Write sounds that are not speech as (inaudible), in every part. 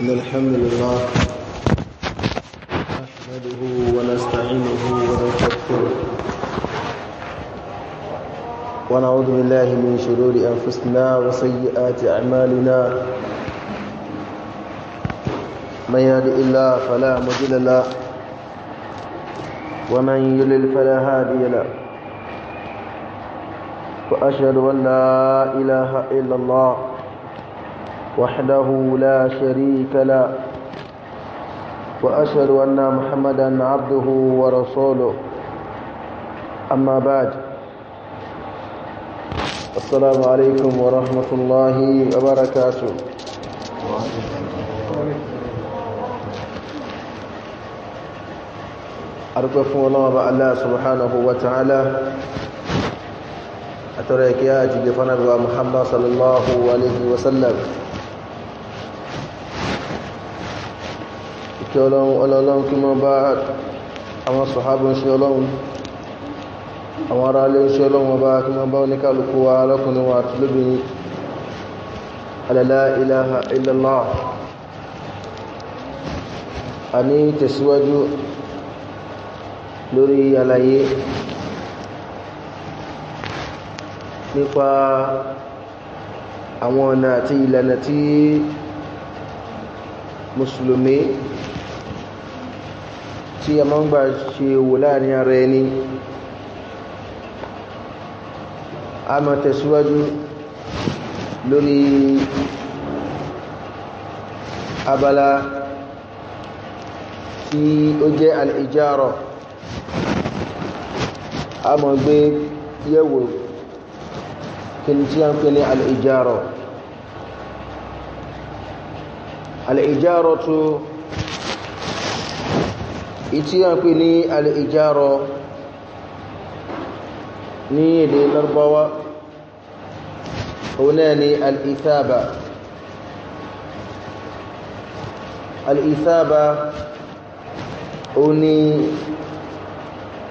إن الحمد لله نحمده ونستعينه ونستغفره ونعوذ بالله من شرور أنفسنا وسيئات أعمالنا من يهد الله فلا مضل له ومن يضلل فلا هادي له وأشهد أن لا إله إلا الله وحده لا شريك لا وأشهد أن محمدا عبده ورسوله أما بعد السلام عليكم ورحمة الله وبركاته أرقف الله الله سبحانه وتعالى أترك يا جدفنا محمد صلى الله عليه وسلم kí ọlọ́run ọlọ́run kí mọ́ bá àwọn sọ̀hábùn sí ọlọ́run àwọn ará ilé sí ọlọ́run ọba kí mọ́ bá oníkàlùkù wa alákùnrin wa àti lóbìnrin alẹ́lá ilaha illallah a ní tẹ̀síwájú lórí àlàyé nípa àwọn ọ̀nà àti ìlànà tí mùsùlùmí tí a máa ń gbà ṣe wò láàrin ara ẹni a máa tẹ̀síwájú lórí abala tí ó jẹ́ al'ijara a máa gbé yẹ̀wò kí ni tí a ń pè ní al'ijara al'ijara tó ìtí a pè ní alìjárọ ní èdè larbawa òun náà ni alìtàbà alìtàbà òun ni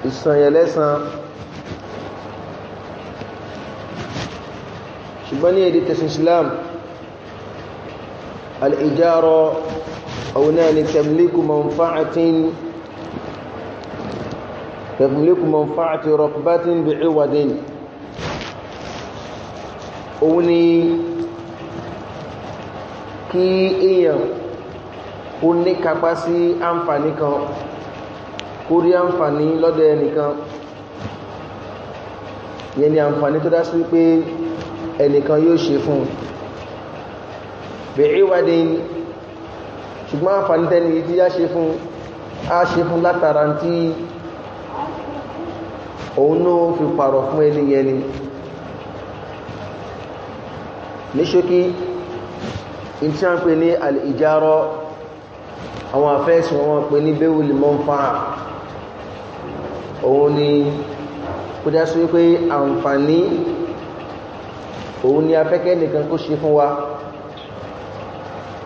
ìsànyẹ̀lẹ́sàn ṣùgbọ́n ní èdè tẹ̀sìn islam alìjárọ òun náà ni tamliku manfa'atin tẹ̀kùnlékù manfa'ati rọ̀kùbátín bí ìwàdín òun ni kí èèyàn ó ní kapa sí àǹfàní kan kó rí àǹfàní lọ́dọ̀ ẹnìkan yẹn ni àǹfàní tó dá sí wípé ẹnìkan yóò ṣe fún bí ìwàdín ṣùgbọ́n àǹfàní tẹ́ni tí yá ṣe fún á ṣe fún látara tí òun náà fi pààrọ̀ fún ẹni ni ní ṣókí in tí a ń pè ní alìjárọ́ àwọn afẹ́sùn wọn pè ní béwùlì mọ́nfà òun ni kó dá sí wípé àǹfààní òun ni afẹ́kẹ́ nìkan kó ṣe fún wa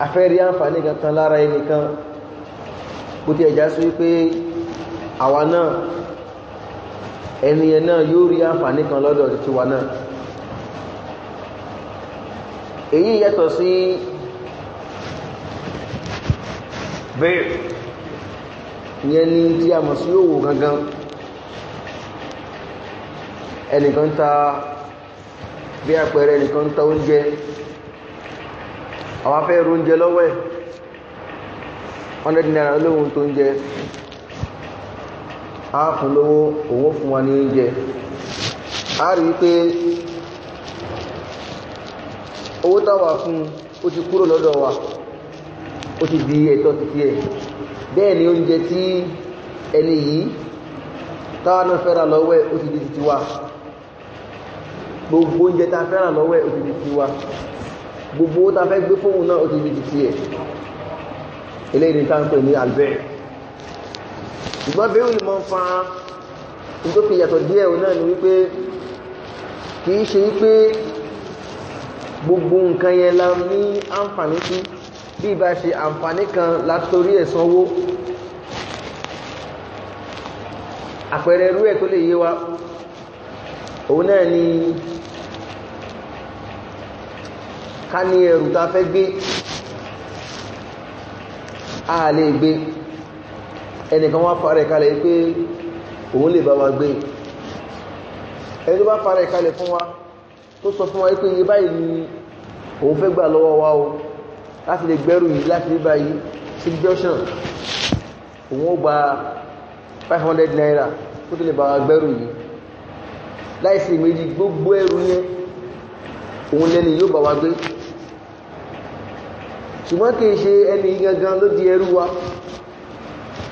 afẹ́ rí àǹfààní kankan lára ẹnìkan kó tí ẹ̀já sí wípé àwa náà ẹnìyẹn náà yóò rí àǹfààní kan lọ́dọ̀ tiwa náà èyí yàtọ̀ sí bẹ́ẹ̀ ìyẹn ní tí a mọ̀ sí òwò gangan ẹnìkan ta bí àpẹẹrẹ ẹnìkan ta oúnjẹ àwọn afẹ́ oúnjẹ lọ́wọ́ ẹ̀ 100 naira olóhun tó ń jẹ A fún lówó òun fún wa ní oúnjẹ a rí pé owó táwà fún o ti kúrò lọ́dọ̀ wa o ti di ẹ̀tọ́ títí ẹ̀ bẹ́ẹ̀ ni oúnjẹ tí ẹni yìí táwa fẹ́ra lọ́wẹ́ o ti di títí wa gbogbo oúnjẹ ta fẹ́ràn lọ́wọ́ ti di títí wa gbogbo owó ta fẹ́ gbé fóun náà o ti di títí ẹ̀ eléyìí ni táwọn pè ní albert ṣùgbọ́n bẹ́ẹ̀ olùmọ̀ ń fa nítorí yàtọ̀ díẹ̀ òun náà ni wípé kì í ṣe wípé gbogbo nǹkan yẹn la ní àǹfààní sí bí ìbá ṣe àǹfààní kan látorí ẹ̀sán owó àpẹẹrẹ irú ẹ̀ tó lè yé wa òun náà ni ká ní ẹrù ta fẹ́ gbé a lè gbé ẹnìkan wá fara ìkalẹ̀ pé òun lè bá wa gbé ẹni tó bá fara ìkalẹ̀ fún wa tó sọ fún wa pé iye báyìí ni òun fẹ́ gbà lọ́wọ́ wa o láti lè gbẹ́rù yìí láti lè báyìí sí junction òun ó gba 500 naira kó tó lè bá wa gbẹ́rù yìí láìsí méjì gbogbo ẹrù yẹn òun lẹ́ni yóò bá wa gbé ṣùgbọ́n kìí ṣe ẹni gangan ló di ẹrù wa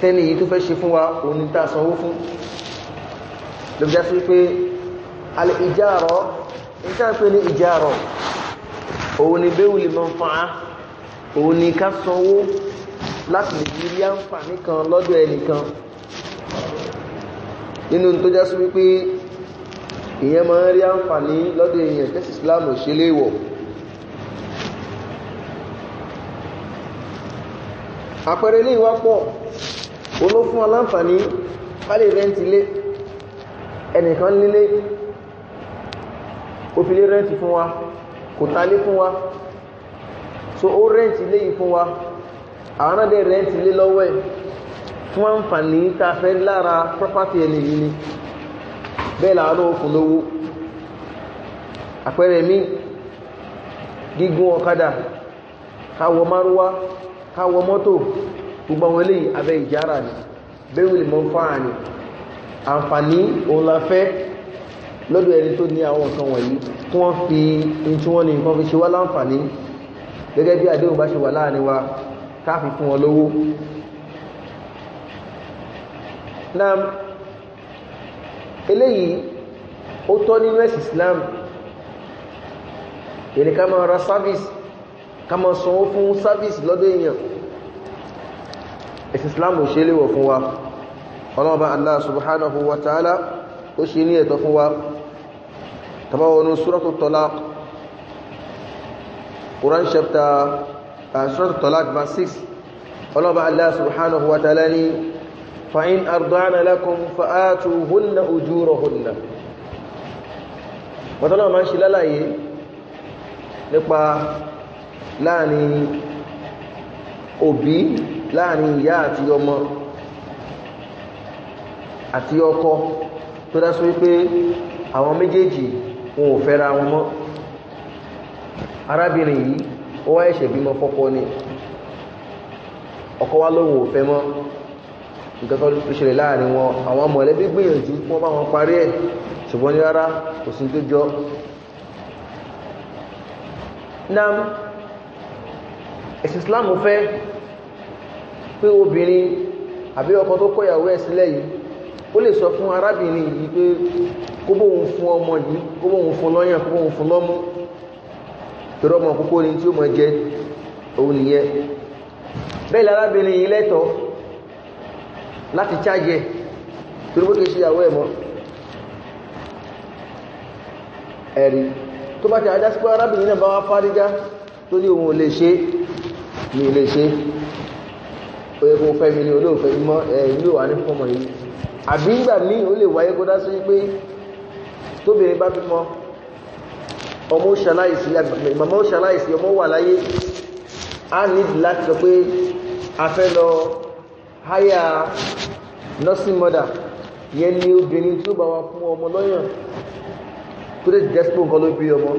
tẹ́ni yìí tó fẹ́ ṣe fún wa òní tá sanwó fún ló bí jásí pé alìjáàrọ̀ ìjáàpẹ́ ní ìjáàrọ̀ òun ni béwùlì mọ́ fún á òun ni ká sanwó láti lè rí rí àǹfààní kan lọ́dọ̀ ẹnìkan nínú tó jásí wípé ìyẹn máa ń rí àǹfààní lọ́dọ̀ èèyàn tẹ́sì Islam ò ṣe léèwọ̀ àpẹẹrẹ wọn ló fún aláǹfààní pálí rẹ́ǹtì lé ẹnìkan lílé o fi lé rẹ́ǹtì wa kò ta lé wa so o rẹ́ǹtì lé yìí fún wa àwọn náà rẹ́ǹtì lé lọ́wọ́ ẹ̀ fún fẹ́ lára property ẹni yìí ni bẹ́ẹ̀ làwọn lówó àpẹẹrẹ mi káwọ gbogbo àwọn eléyìí abẹ́ ìjára ni bẹ́ẹ̀wìlì mọ́ fáà ni àǹfààní òun la fẹ́ lọ́dọ̀ ẹni tó ní àwọn nǹkan wọ̀nyí tí wọ́n fi in tí wọ́n ní nǹkan fi ṣe wá láǹfààní gẹ́gẹ́ bí àdéhùn bá ṣe wà láàrin wa káàfi fún wọn lówó náà eléyìí ó tọ́ nínú ẹ̀sìn Islam èrè ká máa ra service ká máa sanwó fún service lọ́dọ̀ èèyàn ẹ̀sìn islam ò ṣe léwọ̀ fún wa ọlọ́ọ̀bá allah subhanahu wa ta'ala ó ṣe ní ẹ̀tọ́ fún wa tabawonu suratu talaq quran chapter uh, suratu talaq verse 6 ọlọ́ọ̀bá allah subhanahu wa ta'ala ní nípa láàrin òbí láàrin ìyá àti ọmọ àti ọkọ tó dá sí wípé àwọn méjèèjì wọn ò fẹ́ra wọn mọ́ arábìnrin yìí ó wá ẹ̀ṣẹ̀ bímọ fọ́kọ ni ọkọ wá lóhun ò fẹ́ mọ́ nǹkan kan tó ṣẹlẹ̀ láàrin wọn àwọn mọ̀lẹ́bí gbìyànjú wọ́n bá wọn parí ẹ̀ ṣùgbọ́n ní rárá kò sí tó jọ ẹ̀sìn Islam fẹ́ pé obìnrin àbí ọkọ tó kọ ìyàwó ẹ̀ sílẹ̀ yìí ó lè sọ fún arábìnrin yìí pé kó bóun fún ọmọ yìí kó bóun fún lọ́yàn kó bóun fún lọ́mú torí ọmọ kókó ni tí ó mọ̀ jẹ òun nìyẹn bẹ́ẹ̀ ni arábìnrin yìí lẹ́tọ̀ọ́ láti chájẹ torí tó bá ti àdásípọ̀ arábìnrin náà bá wá fárígá tó ní òun ò lè ṣe ní ilé ṣe ó yẹ kó fẹ́ mi ní olóòfẹ́ mi mọ́ ẹ̀ ìlú wà ní fọmọ yìí àbí ìgbà míì ó lè wáyé kó dá sí pé tóbìnrin bá bímọ ọmọ ṣaláìsí màmá ó ọmọ wà láyé a nídi láti sọ pé a fẹ́ lọ háyà nursing mother yẹn ni obìnrin tí ó bá wa fún ọmọ lọ́yàn tó lè dẹ́sìpò nǹkan ló bí ọmọ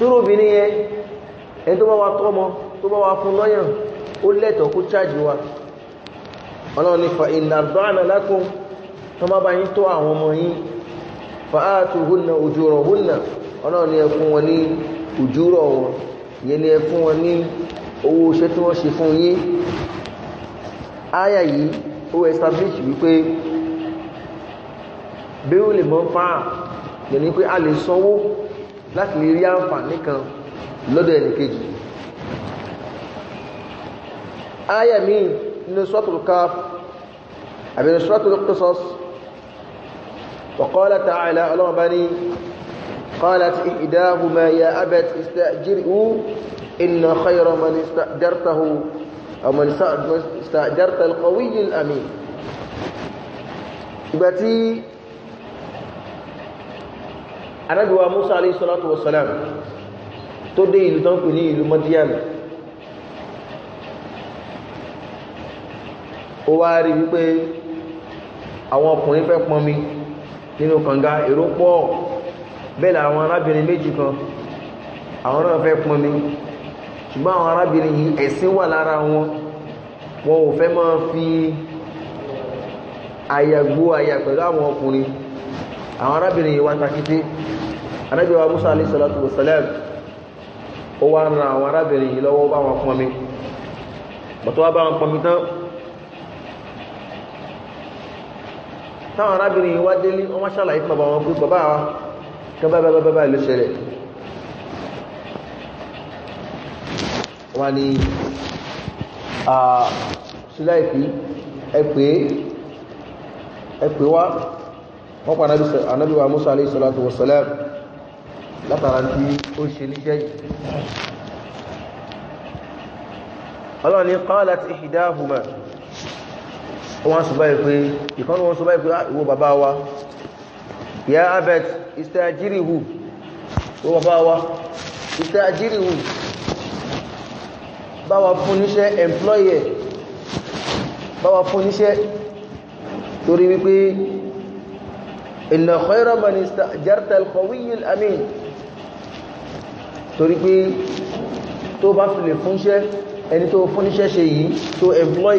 tó rò obìnrin yẹn ẹni tó bá wa tọ́mọ tó bá wa fún lọ́yàn ó lẹ́tọ̀ọ́ kó chájì wa ọlọ́run ní fa ìnàdọ́nà lákún tó má bá yín tó àwọn ọmọ yín fa áàtù húnna òjúrọ̀ húnna ọlọ́run ní ẹ fún wọn ní òjúrọ̀ wọn yẹn ni ẹ fún wọn ní owó iṣẹ́ tí wọ́n ṣe fún yín áyà yìí ó establish wípé bí ó lè mọ́ fáà yẹn ni pé a lè sanwó láti lè rí àǹfààní kan lọ́dọ̀ ẹnìkejì آية مين من سورة الكاف من سورة القصص وقال تعالى الله بني قالت إهداهما يا أبت استأجره إن خير من استأجرته أو من استأجرت القوي الأمين إبتي أنا موسى عليه الصلاة والسلام تدي لتنقني لمديان ó wá rí wípé àwọn ọkùnrin fẹ́ pọn mi nínú kànga èrò pọ̀ bẹ́ẹ̀ làwọn arábìnrin méjì kan àwọn náà fẹ́ pọn mi ṣùgbọ́n àwọn arábìnrin yìí ẹ̀sìn wà lára wọn wọn ò fẹ́ máa fi àyàgbó àyà pẹ̀lú àwọn ọkùnrin àwọn arábìnrin yìí wá takété Ànábì wa Musa alayhi salatu wa salam ó wá ran àwọn arábìnrin yìí lọ́wọ́ bá wọn pọn mi bọ̀tọ́ wá bá wọn pọn mi tán táwọn arábìnrin yìí wá délé wọ́n wá ṣàlàyé fún bàbá wọn pé bàbá wa kan bá bá bá ló ṣẹlẹ̀ wọ́n ní ṣíláìfì ẹ̀pẹ́ ẹ̀pẹ́ wá wọ́n pa anábì Musa alayhi salatu wa látara tí ó ṣe níṣẹ́ yìí ọlọ́ni qalat ihdahuma wọ́n sọ báyìí pé ìkan wọ́n sọ báyìí pé ah, ìwọ bàbá wa ya abet istajirihu ìwọ bàbá wa istajirihu báwa fún níṣẹ́ employer báwa fún níṣẹ́ torí wípé inna khayra man istajarta al-qawiyyul amin torí pé tó bá fi lè fúnṣẹ́ ẹni tó fúnníṣẹ́ ṣe yìí tó employ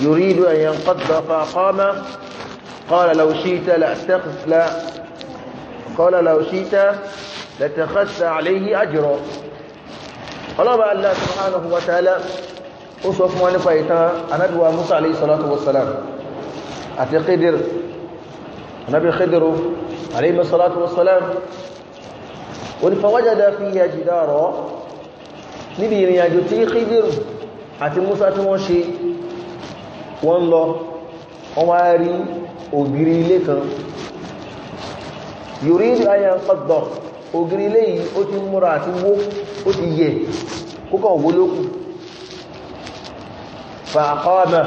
يريد أن ينقض فقام قال لو شئت لأتخذ لا قال لو شئت لتخذت عليه أجرا الله بقى الله سبحانه وتعالى أصف من فايتا أنا دوا موسى عليه الصلاة والسلام أتي قدر نبي خدر عليه الصلاة والسلام قل فوجد فيها جدارا نبي يا جوتي خدر أتي موسى تمشي wọ́n ń lọ wọ́n wá rí ògiri ilé kan yorí ayé ọ̀dọ̀ ògiri ilé yìí ó ti múra àti wó ó ti yẹ kókàn wó lókù fàákọ́ọ̀mà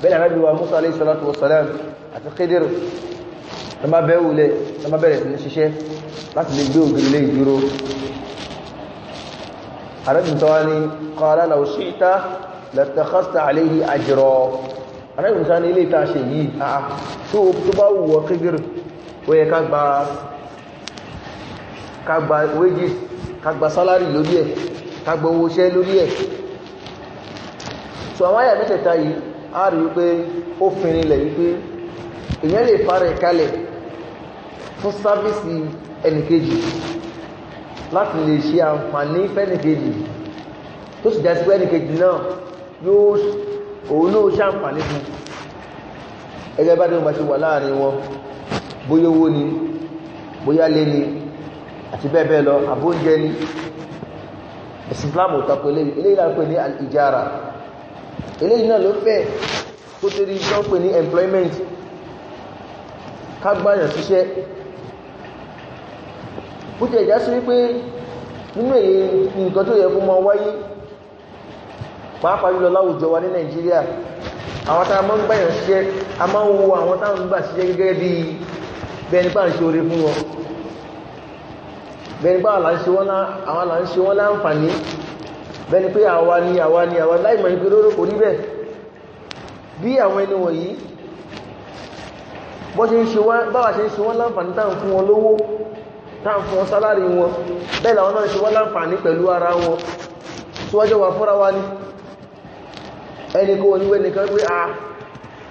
bẹ́ẹ̀ Ànábì wa Musa alayhi salatu wasalam àti lẹ́tẹ̀kọ́sítà àléhì àjírọ̀ anáyùnsá ní ilé ìtaṣe yìí àà tó bá wùwọ́ kígir ó yẹ kágbà wages kágbà salary lórí ẹ̀ kágbà owó iṣẹ́ lórí ẹ̀ so àwọn àyà mẹ́tẹ̀ta yìí a rí wípé ó fìrinlẹ̀ wípé èyàn lè fara ìkalẹ̀ fún sáfíìsì ẹnìkejì láti lè ṣe àǹfààní fẹ́nìkejì tó sì já sí pé náà yóò òun náà ṣàǹfàní fún ẹgbẹ́ bá dẹ́gbà ṣe wà láàrin wọn bóyá owó ni bóyá lé ni àti bẹ́ẹ̀ bẹ́ẹ̀ lọ àbóúnjẹ ni ẹ̀sìn Islam ò tako eléyìí eléyìí là ń pè ní ìjára eléyìí náà ló fẹ́ kó tó rí iṣẹ́ ń pè ní employment kágbáyàn ṣiṣẹ́ bó ti wípé nínú èyí nǹkan tó yẹ kó mọ wáyé pàápàá jùlọ láwùjọ wa ní Nàìjíríà àwọn tá a mọ́ ń gbàyàn ṣiṣẹ́ a máa ń wo àwọn táwọn ń gbà ṣiṣẹ́ gẹ́gẹ́ bí bẹni bá ń ṣe oore fún wọn bẹni bá àwọn là ń ṣe wọ́n láǹfààní bẹni pé àwa ni àwa ni àwa láìmọ̀ ní pé lóró kò rí bẹ́ẹ̀ bí àwọn ẹni wọ̀nyí báwa ṣe ń ṣe wọ́n láǹfààní táà ń fún wọn lówó táà ń fún wọn sálárì wọn bẹ́ẹ̀ làwọn náà ṣe wọ́n láǹfààní pẹ̀lú ara wọn síwájọ́ wà fúnra wa ni ẹnikó oníwé nìkan pé a ah,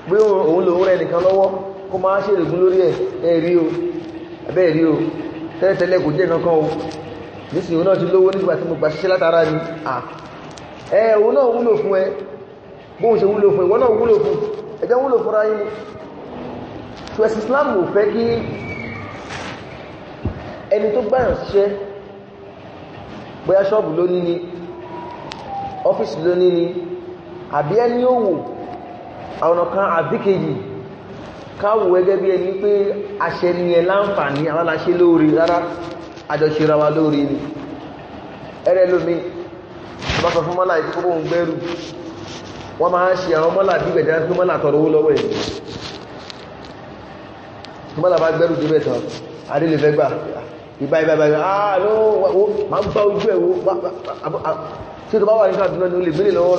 pé òun lòun rẹ̀ nìkan lọ́wọ́ kó máa ṣe ìrìgún lórí ẹ̀ rí o ẹ̀bẹ́ rí o tẹ́lẹ̀tẹ́lẹ̀ kò jẹ́ kankan o nísìnyí òun náà ti lówó nígbà tí mo gbà ṣiṣẹ́ látara ni à ẹ òun náà wúlò fún ẹ bóun ṣe wúlò fún ìwọ náà wúlò fún ẹjẹ́ wúlò fúnra yín tó ẹ̀sì Islam ò fẹ́ kí ẹni tó gbáyàn ṣiṣẹ́ bóyá ṣọ́ọ̀bù lónìí ni ọ́fíìsì lónìí ni àbí ẹni òwò àwọn ọ̀kan àbíkèjì káwò gẹ́gẹ́ bí ẹni pé aṣẹ ni ẹ láǹfààní aláṣẹ lóore rárá àjọṣera wa lóore ni ẹrẹ lómi bá sọ fún mọ́là ìdíkọ́ bóun gbẹ́rù wọ́n máa ń ṣe àwọn mọ́là bí gbẹ̀dẹ̀ fún mọ́là tọrọ owó lọ́wọ́ ẹ̀ ah no ma ń bá ojú ẹ̀ wo tí o tó bá wà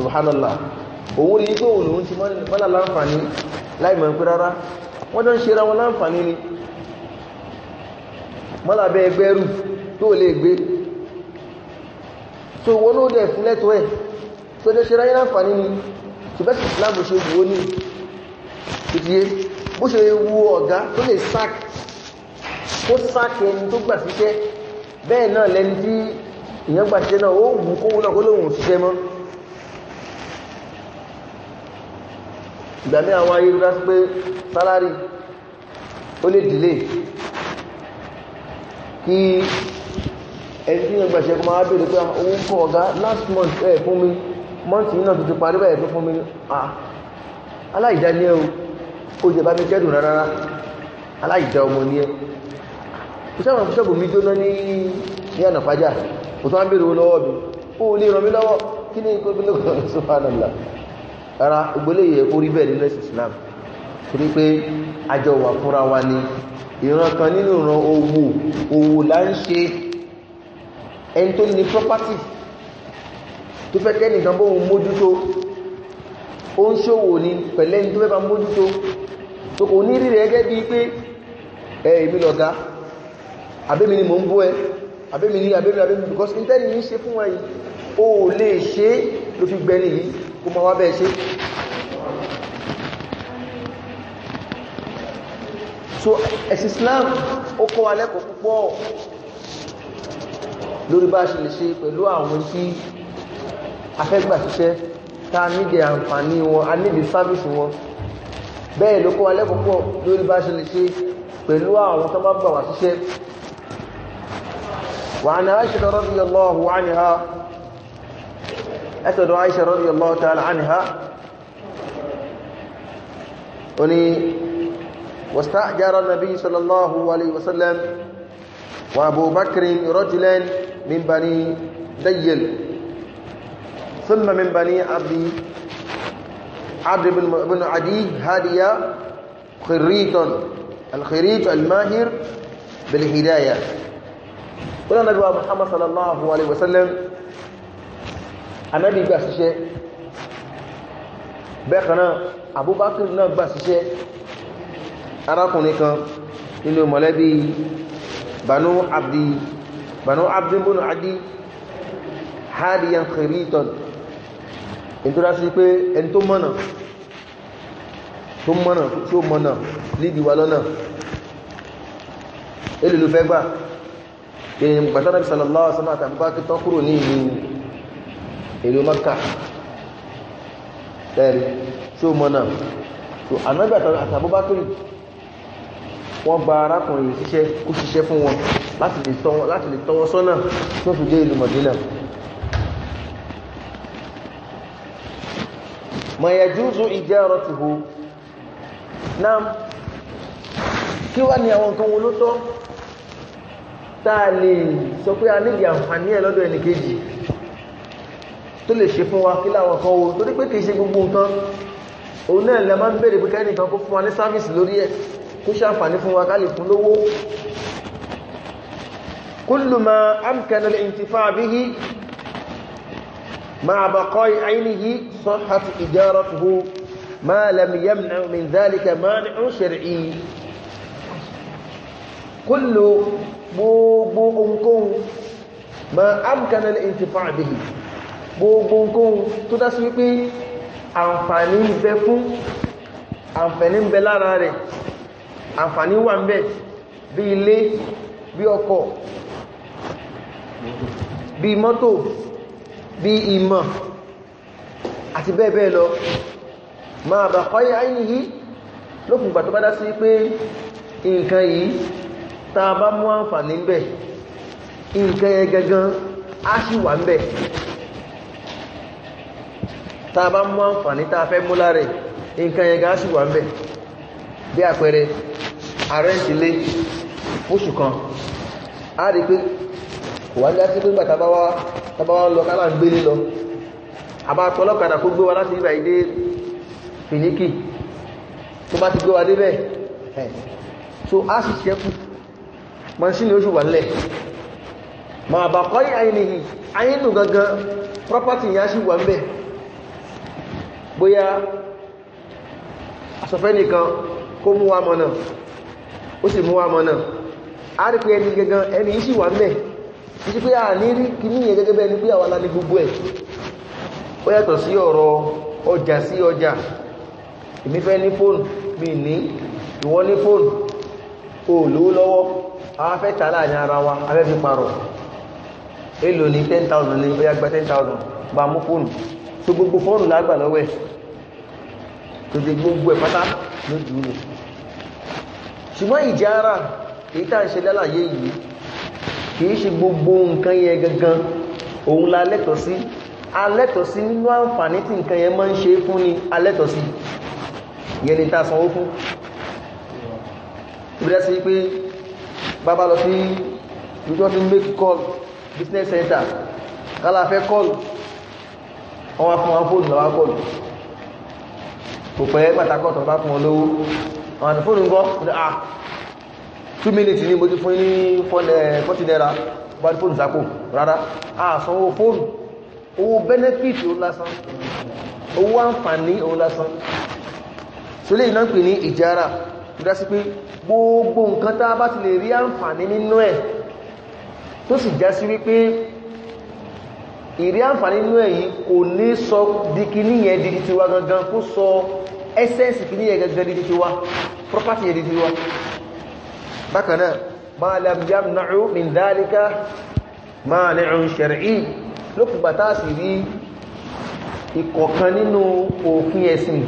subhanallah òun rí pé òun lòun ti mọ́lá láǹfààní láìmọ̀ pé rárá wọ́n jọ ń ṣe ra wọn láǹfààní ni mọ́lá bẹ́ ẹgbẹ́ rù tó lè gbé tó wọ́n ló dẹ̀ fún lẹ́tọ́ ẹ̀ tó jẹ́ ṣe ráyé láǹfààní ni ṣùgbẹ́sì islamu ṣe wò ní ìdíyé bó ṣe wu ọ̀gá tó lè sack kó sack ẹni tó gbà síṣẹ́ bẹ́ẹ̀ náà lẹni tí ìyẹn gbà síṣẹ́ náà ó wù kówó náà kó lóhun òṣìṣẹ́ mọ́ ìgbàmí àwọn ayélujára sí pé sálárì ó lè dìlé kí ẹni tí ìyàn gbàṣẹ́ kó pé ah, owó ń ọ̀gá last month ẹ̀ fún mi month náà tó ti parí báyẹ̀ tó fún mi aláìdá ní ah, ẹ̀ o jẹ bá mi kẹ́dùn rárá aláìdá ọmọ ní ẹ̀ kò sáwọn fúnṣẹ́bù mi jóná ní ànàfájà kò tó wá ń bèèrè owó lọ́wọ́ mi ó kí ní ìkọ́ (laughs) rárá ògbélé yẹ kó rí bẹ́ẹ̀ nínú ẹ̀sìn Islam torí pé àjọ wà fúnra wa ni ìran kan nínú ìran owó owó là ń ṣe ẹni tó ní property tó fẹ́ kẹ́nìkan bó ń mójútó ó ń ṣòwò ní pẹ̀lẹ́ ní tó fẹ́ bá mójútó tó kò ní rí rẹ̀ gẹ́gẹ́ bí pé ẹ̀ èmi lọ̀gá àbẹ́mi ni mò ń bó ẹ àbẹ́mi ni àbẹ́mi àbẹ́mi because intanet ní ṣe fún wa yìí ó lè ṣe ló fi gbẹ́ni yìí kó ma bẹ́ẹ̀ ṣe so ẹ̀sì Islam ó kọ́ wa lẹ́kọ̀ọ́ púpọ̀ lórí bá ṣe lè ṣe pẹ̀lú àwọn tí afẹ́gbà ṣiṣẹ́ ta nídi àǹfààní wọn a nídi sáàbìsì wọn bẹ́ẹ̀ ló kọ́ wa lẹ́kọ̀ọ́ lórí bá ṣe lè ṣe pẹ̀lú àwọn tó bá gbà wà ṣiṣẹ́ وعن عائشة رضي الله عنها اسد عائشه رضي الله تعالى عنها ní واستأجر النبي صلى الله عليه وسلم وابو بكر رجلا من بني ديل ثم من بني عبد عبد بن عدي هادية خريط الخريط الماهر بالهداية قال النبي محمد صلى الله عليه وسلم anábì gbà síṣẹ́ bẹ́ẹ̀kanáà abubakar náà gbà síṣẹ́ arákùnrin kan nínú mọ̀lẹ́bí banu abdi banu abdi bunu adi hadiyan khiriton ìtura sí pé ẹni tó mọ̀nà tó mọ̀nà tí ó mọ̀nà lídi wa lọ́nà elùlù fẹ́ gbà èyàn gbàtánàbí sallallahu alaihi wasallam àtàbí bá kí ní ìlú ìlú mọ́ká ẹ̀rí tí ó mọ́nà tó ànábì àtàbúbákìrì wọ́n gba arákùnrin síṣẹ́ kó ṣiṣẹ́ fún wọn láti lè tọ́wọ́ sọ́nà tó fi dé ìlú Mọ̀dínà mọ̀yẹ̀júzú ijaratuhu náà kí wá ní àwọn nǹkan wọn ló tọ́ táà lè sọ pé a nílì àǹfààní ẹ̀ lọ́dọ̀ ẹnìkejì tó lè ṣe fún wa kí láwọn kan wo torí pé kìí ṣe gbogbo nǹkan òun náà lè máa ń bèèrè pé kẹ́nìkan kó fún wa ní sáfíìsì lórí ẹ̀ kó ṣàǹfààní fún wa ká fún lówó kullu ma amkana ma amkana al-intifa' bihi gbogbo nǹkan tó dá sí wípé àǹfààní ń bẹ fún àǹfààní ń bẹ lára rẹ̀ àǹfààní wà ń bẹ bí ilé bí ọkọ̀ bí mọ́tò bí ìmọ̀ àti bẹ́ẹ̀ bẹ́ẹ̀ lọ máa bà kọ́yẹ àìní yìí lókùngbà tó bá dá sí pé nǹkan yìí ta bá mú àǹfààní tá a bá mú àǹfààní tá a fẹ́ mú láre nǹkan yẹn gáà sì wà ń bẹ̀ bí àpẹẹrẹ àrẹ́ǹtì lé oṣù kan a rí pé kò wá dá sí pé nígbà tábá wá ń lọ kálà ń gbélé lọ àbá ọlọ́kadà kó gbé wa láti ibà ìdé fìníkì tó bá ti gbé wa débẹ̀ so a sì ṣẹ́kù mọ́sílẹ̀ oṣù wà nílẹ̀ ma bàkọ́ yìí àyínìyàn àyínù gangan property yẹn a sì wà ń bẹ̀ bóyá asọ̀fẹ́ nìkan kó mú wa náà ó sì mú wa náà a rí pé ẹni gẹ́gan ẹni yìí sì wà mẹ́ a ní rí kí ní ìyẹn gẹ́gẹ́ pé ní gbogbo ẹ̀ ó yàtọ̀ sí ọ̀rọ̀ ọjà sí ọjà èmi ní fóònù mi ní ìwọ ní fóònù olówó tòde gbogbo ẹ̀ pátá ló dúró ṣùgbọ́n ìjára èyí tàà ń ṣe lálàyé yìí kìí ṣe gbogbo nǹkan yẹn gangan òun la lẹ́tọ̀ sí alẹ́tọ̀ sí nínú àǹfààní tí nǹkan yẹn máa ń ṣe fún ni alẹ́tọ̀ sí yẹn ni tàà sanwó fún ìbílẹ̀ sí pé bàbá lọ sí ìjọ́ tí make call business center kálá fẹ́ call wọ́n wá fún wọn fóònù lọ́wọ́ call kò pẹ́ pàtàkọ́ tó bá fún olówó àwọn àdìfóònù gọ́ ah 2 minutes ní mo ti fún ní 40 naira bá fóònù sákò rárá àsanwó fóònù owó benefit o lásán owó àǹfààní ó lásán so lè náà pè ní ìjára ìdá sí pé gbogbo nǹkan tá bá ti lè rí àǹfààní nínú ẹ̀ tó sì já sí wípé ìrí àǹfàní inú èyí kò ní sọ di kìíní yẹn di ti wa gangan kó sọ ẹsẹ́nsì kìíní yẹn gangan di ti wa property yẹn di ti wa bákanáà ma lam yamna'u min dhalika mani'un shar'i lókùgbà táà sì rí ìkọ̀kan nínú òfin ẹ̀sìn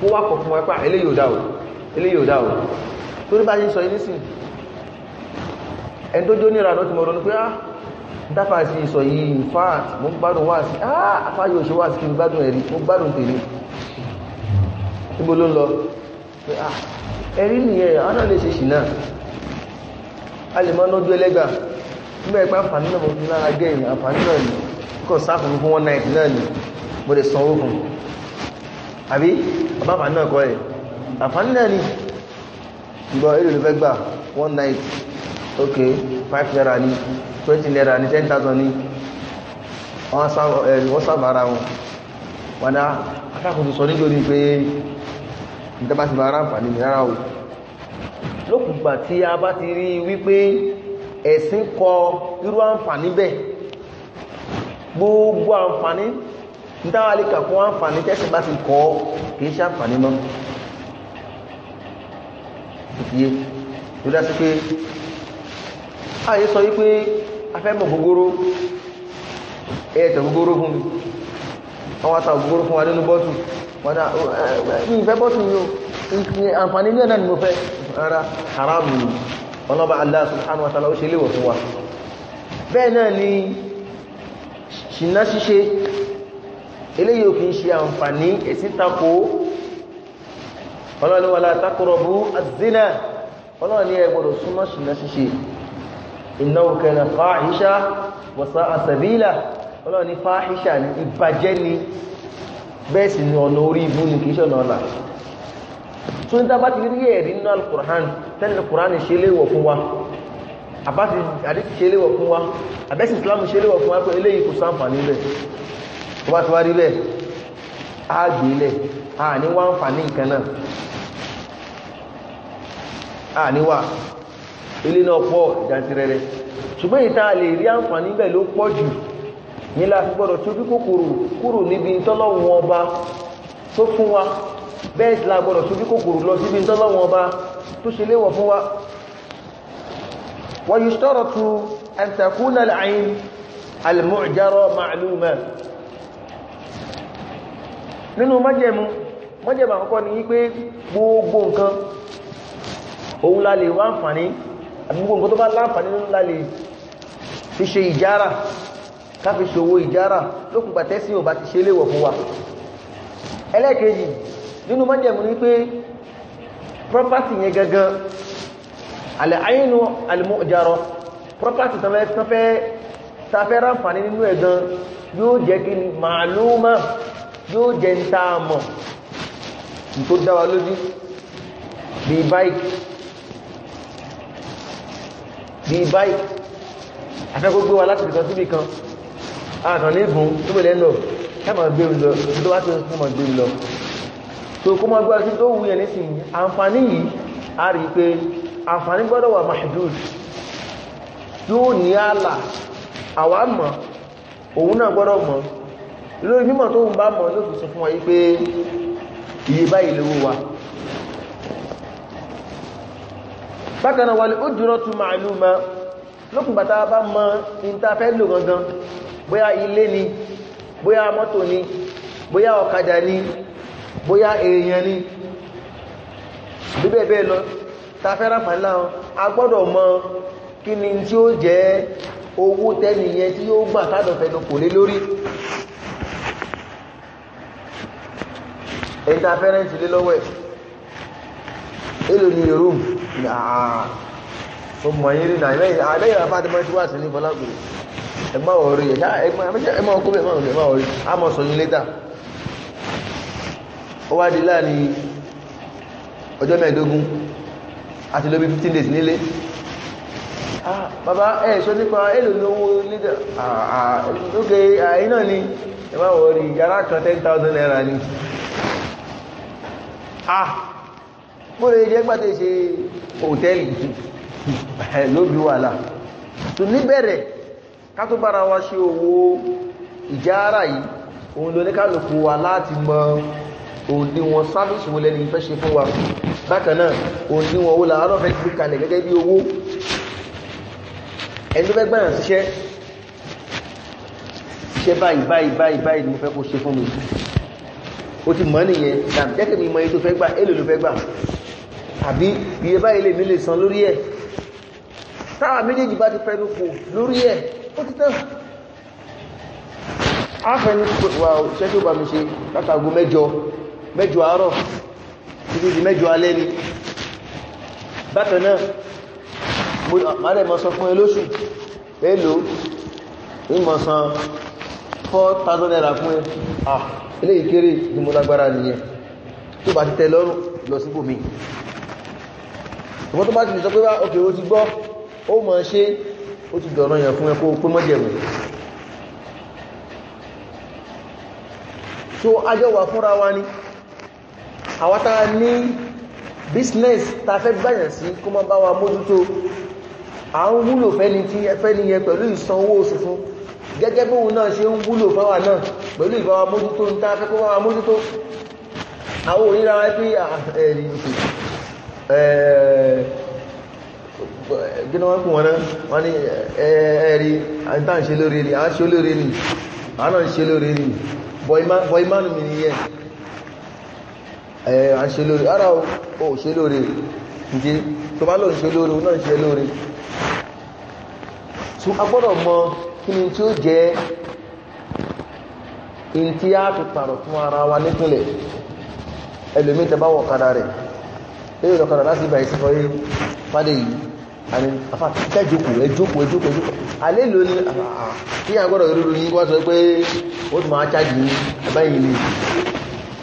kó wà kọ̀ fún wa pà táfà sí ìsọ̀ yìí in fact mo gbádùn wá sí ah afáyò ṣe wá sí kí n gbádùn ẹ̀rí mo gbádùn tèmi níbo ló lọ ah, ẹ̀rí nìyẹn ọ̀nà lè ṣe ṣìnà a lè mọ́ lójú ẹlẹ́gbà nígbà ẹ̀pá àǹfààní mo fi lára gẹ́ ìrìn àǹfààní náà ni kò sáfù fún wọn náà náà ni one night okay five naira ni twenty naira ní ten thousand ní eh, wọ́n sábà ara wọn wọ́n ah, dá akákòóso sọ nítorí pé ìjọba ti bá ara àǹfààní mi rárá o lókùngbà tí a bá ti rí wípé ẹ̀sìn kọ irú àǹfààní bẹ́ẹ̀ gbogbo àǹfààní dáwàlíkà fún àǹfààní tẹ́sì bá ti kọ́ kìí ṣe àǹfààní náà ìfìyé tó dá sí pé ààyè sọ wípé afẹ́mọ̀ gbogbo ẹ̀ẹ́tẹ̀ gbogbo fún mi àwọn àtà gbogbo fún wa nínú bọ́tù ìfẹ́ bọ́tù yóò àǹfàní ní ẹ̀nà ni mo fẹ́ ara haramu ọlọ́bà Allah subhanahu wa ta'ala ó ṣe léwọ̀ fún wa bẹ́ẹ̀ náà ni ṣìná ṣíṣe eléyìí òfin ṣe àǹfàní èsì tako ọlọ́ni wala taqrabu az-zina ọlọ́ni ẹ gbọ́dọ̀ súnmọ́ ṣìná ṣíṣe innahu kana fáhíṣá wa sa'a sabila ọlọ́run ní fáhíṣà ní ìbàjẹ́ ni bẹ́ẹ̀ sì ni ọ̀nà orí ibú ní kìíṣẹ́ ọ̀nà ọ̀la tó ní tábà ti rí ẹ̀rí nínú alukur'an tẹ́lẹ̀ kur'an ṣe léwọ̀ fún wa àbáti àdíkì ṣe léwọ̀ fún wa àbẹ́sì islam ṣe ilé náà pọ̀ jàntìrẹrẹ ṣùgbọ́n ìta lè rí àǹfààní bẹ̀ ló pọ̀ jù ní láti gbọ́dọ̀ kòkòrò kúrò níbi tọ́lọ́wọ́n ọba tó fún wa bẹ́ẹ̀ tí la gbọ́dọ̀ kòkòrò lọ síbi tọ́lọ́wọ́n ọba tó ṣe léwọ̀ òun la lè wá àǹfààní àbí gbogbo nǹkan tó bá láǹfààní ńlá lè fi ṣe ìjára káfi ṣòwò ìjára lókùnkà tẹ́sí ò bá ti ṣe léwọ̀ fún wa ẹlẹ́ẹ̀kejì nínú mọ́jẹ̀mú ní pé property yẹn gangan alẹ́ayínú alìmọ́járọ property tafẹ́ ráǹfààní nínú ẹ̀gan yóò jẹ́ kí ni màálùmá yóò jẹ́ ń tààmọ̀ tó dáwà lójú bí báyìí afẹ́kó gbé wa láti ìkan síbì kan àkàn ní ìbùn tó bèèrè lọ kẹmà gbé lọ tó wá tó mọ̀ gbé lọ tó kó mọ́ gbá sí tó wù yẹ nísìn àǹfààní yìí a rí pé àǹfààní gbọ́dọ̀ wà mahdud tó ní wa yí pé iye báyìí bákan náà wal ujratu ma'luma lókùn bàtà bá mọ́ ìntafẹ́ lò gangan bóyá ilé ni bóyá mọ́tò ni bóyá ọ̀kadà ni bóyá èèyàn ni bíbẹ̀ bẹ́ẹ̀ lọ tafẹ́ rápàlá a gbọ́dọ̀ mọ̀ kí ni tí ó jẹ́ owó tẹ́niyẹ tí ó gbà tádọ̀fẹ́dọ̀ kò lé lórí lọ́wọ́ na ní yorùm náà ó mọ̀ yín rí náà àbẹ́yìn àbá àti mọ́tí ya sí ní bọ́lágbò ẹgbà ọ̀rí ẹ̀ká ẹgbà ọkọ̀ bẹ̀ máa ọ̀rí ọ̀rí di 15 days so bàbá ẹ̀ sọ nípa èlò ní owó létà lókè àyín náà ni ẹgbà ọ̀rí kan 10,000 naira ni ah bóre ilé gbàtẹ̀ ṣe òtẹ́lì lóbi (laughs) wàhálà tó níbẹ̀rẹ̀ ká tó bára wa ṣe owó ìjára yìí òun ló ní kálùkù wa láti mọ òdíwọn sáfíìsì wo lẹ́ni fẹ́ ṣe fún wa bákanáà òdíwọn owó làárọ̀ fẹ́ ti kalẹ̀ gẹ́gẹ́ bí owó ẹni tó fẹ́ gbẹ̀rẹ̀ síṣẹ́ gbà èlò ló fẹ́ gbà àbí iye báyìí lè mi lè san lórí ẹ̀ táwa méjèèjì bá ti fẹ́nu kò lórí ẹ̀ ó ti tẹ́ àfẹ́nu wà ṣẹ́ tí ó bá mi ṣe látàgò mẹ́jọ mẹ́jọ àárọ̀ títí di mẹ́jọ alẹ́ ni bákan náà mọ́rẹ̀ mọ́ sọ fún elóṣù èlò ìmọ̀sán 4,000 naira fún ẹ ah ilé ìkéré ìdìmọ́lágbára nìyẹn tó bá ti tẹ́ lọ́rùn lọ síbòmí ṣùgbọ́n tó bá ti fi sọ pé ókè ó ti gbọ́ ó mọ̀ ṣe ó ti dọ̀nà yàn fún ẹkọ́ pé mọ́jẹ̀mù so ajọ́wà fúnra wa ní àwátá ní business ta fẹ́ gbáyàn sí kó má bá wa mójútó à ń wúlò fẹ́ni tí ẹfẹ́ ni yẹ pẹ̀lú ìsanwó oṣù fún gẹ́gẹ́ bí òun náà ṣe ń wúlò fáwà náà pẹ̀lú ìbáwa mójútó ń tá fẹ́ kó bá wa mójútó àwọn òríra wáyé pé ah, ẹ̀rìn ìṣèlú gínà wọ́n kún wọn náà wọ́n ní ẹ̀ẹ̀rí àìtà ń ṣe lórí rí àwọn ṣe lórí rí àwọn ń ṣe lórí rí bọ̀ ìmánu mi ni yẹ ẹ̀ẹ̀ à ń ṣe lórí ara ò ṣe lórí ǹjẹ́ tó bá lóòrùn ṣe lórí náà ṣe lórí so a gbọ́dọ̀ mọ̀ kí ni tí ó jẹ́ in tí a tó pàrọ̀ fún ara wa nípìnlẹ̀ ẹlòmí bá wọ̀ rẹ̀ eré lọ́kọ̀rọ̀ láti ibà ìsìnkọ́ eré fádé yìí àni afá kẹjòkó ẹjòkó ẹjòkó ẹjòkó alẹ́ ló ní kí a gbọ́dọ̀ rúru yín wá sọ pé ó tún máa chájì yín ẹ̀bá yìí ni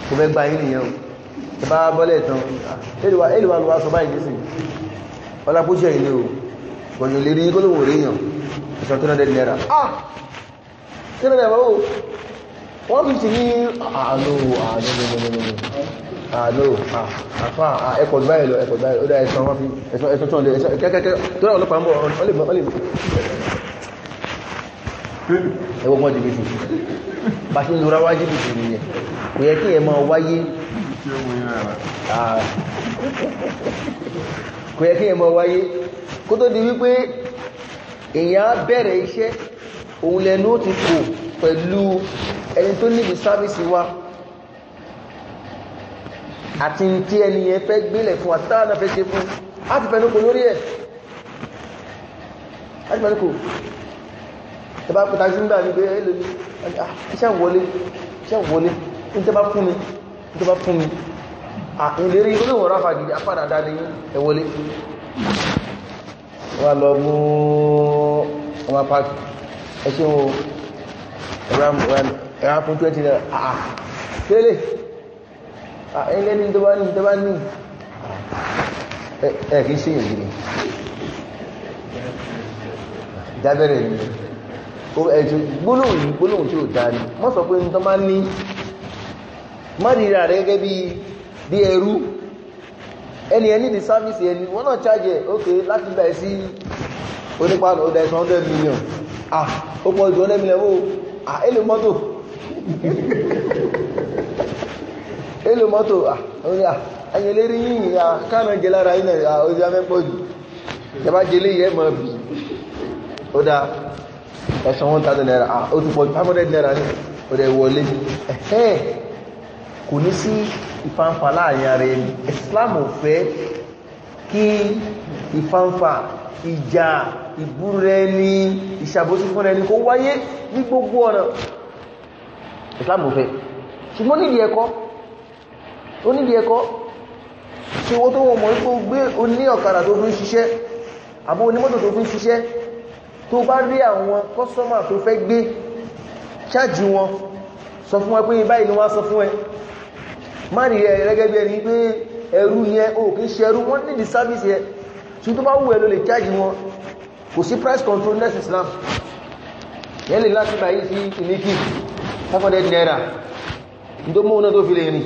kò fẹ́ gba yín nìyẹn o ẹ̀bá bọ́lẹ̀ tán èlò wa ló wá sọ báyìí nísìn ọlápójú ẹ̀yìn ni o gbọ̀nyìn lè rí gbólóhùn òré yàn ìṣàn tó náà náírà ah tí náà náírà wọ́n tún ti ní àánú àlò ah, ah, àfà ah, ẹkọ̀ báyìí lọ ẹkọ̀ báyìí ó dá ẹ̀sán wọ́n fi ẹ̀sán tó lè ẹ̀sán kẹ́kẹ́kẹ́ tó rá ọlọ́pàá ń bọ̀ ọlẹ́bọ̀ ẹgbọ́gbọ́n jìbìtì bá ṣe ń lura wá jìbìtì nìyẹn kò yẹ kí ẹ máa wáyé kò yẹ kí ẹ máa wáyé kó tó di wípé èyàn bẹ̀rẹ̀ iṣẹ́ òun lẹ́nu ó ti kò pẹ̀lú ẹni tó níbi sáfíìsì wa àti tí ẹni yẹn fẹ́ gbélẹ̀ fún àtàrà náà fẹ́ ṣe fún láti fẹ́nukò lórí ẹ̀ láti fẹ́nukò ẹbá pẹ̀ta sí ńgbà ní pé ẹlò ní iṣẹ́ wọlé iṣẹ́ wọlé ní tẹ́bá fún mi ní tẹ́bá fún mi àìlérí orí wọ̀n ráfà dìde apádà dáadé ẹwọlé wà lọ mú ọmọ pàtó ẹṣẹ́ wọn ẹ̀rá fún 20 naira àà tẹ́lẹ̀ ẹlẹ́ ní ìjọba ní ìjọba ní ẹ̀kí sí ìrìn dábẹ̀rẹ̀ ní ẹ̀tù gbólóhùn yìí gbólóhùn tí ó dá ní wọ́n sọ pé ní tán bá ní mọ́rìnrà rẹ̀ gẹ́gẹ́ di sáfíìsì ẹni wọ́n náà chájẹ̀ ókè láti bẹ̀ẹ̀ sí onípàánù ọdẹ million ah ó pọ̀ jù 100 million ó ah moto. Oh, (laughs) ah èlò mọ́tò ah, ẹ̀yìn lérí yìnyìn ya káàmẹ́ jẹ lára iná ojú amẹ́pọ̀ jù jẹba jẹ lè yẹ mọ́ bí ó dá ẹ̀sán 1000 naira ah, ó tún pọ̀ 500 naira ní ọ̀rẹ́ wọlé ẹ̀ẹ́ kò ní sí ìfànfà láàrin ara ẹni Islam ò fẹ́ kí ìfànfà ìjà ìbúrẹ́ ní ìṣàbòsí fún ẹni kó wáyé ní gbogbo ọ̀nà Islam ò fẹ́ ṣùgbọ́n nídìí ẹ̀kọ́ ó nídìí ẹ̀kọ́ tí owó tó wọ́n mọ̀ tó gbé oní ọ̀kadà tó fi ń ṣiṣẹ́ àbó onímọ́tò tó fi ń ṣiṣẹ́ tó bá rí àwọn kọ́sọ́mà tó fẹ́ gbé ṣáàjì wọn sọ fún wọn pé báyìí ni wọ́n sọ fún ẹ má rí ẹ rẹ́gẹ́ bí ẹni pé ẹrú yẹn o kì í ṣe ẹrú wọ́n nídìí sáfíìsì ẹ tí tó bá wù ẹ ló lè ṣáàjì wọn kò sí price control next Islam yẹn lè láti báyìí sí ìníkì 500 naira ìdómọ́ náà tó fi lè rìn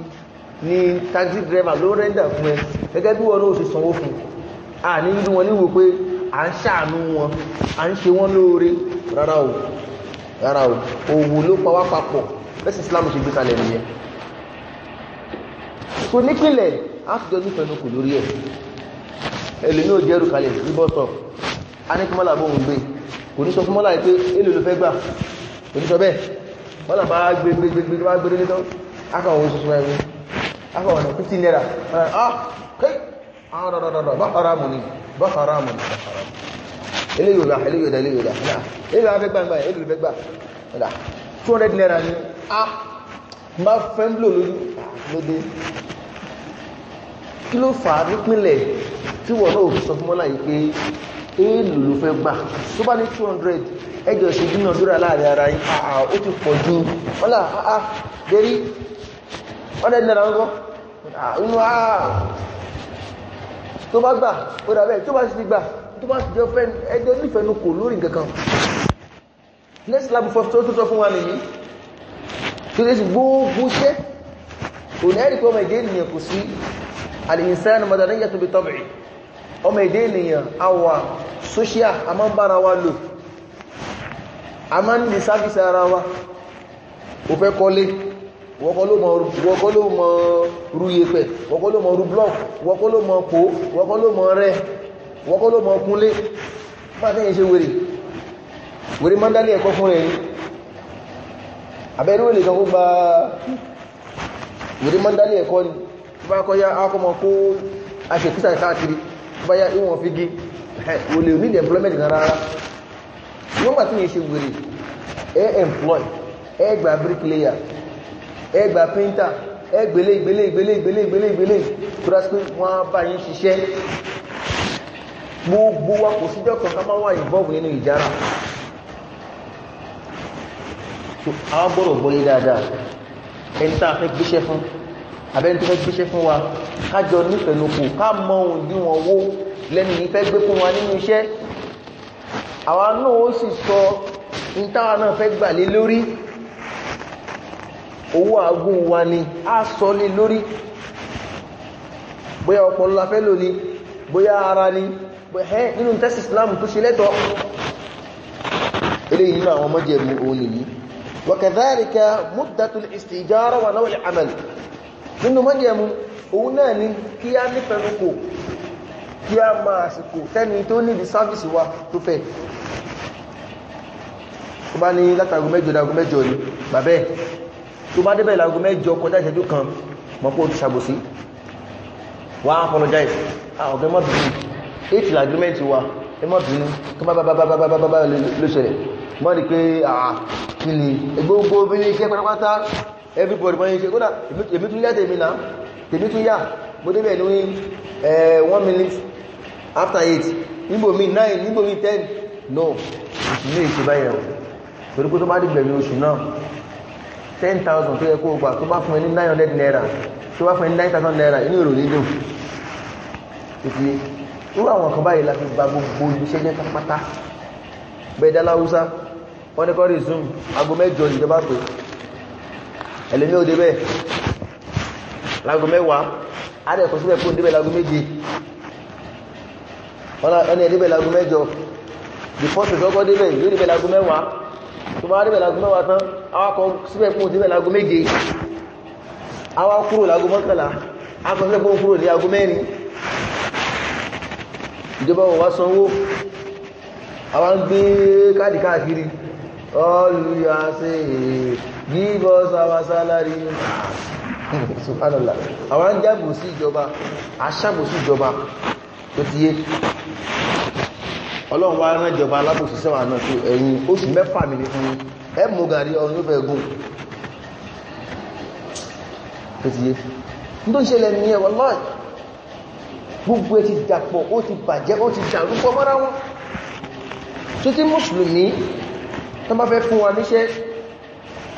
ní taxi driver ló rẹ́ndà fún ẹ gẹ́gẹ́ bí wọn náà ṣe sanwó fún a ní nínú wọn níwò pé à ń ṣàánú wọn à ń ṣe wọn lóore rárá o rárá o òwò ló pa wá papọ̀ bẹ́sì Islam ṣe gbé kalẹ̀ nìyẹn so nípìnlẹ̀ a ti jọ nífẹ̀ẹ́ nukù lórí ẹ̀ ẹlòmí ò jẹ́rù kalẹ̀ ní bọ́tọ̀ a ní kí mọ́là bóun gbé kò ní sọ fún mọ́là pé èlò ló fẹ́ gbà kò ní sọ bẹ́ẹ̀ mọ́là bá gbé gbé gbé gbé gbé gbé tán akọ̀wé sọ fún ẹgbẹ́ aka wani 50 naira ah kai ah rọrọrọrọ bá haramu ni bá haramu ni bá haramu ilé yóò dá ilé yóò dá ilé yóò dá náà ilé yóò fẹ́ gbà gbà ilé yóò fẹ́ gbà 200 naira ni ah ma fẹ́ ń lò lójú nípínlẹ̀ tí wọ́n náà sọ fún mọ́lá yìí pé èèlò ló fẹ́ gbà 200 ẹjọ́ láàrin ara yìí ó ti pọ̀ ju 100 naira ńkọ́ inú àà tó bá gbà ó dàbẹ̀ tó bá sì ti gbà tó bá sì jẹ́ fẹ́ ẹjọ́ nífẹ̀ẹ́nu kò lórí nǹkankan next lab for tó tó sọ fún wa nìyí tó lè sì gbogbo ṣẹ́ òní ẹ̀rì pé ọmọ èdè ènìyàn kò sí al-insanu madaniyatun bi tab'i ọmọ èdè ènìyàn àwa social a máa ń bára wa lò a máa ń ní sáfíìsì ara wa ò fẹ́ kọ́lé wọ́kọ́ ló mọ̀ rú yẹpẹ̀ wọ́kọ́ ló mọ̀ rú blọ́ọ̀kù wọ́kọ́ ló mọ̀ pò wọ́kọ́ ló mọ̀ rẹ wọ́kọ́ ló mọ̀ kúnlé pàtẹ́yìn ṣe wèrè wèrè mọ́ndálẹ̀ ẹ̀kọ́ fún rẹ̀ abẹ́rú wèrè kan kó gba wèrè mọ́ndálẹ̀ ẹ̀kọ́ ni bá kọ́ ya akọ́mọ kó aṣèkúsà káàkiri bá ya ìwọ̀n fi gí wòlè ní employment náà rárá wọ́n gbà tí yẹn ṣe wèrè ẹ employ ẹ gba bricklayer ẹgbà píntà ẹgbẹ̀lẹ̀ ìgbẹ̀lẹ̀ ìgbẹ̀lẹ̀ ìgbẹ̀lẹ̀ ìgbẹ̀lẹ̀ ìgbẹ̀lẹ̀ tó dá sí pé wọ́n bá yín ṣiṣẹ́ gbogbo wa kò síjọ́ kan ká máa wà ìbọ́ọ̀bù nínú ìjára àwọn gbọ́dọ̀ gbọ́yé dáadáa ẹni tá a fẹ́ gbéṣẹ́ fún abẹ́ni tó fẹ́ gbéṣẹ́ fún wa kájọ nífẹ̀ẹ́lòpọ̀ ká mọ ohun bí wọn wó lẹ́nu ní fẹ́ gbé fún wa nínú iṣẹ́ àwa náà ó sì sọ ní táwa náà fẹ́ gbà lé lórí owó agún wa ni a sọ ní lórí bóyá ọpọlọ la fẹ́ lò ní bóyá ara ní ẹ́ nínú tẹ́sì Islam tó ṣe lẹ́tọ̀ eléyìí nínú àwọn mọ́jẹ̀mú òun nìyí wakadhalika muddatul istijara wa naw'il amal nínú mọ́jẹ̀mú òun náà ni kí a nífẹ̀ẹ́lúkò kí a bàbẹ́ tó bá débẹ̀ ìlàgó mẹ́jọ kọjá ìṣẹ́jú kan mọ́pọ̀ ti ṣàbòsí wà á apologize ah, ọ̀gá ẹmọ́ bínú eight la agreement wa ẹmọ́ bínú tó bá bábábábábá ló ṣẹlẹ̀ mọ́ ni pé ah, kí ni gbogbo bí ní iṣẹ́ pátápátá everybody mọ́ iṣẹ́ kódà èmi tún yá tèmi náà tèmi tún yá mo débẹ̀ ní eh, one minute after eight nígbò mi nine nígbò mi ten no ìṣúná ìṣẹ́ báyẹ̀ torí pé tó bá dìgbẹ̀mí oṣù náà ten thousand tó yẹ kó o gbà tó bá fún ẹ ní nine hundred naira tó bá fún ẹ ní nine thousand naira inú èrò nílò títí irú àwọn kan báyìí la fi ba gbogbo iṣẹ́ jẹ́ pátápátá bẹ́ẹ̀ dá láwùsá wọ́n ní kọ́ rí zoom aago mẹ́jọ ìjọba pé ẹlẹ́mí ò débẹ̀ láago mẹ́wàá adé ẹ̀kọ́ síbẹ̀ fún débẹ̀ láago méje wọ́n ní ẹ̀débẹ̀ láago mẹ́jọ the first ìjọba débẹ̀ yóò débẹ̀ láago mẹ́wàá tó bá débẹ̀ láago mẹ́wàá tán awakọ̀ síbẹ̀ fún òdíbẹ̀ lágó méje awá kúrò lágó mọ́kànlá akọ̀ síbẹ̀ fún kúrò ní agó mẹ́rin ìjọba wọ́n wá sanwó awá ń gbé káàdì káàkiri all you are say give us our salary subhanallah awá ń jábò sí ìjọba aṣàbò sí ìjọba tó ti yé ọlọ́run wá rán ìjọba alábòsíṣẹ́wà náà tó ẹ̀yìn oṣù mẹ́fà mi ní fún yín ẹ mú gàrí ọ̀run yóò fẹ́ gùn tó ti yé ní tó ń ṣẹlẹ̀ ní ẹwọ lọ́ọ̀ gbogbo ẹ ti dàpọ̀ ó ti bàjẹ́ ó ti dàrúpọ̀ mọ́ra wọn tó tí mùsùlùmí tó bá fẹ́ fún wa níṣẹ́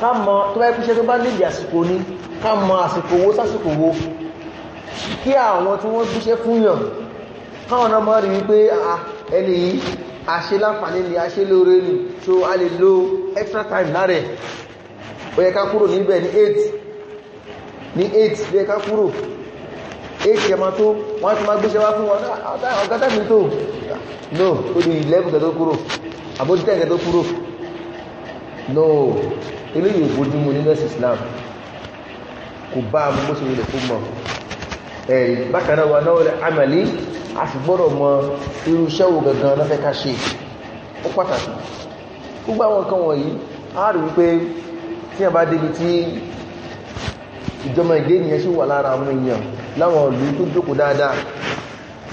ká tó bá ẹ́kúṣẹ́ tó bá níbi àsìkò ní ká àsìkò wo sásìkò wo kí àwọn tí wọ́n gbíṣẹ́ fún yàn káwọn náà mọ́ rí wípé ah, ẹni yìí àṣe láǹfààní ni àṣe lóore ni so a lè lo extra time láàrẹ̀ ó yẹ ká kúrò níbẹ̀ ní 8 ní 8 ló yẹ ká kúrò 8 yẹ ma tó wọ́n ti máa gbéṣẹ́ wá fún ọ̀gátà mi tó no ó di 11 kẹ́ tó kúrò àbójú 10 kẹ́ kúrò no eléyìí ò bójú mu nínú ẹ̀sìn Islam kò bá a mú bó ṣe wọlé fún mọ́ ẹ̀rì bákanáà wà náà àmàlí a fi gbọ́dọ̀ mọ irúṣẹ́ wo gangan lọ́fẹ́ ká ṣe ó pàtàkì gbogbo àwọn nǹkan wọ̀nyí a rí wípé tí a bá débi tí ìjọba ìdé ènìyàn sí wà lára àwọn èèyàn láwọn ìlú tó jókòó dáadáa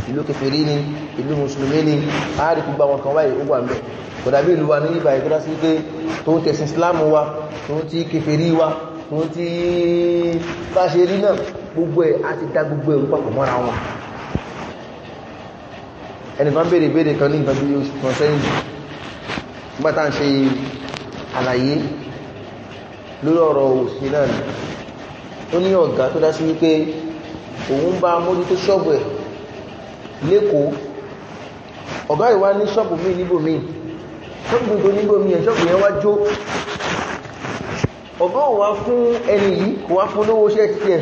ìlú kèfèrí ni ìlú mùsùlùmí ni a rí gbogbo àwọn kan wáyé ó wà mẹ́ kò dàbí ìlú wa ní ibà ìkúrá sí pé tó ń tẹ̀sìn islam wa tó ń ti kèfèrí wa tó ń ti bá ṣe rí náà gbogbo ẹ̀ á ti dá gbogbo ẹ̀rù papọ̀ mọ́ra wọn ẹnìkan béèrè béèrè kan ní nǹkan bí oṣù kan sẹ́yìn nígbàtà ń ṣe àlàyé lórí ọ̀rọ̀ òsì náà ni ó ní ọ̀gá tó dá sí wípé òun bá mójútó ṣọ́ọ̀bù ẹ̀ lẹ́kọ̀ọ́ ọ̀gá ìwá ní ṣọ́ọ̀bù míì níbòmíì ṣọ́ọ̀bù tó níbòmíì ẹ̀ ṣọ́ọ̀bù yẹn wá jó ọ̀gá òun wá fún ẹni yìí kò wá fún lówó iṣẹ́ tiẹ̀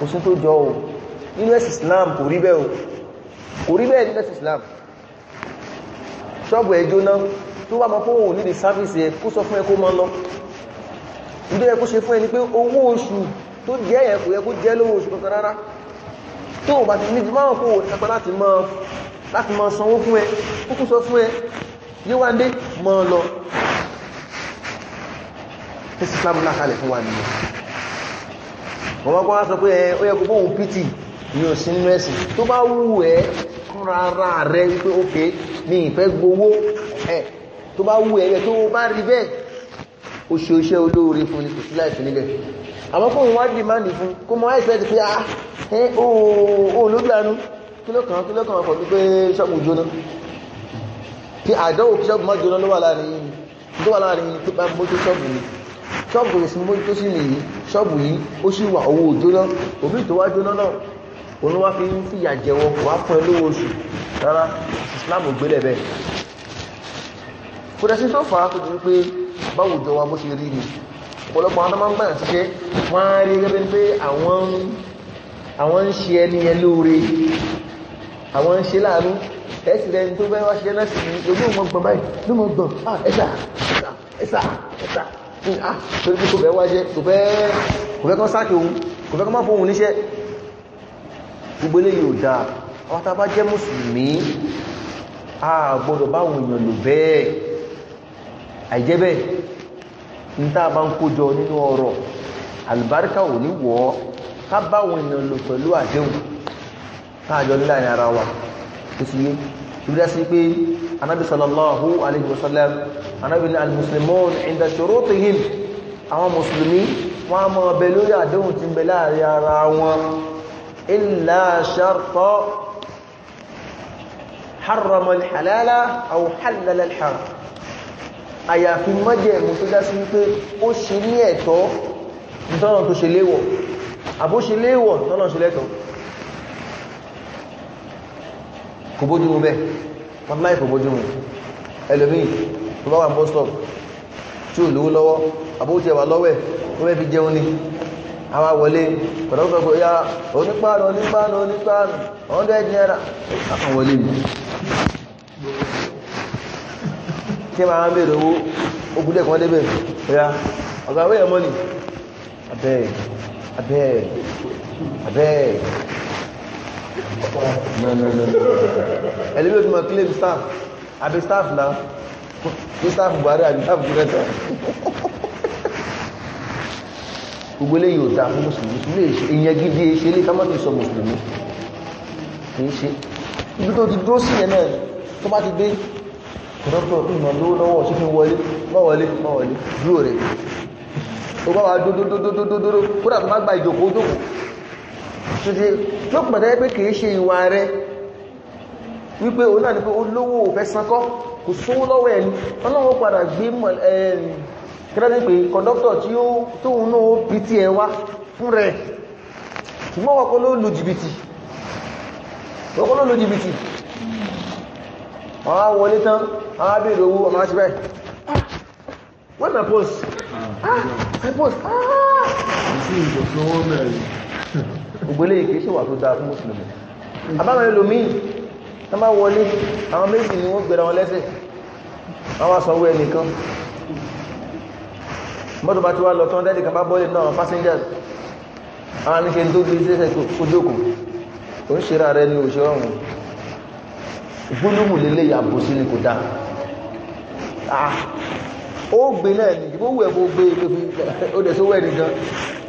kò sí tó jọ o nínú ẹ̀sì Islam kò rí bẹ́ẹ̀ o kò rí bẹ́ẹ̀ nínú ẹ̀sì Islam ṣọ́bù ẹjọ́ náà tó wà mọ́ fún òun nídi sáfíìsì ẹ kó sọ fún ẹ kó mọ́ lọ ìdó yẹ kó ṣe fún ẹ ní pé owó oṣù tó jẹ́ ẹ̀ kò yẹ kó jẹ́ lówó oṣù kankan rárá tó bá ti níbi máa kó òun kápá láti máa sanwó fún ẹ ó kó sọ fún ẹ yíwándé mọ́ lọ wọ́n kọ́ wá sọ pé ó yẹ kókó òun pìtì ní òsín nínú ẹ̀sìn tó bá wù ẹ́ kọ́ra rẹ wípé ókè mi ìfẹ́ gbowó ẹ̀ tó bá wù ẹ́ yẹ tó bá rí bẹ́ẹ̀ ó ṣe iṣẹ́ olóore fún ni kò sí láìsí níbẹ̀ àmọ́ kóun wá dìmáàdì fún kó mọ ẹ̀sẹ̀ ti pé ah ẹ ó ló gbanú kí ló kàn kí ló kàn pọ̀jù pé ṣọ́ọ̀bù jóná kí àdánwò kí ṣọ́ọ̀bù má jóná ló wà láàrin yìí tó wà láàrin yìí tó bá mójú ṣọ́ọ̀bù ni ṣọ́ọ̀bù rẹ̀ sí mọ́ tó sì nìyí ṣọ́ọ̀bù yìí ó sì wà owó òjóná òbí tó wá jóná náà òun wá fi ń fìyà jẹ wọn kò wá pọn lówó oṣù rárá Islam gbélẹ̀ bẹ́ẹ̀ kò dẹ̀sí tó fà á tó ti wípé báwùjọ wa bó ṣe rí ni ọ̀pọ̀lọpọ̀ àwọn ọmọ gbàyàn ṣiṣẹ́ wọ́n á rí gẹ́gẹ́ pé àwọn ń ṣe ẹni yẹn lóore àwọn ń ṣe láàánú ẹ̀sì rẹ̀ tó bẹ́ wá ṣiṣẹ́ náà sí ogún ọmọ gbọ̀n báyìí ló mọ̀ gbọ̀n ẹ̀sà ẹ̀sà ẹ̀sà Ah, torí kí kò fẹ́ wájẹ́ kò fẹ́ kán sáàkì ohun kò fẹ́ kán má fóhun níṣẹ́ gbogbo ilé yóò dáa àwọn tàbá jẹ́ mùsùlùmí a gbọ́dọ̀ báwọn èèyàn lò bẹ́ẹ̀ àìjẹ́ bẹ́ẹ̀ ní tàà bá ń kójọ nínú ọ̀rọ̀ àlùbáríkà ò ní ìbílẹ̀ sí pé anábi sallallahu alaihi wasallam anábi ni al-muslimun inda shurutihim àwọn musulmi wọ́n a máa bẹ lórí àdéhùn tí ń bẹ láàrin ara wọn illa sharta harrama al-halala aw halala al-haram àyàfi májẹ̀mú tó dá pé ó ṣe ní ẹ̀tọ́ tọ́nà tó ṣe léwọ̀ àbó léwọ̀ tọ́nà ṣe lẹ́tọ̀ọ́ kò bójú mu bẹ́ẹ̀ wọ́n láì kò bójú mu ẹlòmíì tó bá wà bus stop tí ò lówó lọ́wọ́ àbójẹ wà lọ́wẹ́ tó fẹ́ fi jẹun ni àwa wọlé pẹ̀lọ́pọ̀ pé ya onípàánù onípàánù onípàánù 100 ya ọ̀gá wẹ́yẹ̀ mọ́ni abẹ́ẹ̀ no no no ẹlẹ́bí òtún ma claim staff àbí staff náà ní staff buhari àbí staff kúrẹ́tọ̀ gbogbo eléyìí ò dáa fún mùsùlùmí mùsùlùmí èyàn gidi e ṣe lè kámọ́ ti sọ mùsùlùmí kìí ṣe ibi tó ti dúró sí ẹ̀ náà tó bá ti dé kọ̀dọ́tọ̀ ìmọ̀ lówó lọ́wọ́ sí fi wọlé mọ́wọlé mọ́wọlé dúró rẹ̀ ó bá wà dódódódódódó kódà tó má gba ìjòkó jókòó ṣùgbọ́n tó pẹ̀lẹ́ pé kìí ṣe ìwà rẹ wípé o náà ni pé olówó ò sankọ́ kò sún lọ́wọ́ ẹni ọlọ́wọ́ padà gbé kẹ́lẹ́dẹ́ pé kọ̀ndọ́kítọ̀ tí ó náà bí ti ẹ̀ fún rẹ̀ ṣùgbọ́n wọ́kọ́ gbogbo ilé ìké ṣe wà tó dáa fún mùsùlùmí àbáwọn ẹlòmíì tó bá wọlé àwọn méjì ni wọ́n gbẹ̀rẹ̀ wọn lẹ́sẹ̀ àwọn aṣọ owó ẹnìkan mọ́tò bá ti wá lọ tán dẹ́dì kan bá bọ́ọ̀lì náà passengers àwọn ní ṣe tó gbé sẹ́sẹ̀ tó jókòó tó ń ṣera rẹ ní òṣè ọ̀run gbólúmù lélẹ́yà bòsí O gbé náà ní ìdìbò wẹ̀ mo gbé epo fi ó dẹ̀ gan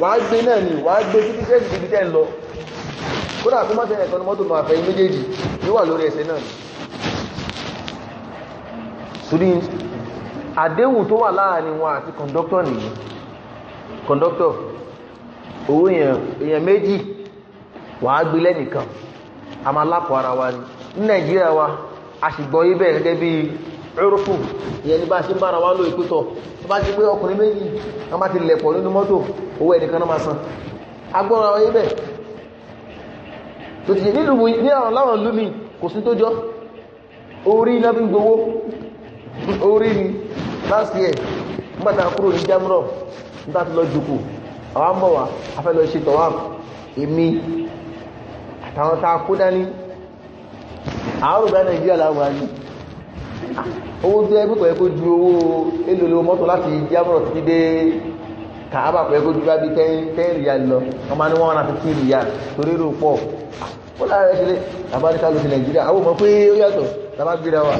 wàá gbé náà wàá gbé títí tẹ́ ti fi tẹ́ lọ kódà kó má tẹ́ ẹ̀kan mọ́tò máa fẹ̀yìn méjèèjì ló wà lórí ẹsẹ̀ náà sùdí àdéhùn tó wà láàrin wọn àti nìyí owó èèyàn méjì wàá gbé lẹ́nìkan a lapu ara wa ní Nàìjíríà wa a sì gbọ́ yí bẹ́ẹ̀ gẹ́gẹ́ ẹrùfù ìyẹn ní bá ṣe ń bára wá ló ìpútọ̀ tó bá ti pé ọkùnrin méjì wọ́n bá ti lẹ̀pọ̀ nínú mọ́tò owó ẹnìkan náà máa san agbọ́nra wọn ibẹ̀ tó ti nílùú ní àwọn láwọn lúmi kò sí tó jọ orí iná bí gbowó orí ni last year nígbàtà kúrò ní jamrọ nígbà tó lọ jùkú àwọn mọ̀ wá afẹ́ lọ ṣe tọ̀wá èmi àtàwọn ta kó dání owó tó ẹgbẹ́ pẹ̀lú ju owó elòlò mọ́tò láti jábọ̀rọ̀ títí dé kàábà pẹ̀lú ju bí ten riyal lọ wọ́n máa ní one hundred fifty riyal torí rò pọ̀ ó láàrẹ̀ ṣẹlẹ̀ tàbáríkà lóṣù nàìjíríà àwọn ọmọ pé ó yàtọ̀ tàbá gbéra wà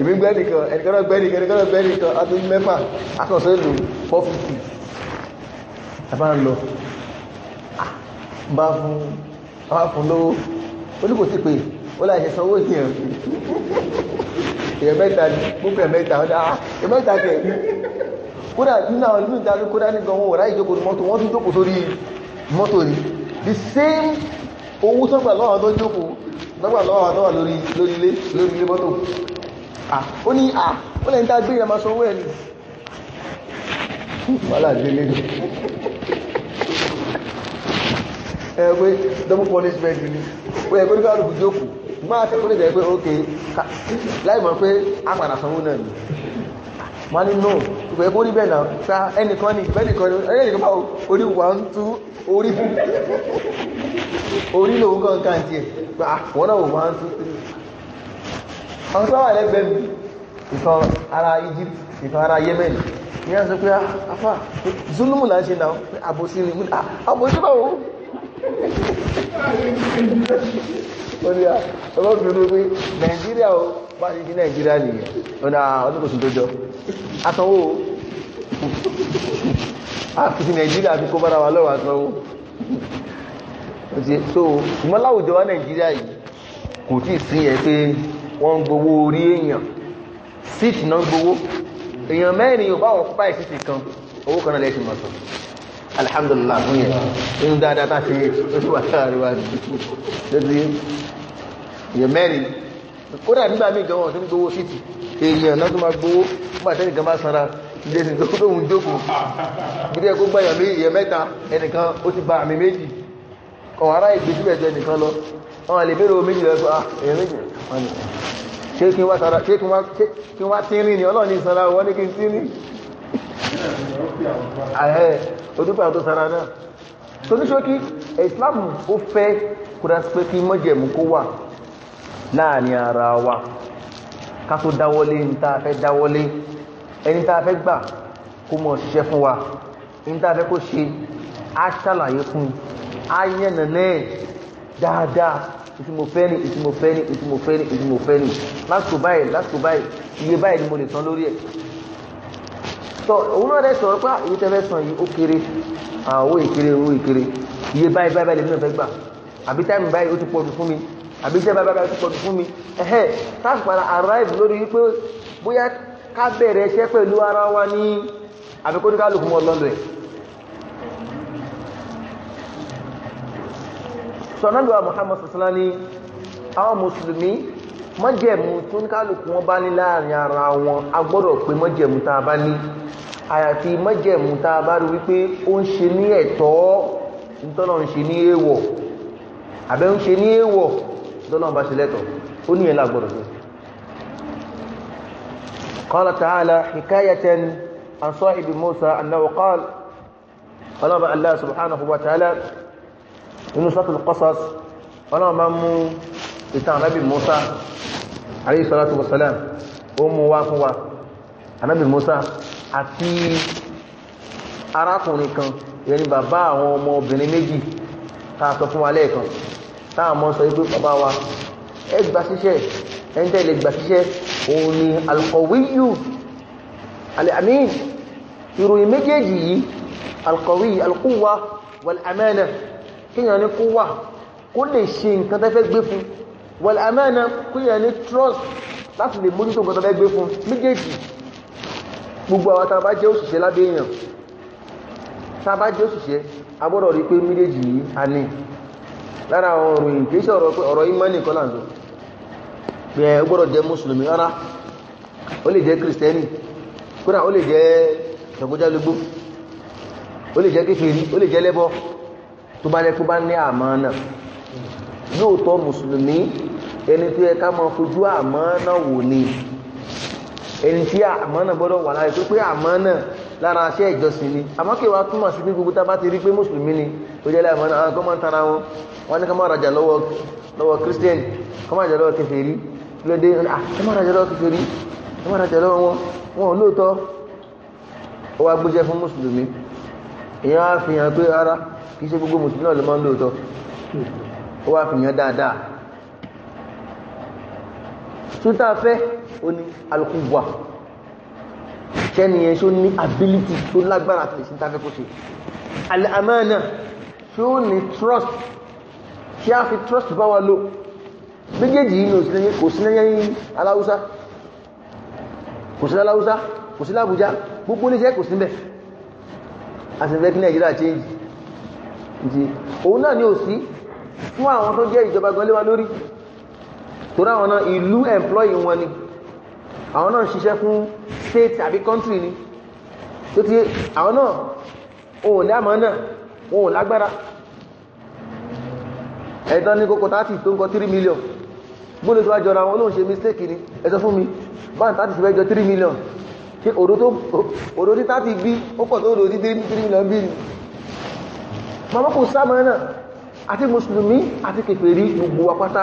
èmi gbẹ́nìkan ẹnikẹ́rọ gbẹ́nìkan ẹnikẹ́rọ gbẹ́nìkan a tó mẹ́fà akọ̀sọ́ ìlú 450 tàbá ń lọ bá fún lówó oníkò tí pé ó láì ṣe sanwó yẹn èèyàn mẹ́ta púpẹ̀ mẹ́ta ọ̀dá ah, èèyàn mẹ́ta kẹ̀ kódà nínú àwọn ìlú ìdájọ́ kódà ní gan wọn ò ráyè jókòó mọ́tò wọ́n tún jókòó sórí mọ́tò ni the same owó sọ́gbà lọ́wọ́ tó jókòó sọ́gbà lọ́wọ́ tó wà lórí ilé lórí ilé mọ́tò ó ní à ó lẹ́yìn tá a gbé ìyàmá sanwó ẹ̀ ni wàhálà délé ni ẹ pé double punishment ni ó yẹ kó ní ká lùkù jókòó mọ́ akẹ́kọ̀ọ́ lè jẹ́ pé ókè láì mọ̀ pé a padà sanwó náà ni wọ́n ní no ìgbẹ́ kó rí bẹ́ẹ̀ náà sa ẹnìkan ní ẹnìkan báwo orí wọ́n tú orí ara Egypt ìkan ara Yemen ní àṣẹ pé afá zulumu là ṣe náà àbòsí ni àbòsí ó ní ọlọ́bìnrin pé nàìjíríà ó bá ti di nàìjíríà nìyẹn ó ní àwọn tó kò sí tó jọ àtọwò àfisí nàìjíríà fi kó bára wa lọ́wọ́ àtọwò so ìmọ́láwùjọ wa nàìjíríà yìí kò tí sí ẹ pé wọ́n ń gbowó orí èèyàn síìtì náà gbowó èèyàn mẹ́rin yóò bá wọn pàì síìtì kan owó kan náà lẹ́sìn alhamdulillah fún yẹn inú dáadáa tá ṣe oṣù wà láàrin wa lójú yẹn mẹ́rin ó dà nígbà míì gan-an tó ń gbowó fìtì èèyàn náà tó máa gbowó nígbà tẹ́lẹ̀ gan bá sanra jẹ́sìn tó tó ń jókòó bí ẹ kó gbàyàn mí èèyàn mẹ́ta ẹnìkan ó ti ba àmì méjì ọ̀hún ará ìgbé síbẹ̀ jẹ́ nìkan lọ àwọn àlè bèrè méjì lọ́sọ́ èèyàn méjì ṣé kí wá tín rí ni ọlọ́ọ̀ni sanra wọ́n ní kí n tín rí ààrẹ odúpẹ́ tó sára náà tó ní ṣókí islam ó fẹ́ kúrò pé kí mọ́jẹ̀mú kó wà láàrin ara wa ká tó dáwọ́lé ní tàà fẹ́ dáwọ́lé ẹni tàà fẹ́ gbà kó mọ̀ ṣiṣẹ́ fún wa ní tàà fẹ́ kó ṣe á ṣàlàyé fún á yẹ̀nà náà e dáadáa ìtìmọ̀fẹ́ ni ìtìmọ̀fẹ́ ni ìtìmọ̀fẹ́ ni ìtìmọ̀fẹ́ ni lásìkò báyìí lásìkò báyìí iye báyìí ni mo lè tán lórí ẹ̀ sọ òun náà rẹ̀ sọ̀rọ̀ pé ìwé ah, tẹ́fẹ́ yìí ó kéré àwọn ah, ìkéré owó ìkéré iye báyìí báyìí lèmi náà fẹ́ gbà àbí táìmù báyìí ó ti pọ̀jù fún mi àbí iṣẹ́ báyìí báyìí ó ti pọ̀jù fún mi ẹ̀hẹ́ arrive lórí wípé bóyá ká bẹ̀rẹ̀ iṣẹ́ pẹ̀lú ara wa ní àbíkóní ká lòkùn lọ́dọ̀ ẹ̀ sọ̀nàlùwà Muhammad sọ̀sọ́lá àwọn mùsùlùmí mọ́jẹ̀mú tó ní kálukú wọn bá ní láàrin ara wọn a gbọ́dọ̀ pé mọ́jẹ̀mú tá a bá ní àyàfi mọ́jẹ̀mú tá bá rí wípé ó ń ṣe ní ẹ̀tọ́ nítọ́nà ń ṣe ní èèwọ̀ àbẹ́ ń ṣe ní èèwọ̀ nítọ́nà bá ṣe lẹ́tọ̀ ó ní ẹ̀lá ìtàn anábì Musa alayhi salatu wasalam ó mú wá fún wa anábì Musa àti arákùnrin kan yẹni bàbá àwọn ọmọ obìnrin méjì ta sọ fún wa lẹ́ẹ̀kan táà mọ́ sọ wípé bàbá wa ẹ gbà síṣẹ́ ẹ̀ńtẹ́ ilẹ̀ gbà síṣẹ́ òun ni alkọ̀wíyù al'amin ìròyìn méjèèjì yìí alkọ̀wí alkúwa wal amana kó lè ṣe nǹkan tẹ́fẹ́ gbé fún wal amana kúyẹ̀ ní trust láti lè mójútó nǹkan tó bẹ́ gbé fún méjèèjì gbogbo àwọn tàbá jẹ́ òṣìṣẹ́ lábẹ́ èèyàn tàbá jẹ́ òṣìṣẹ́ agbọ́dọ̀ rí pé méjèèjì yìí a ní lára àwọn ọ̀rọ̀ ìkéṣẹ́ ọ̀rọ̀ imani kọ́làndó pé ẹ gbọ́dọ̀ jẹ́ mùsùlùmí rárá ó lè jẹ́ kìrìsìtẹ́nì kódà ó lè jẹ́ ṣọ̀gbọ́jálógbó ó lè jẹ́ kékeré ó lè jẹ́ lẹ́bọ tó bá lẹ́kú bá ní àmánà lóòótọ́ mùsùlùmí ẹni tó yẹ ká máa fojú àmọ́ náà wò ni ẹni tí àmọ́ náà gbọ́dọ̀ wà lára pé àmọ́ náà lára aṣẹ́ ìjọsìn ni àmọ́ kí wá túmọ̀ sí pé gbogbo tá bá ti rí pé mùsùlùmí ni ó jẹ́ láàmọ́ náà kọ́ máa ń tara wọn wọ́n ní ká máa rajà lọ́wọ́ christian kọ́ máa rajà lọ́wọ́ kèfèrí lóde ẹ máa rajà lọ́wọ́ kèfèrí ẹ máa rajà lọ́wọ́ wọn wọn ò lóòótọ́ ó wá gbójẹ́ fún mùsùlùmí èèyàn á fi hàn pé ara kì í ṣe gbogbo mùsùlùmí náà ló máa ń lóòótọ́ ó wá ṣútà fẹ́ ó ní alùkùnbùà ṣẹ́niyàn ṣó ní ability tó lágbára àti ìṣíntà fẹ́ kó ṣe al'amana ṣó ní trust ṣe a fi trust bá wa lò méjèèjì yìí kò sí lẹ́yìn aláhúsá kò sí aláhúsá kò sí lábújá gbogbo oníṣẹ́ kò sí mẹ́ change òun náà ni ò sí fún àwọn tó jẹ́ ìjọba gan léwa lórí tó ráwọn náà ìlú employee wọn ni àwọn náà ṣiṣẹ́ fún state àbí country ni tó ti àwọn náà o lámọ́ náà o lágbára ẹ̀dán ní kókò 30 tó ń kọ 3 million gbóòlù tó wájọ́ra wọn olóhun ṣe mistake ni ẹ sọ fún mi báyìí 30 ṣe fẹ́jọ 3 million ṣe òdó tí 30 bí ó pọ̀ tó òdó tí 3 million bí ni mamọ́kù sáàmọ́ náà àti mùsùlùmí àti kèfèrí gbogbo apáta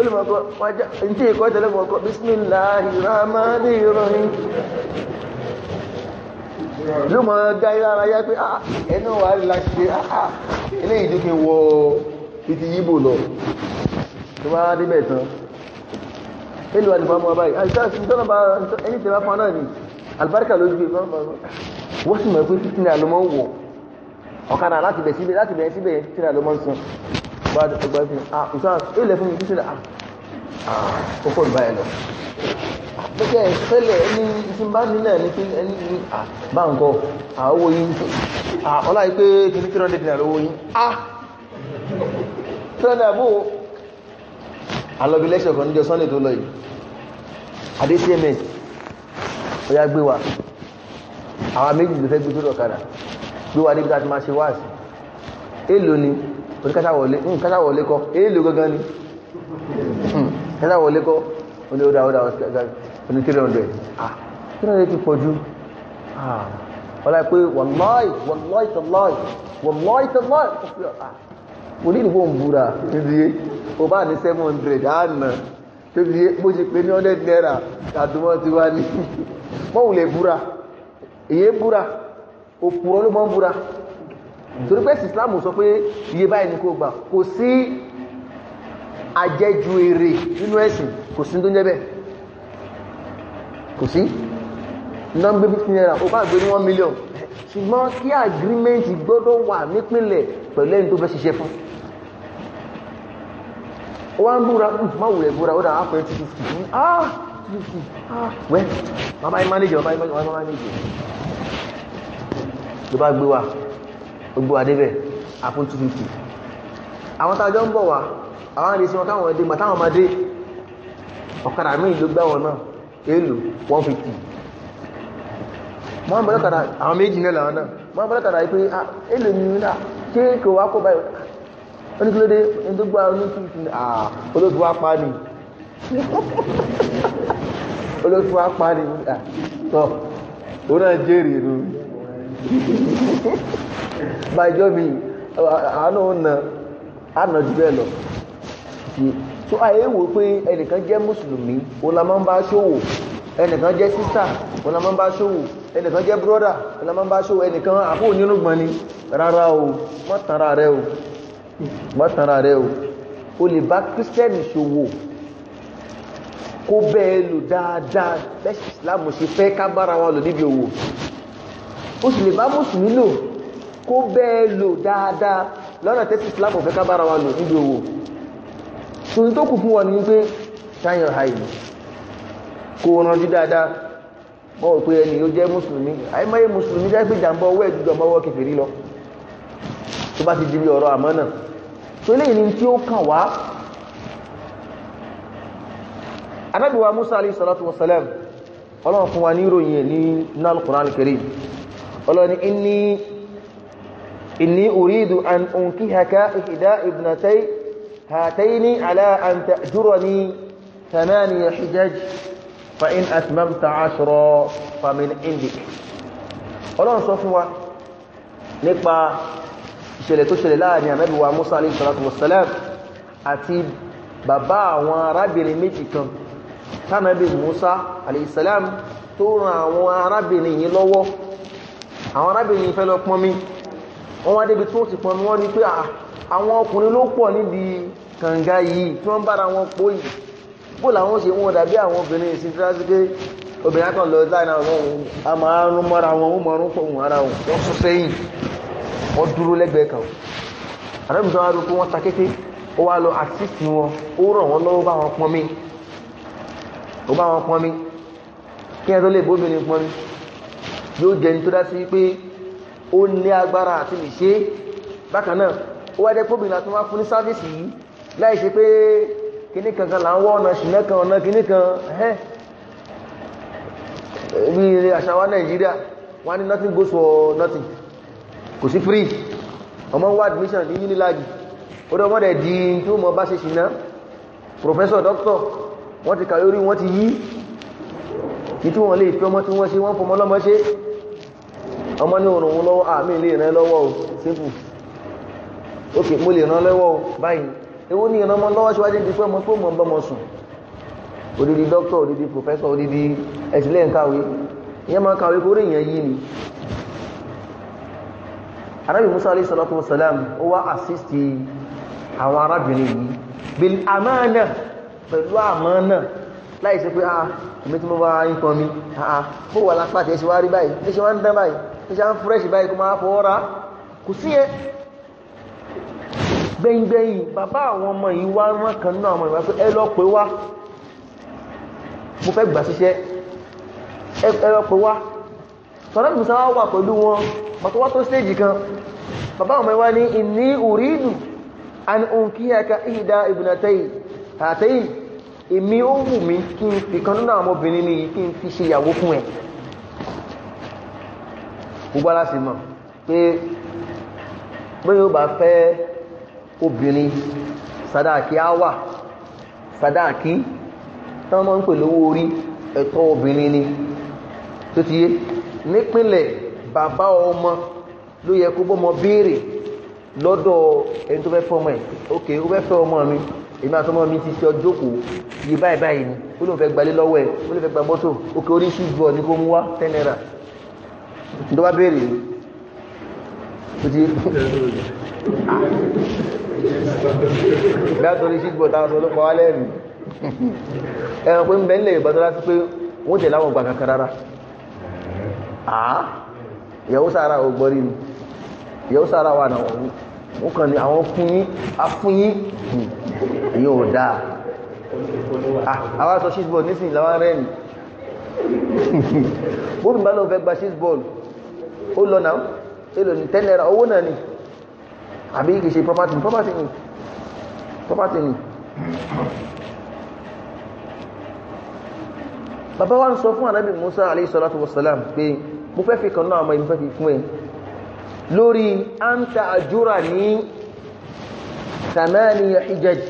olùmọ̀kọ́ ntí ìkọ́ tẹ̀lé mọ̀kọ́ bisimilahi rahmani rahim ló mọ̀ ga ìlara yá pé ah, ẹnu wà láti ilé ìdíkì wọ títí yíbò lọ tó bá débẹ̀ tán ẹlù wà ní fún ọmọ báyìí àìsáàsì ah, ìtọ́nà bá ẹni tẹ̀lá fún ọ náà ni àlùbáríkà lójú pé wọ́n sì mọ̀ pé títí ní àlọ́mọ́ wọ̀ ọ̀kadà láti bẹ̀ síbẹ̀ ọgbà ọgbà ìfún ah ìsáà ilẹ̀ fún mi kí sílẹ̀ ah kókó ìbá ẹ lọ pẹ́kẹ́ ìfẹ́lẹ̀ ní ìsinbá nílẹ̀ ní kí ẹni ní àbá nǹkan àwọ́ yìí ọlá ipé kìí tí rọ́dẹ̀ dìnà lówó ah tẹ́lẹ̀ àbú alọ́bí lẹ́ṣẹ̀ kan níjọ sunday tó lọ yìí adé cms ó yá gbé wa àwọn méjì ló fẹ́ gbé tó dọ̀kadà gbé wa débi tá ti máa ṣe wáàsì èlò ni oníkátàwọlé hmm, kátàwọlé kọ èèlò gangan ni hmm, kátàwọlé kọ oní ó dáwọ́dá oní 300 ah 300 ti pọ̀jú ah ọlá pé wàláì wàláì tàláì wàláì tàláì onílùgbò ń búra níbi o bá ní 700 àánà naira àdúmọ́ ti wá ní (laughs) mọ́wùlẹ̀ búra èyí búra torí pé islam sọ pé iye báyìí ni kò gbà kò sí àjẹjù èrè nínú ẹ̀sìn kò sí tó ń jẹ́ bẹ́ẹ̀ kò sí ná 15 naira ó bá gbé ní 1 million ṣùgbọ́n kí agreement gbọ́dọ̀ wà nípìnlẹ̀ pẹ̀lú ẹni tó fẹ́ ṣiṣẹ́ fún wọ́n ń búra hm, má wùlẹ̀ búra ó dáa pẹ̀lú 250 ah 250 ah wẹ́ bàbá yìí manager bàbá yìí manager ló bá gbé wa gbogbo adébẹ̀ àpò 250 àwọn tàjọ ń bọ̀ wá àwọn àdísí wọn káwọn ẹdí màtáwọn máa dé ọ̀kadà míì ló gbá wọn náà èlò 150 wọ́n bọ̀ àwọn méjì náà làwọn náà wọ́n bọ̀ ah, èlò ni náà kí ah, kò wá kó báyìí ní kí ló dé 250 (laughs) bàjọ́ mi àánú na àánà jù bẹ́ẹ̀ lọ so àyè wò pé ẹnìkan jẹ́ mùsùlùmí òun la máa ń bá ṣòwò ẹnìkan jẹ́ sísà òun la máa ń bá ṣòwò ẹnìkan jẹ́ brọ́dà òun la máa ń bá ṣòwò ẹnìkan àpò onírúgbọ̀n ni rárá o má tanra rẹ o má tanra rẹ o o lè bá kírísítẹ́nì ṣòwò kó bẹ́ẹ̀ lò dáadáa bẹ́ẹ̀ sì Islam fẹ́ ká bára wa lò níbi òwò ó sì lè bá mùsùlùmí lò kó bẹ́ẹ̀ lò dáadáa lọ́nà tẹ́sí islam ọ̀fẹ́ ká bára wa lò níbi owó tòun tó kù fún wọn ní pé ṣáyàn haìlú kó ránjú dáadáa mọ́ wọ́n pé ẹni ó jẹ́ mùsùlùmí àìmọye mùsùlùmí jẹ́ pé jàǹbá ọwọ́ ẹ̀dùdọ̀ mọ́wọ́ kèfèrí lọ tó bá ti di bí ọ̀rọ̀ àmọ́ náà tó lè ní tí ó kàn wá nal quran karim ọlọ́ni inni inni uridu an unkihaka ihda ibnatai hataini ala an ta'jurani thamaniya hijaj fa in atmamta ashra fa min indik ọlọ́run sọ fún wa nípa ìṣẹ̀lẹ̀ tó ṣẹlẹ̀ láàrin àmẹ́bíwa musa alayhi salatu wassalam àti bàbá àwọn arábìnrin méjì kan tánàbí àwọn arábìnrin fẹ́ lọ pọnmi wọ́n wá débi tí wọ́n ti pọnmi wọ́n rí pé àwọn ọkùnrin ló pọ̀ nídìí kànga yìí tí wọ́n bára wọn pò yìí bó làwọn se wọ́n dàbí àwọn obìnrin ìsìn tí wọ́n ṣe obìnrin kan lọ láìna wọn a máa rún mọ́ra wọn ó mọ̀rún pọ̀ wọn ara wọn wọ́n sún sẹ́yìn wọ́n dúró lẹ́gbẹ̀ẹ́ kan àrẹ́bùsọ wa rú pé wọ́n takété ó wá lọ àtìsì wọn ó ràn wọ́n lọ́wọ́ bá wọn pọnmi ó bá wọn pọnmi kí ẹ tó lè bóbìnrin pọnmi yóò jẹ́ ní tó dá sí pé ó ní agbára àti lè ṣe bákan náà ó wá jẹ́ pọ́bìnrin àti wá fún ní sáfíìsì yìí láì ṣe pé kíní kankan là ń wọ́ ọ̀nà ṣìnà kan ọ̀nà kíní kan ẹ́ bí i àṣà wa nàìjíríà wọ́n ní nothing goes for nothing kò sí free ọmọ wá admission ní unilag ó dọ́ mọ́dẹ̀ di tí ó mọ bá ṣe ṣìnà professor doctor wọ́n ti kàyórí wọ́n ti yí kí tí wọ́n lè fi ọmọ tí wọ́n ṣe wọ́n fọmọ lọ́mọ ṣe ọmọ ní òrùn lọ́wọ́ àmì ilé rẹ lọ́wọ́ o sífù ókè mo lè ràn lọ́wọ́ o báyìí ewu ní ìrànmọ́ lọ́wọ́ síwájú ti pẹ́ mọ́ tó mọ̀ bọ́mọ sùn odidi dókítà odidi pòfẹ́sọ̀ odidi ẹ̀sìlẹ̀ kàwé ìyẹn máa kàwé kó rí yìí ni arábì musa alayhi salatu wa salam ó wá àsísì àwọn arábìnrin yìí bil amana pẹ̀lú amana láì sí pé ah èmi tí mo bá ń pọn mi ah bó ah, wà lápá tẹ́ ṣe wá rí báyìí tẹ́ ṣe wá ń dán báyìí ṣe ń fúrẹ́ṣì báyìí kó máa fọwọ́ra kò sí ẹ gbẹ̀yìngbẹ̀yìn bàbá àwọn ọmọ yìí wá rán kan náà ọmọ ìwà pé ẹ lọ pé wá mo fẹ́ gbà síṣẹ́ ẹ lọ pé wá sọ̀rọ̀ ìgbìsá wá wà pẹ̀lú wọn bàtọ́ wá tó stéèjì kan bàbá ọmọ ìwà ní ìní uridu an unkiyaka ihda ibnatayi àtẹ́yìn èmi ó gbogbo aláṣì mọ̀ pé bóyá ó bá fẹ́ obìnrin sàdáàkì á wà sàdáàkì tán mọ́ ń pè lówó orí ẹ̀tọ́ obìnrin ni tó ti yé nípínlẹ̀ bàbá ọmọ ló yẹ kó bọ́mọ béèrè lọ́dọ̀ ẹni tó fẹ́ fẹ́ ẹ̀ ok ó fẹ́ fẹ́ ọmọ mi èmi àtọmọ mi ti ṣe ọjọ́kù yìí báyìí báyìí ni ó lóun fẹ́ gbalé lọ́wọ́ ẹ̀ ó lóun fẹ́ gba mọ́tò ok oríṣi ju ọ̀ ní kó mú wá ten tó bere béèrè ó ti bẹ́ẹ̀ torí ṣígbọ̀ ẹ̀rọ pé ń bẹ́ nílẹ̀ ìbọn tó láti pé wọ́n tẹ̀ láwọn gbà kankan rárá ìyàwó sára ni wà náà wọ́n kàn ní àwọn fún yín afún dáa àwọn aṣọ nísìnyí ó lọ náà èlò ní 10 naira owó náà ni àbí kìí ṣe property property ni property ni bàbá wa ń sọ fún ànábì Musa alayhi salatu wassalam pé mo fẹ́ fi kan náà ọmọ ìmúfẹ́ fi fún ẹ lórí anta àjúrà ní samaniya hijaj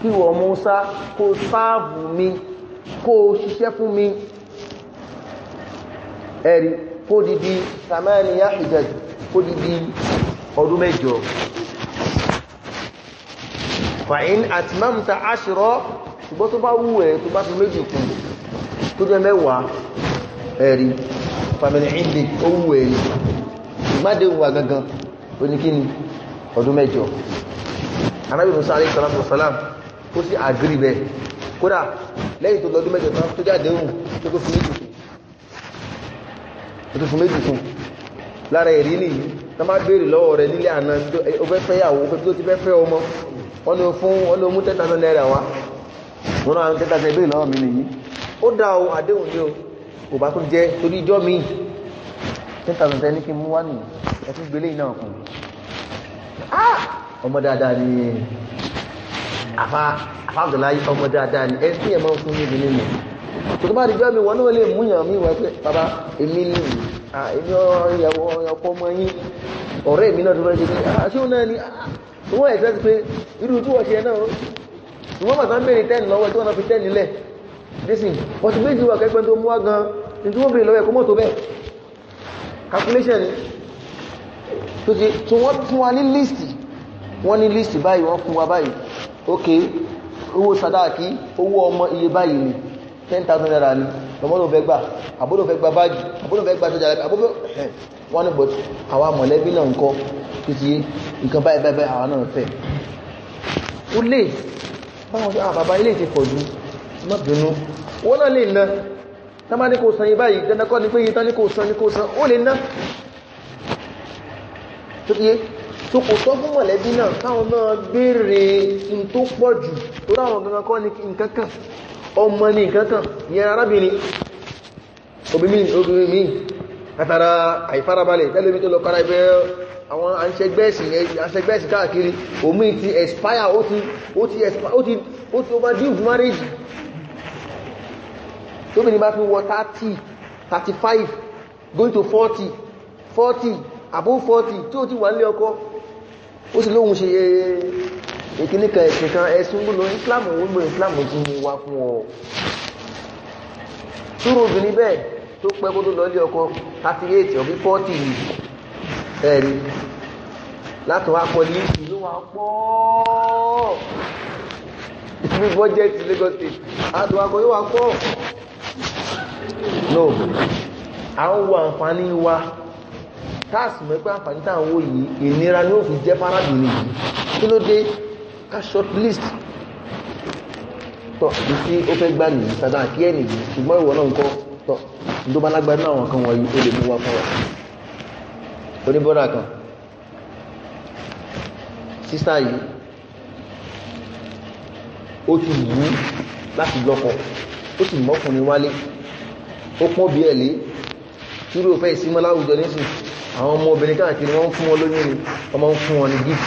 kí wọ Musa kó sáàbù mi kó ṣiṣẹ́ fún mi ẹ̀rí kó dìdí samaniya hijaj kó dìdí ọdún mẹ́jọ fa'in atmamta ashira ṣùgbọ́n tó bá wù ẹ́ tó bá ti méjì kù tó jẹ́ mẹ́wàá ẹ̀rí family indi ó wù ẹ̀rí ìgbádé wà gangan oníkíni ọdún mẹ́jọ anábì musa alayhi salatu wasalam kódà lẹ́yìn tó lọ́dún mẹ́jọ tó jáde ohun tó kó fi méjì kù ó tó fún méjì fún lára ẹ̀rí nìyí tó má béèrè lọ́wọ́ rẹ̀ nílé àná ó fẹ́ fẹ́ yàwó fẹ́ tó ti fẹ́ fẹ́ ọmọ wọ́n ni fún wọ́n ló mú tẹ́ta náà náírà wá wọ́n náà tẹ́ta tẹ́ béèrè lọ́wọ́ mi ó dá o àdéhùn ní o kò bá tó jẹ́ torí ìjọ mi tẹ́ta náà tẹ́ ní kí n mú wá nìyí ẹ tún gbélé iná ọkùn ah! ọmọ dáadáa ni àfàgàlá ọmọ dáadáa ni tòtò bá dìjọ́ mi wọ́n náà lè mú yàn mí wọ́n pé bàbá èmi ni èmi ìyàwó ọkọ ọmọ yín ọ̀rẹ́ mi náà tó fẹ́ ṣe pé àti òun náà ni wọ́n ẹ̀sẹ̀ ti pé irú tí wọ́n ṣe náà ìwọ́n bàtà ń bèèrè tẹ́ẹ̀nì lọ́wọ́ tí wọ́n fi tẹ́ẹ̀nì lẹ̀ nísìn wọ́n ti méjì wà kẹ́gbẹ́ tó mú wá gan ní tí wọ́n bèèrè lọ́wọ́ ẹ̀kọ́ mọ́tò bẹ́ẹ̀ calculation tó ti tó wọ́n fún wa ní list wọ́n ní list báyìí wọ́n fún wa báyìí ok owó sadaki owó ọmọ iye báyìí ni ten thousand naira ni lọ́mọ́lò fẹ́ gbà àbúrò fẹ́ gba báàgì àbúrò fẹ́ gba sọ́jà lábẹ́ àbúrò wọ́n ní bọ̀tí àwa mọ̀lẹ́bí náà ń kọ́ títí nǹkan báyìí báyìí báyìí àwa náà fẹ́ ó lè báwọn sọ àbàbá ah, ilé ti pọ̀ jù má bínú wọ́n náà lè ná tábà ní kò san yí báyìí dandakọ́ ni pé yí tán ní kò san ní kò san ó lè ná tó kí tó kò tọ́ fún mọ̀lẹ́bí náà káwọn náà béèrè n tó pọ̀ jù tó ráwọn gangan kọ́ ní nǹkan kan ọmọ ní nǹkan kan yẹn arábìnrin obìnrin mi látara àìfarabalẹ̀ tẹ́lẹ̀mí tó lọ kára ibẹ̀ àwọn àṣẹgbẹ́ẹ̀sì káàkiri omi ti expire ó ti ó ti overdue fún marriage tóbi ní bá fi wọ 30 35 going to 40 40 above 40 tí ó ti wà nílé ọkọ ó sì lóhun ṣe ìkíní kan ẹ̀sìn kan ẹ̀sìn gbọ́dọ̀ ìsìláàmù gbogbo ìsìláàmù tún mú wá fún ọ túrò obìnrin bẹ́ẹ̀ tó pẹ́ kó tó lọ ọkọ thirty eight ọ̀bí forty ẹ̀rí látọ̀ wá pọ̀ líìsì pọ̀ Lagos State no a wo wa táàsì mẹ́pẹ́ àǹfààní táwọn wò yìí ìnira ni ó fi jẹ́ ká short list tọ́ ibi tí ó fẹ́ gbà nìyí sàdá kí ẹ̀ nìyí ṣùgbọ́n ìwọ náà ń kọ́ tọ́ tó bá lágbàá náà àwọn kan wọ̀nyí ó lè mú wá fún wa oníbọ́dà kan sísá yìí ó ti wù ú láti lọ́kọ ó sì mọ́kùnrin wálé ó pọ́n bí ẹ̀ lé túrò fẹ́ ìsímọ́ láwùjọ nísìn àwọn ọmọ obìnrin káàkiri wọ́n ń fún wọn lóyún ni ọmọ ń fún wọn ní gift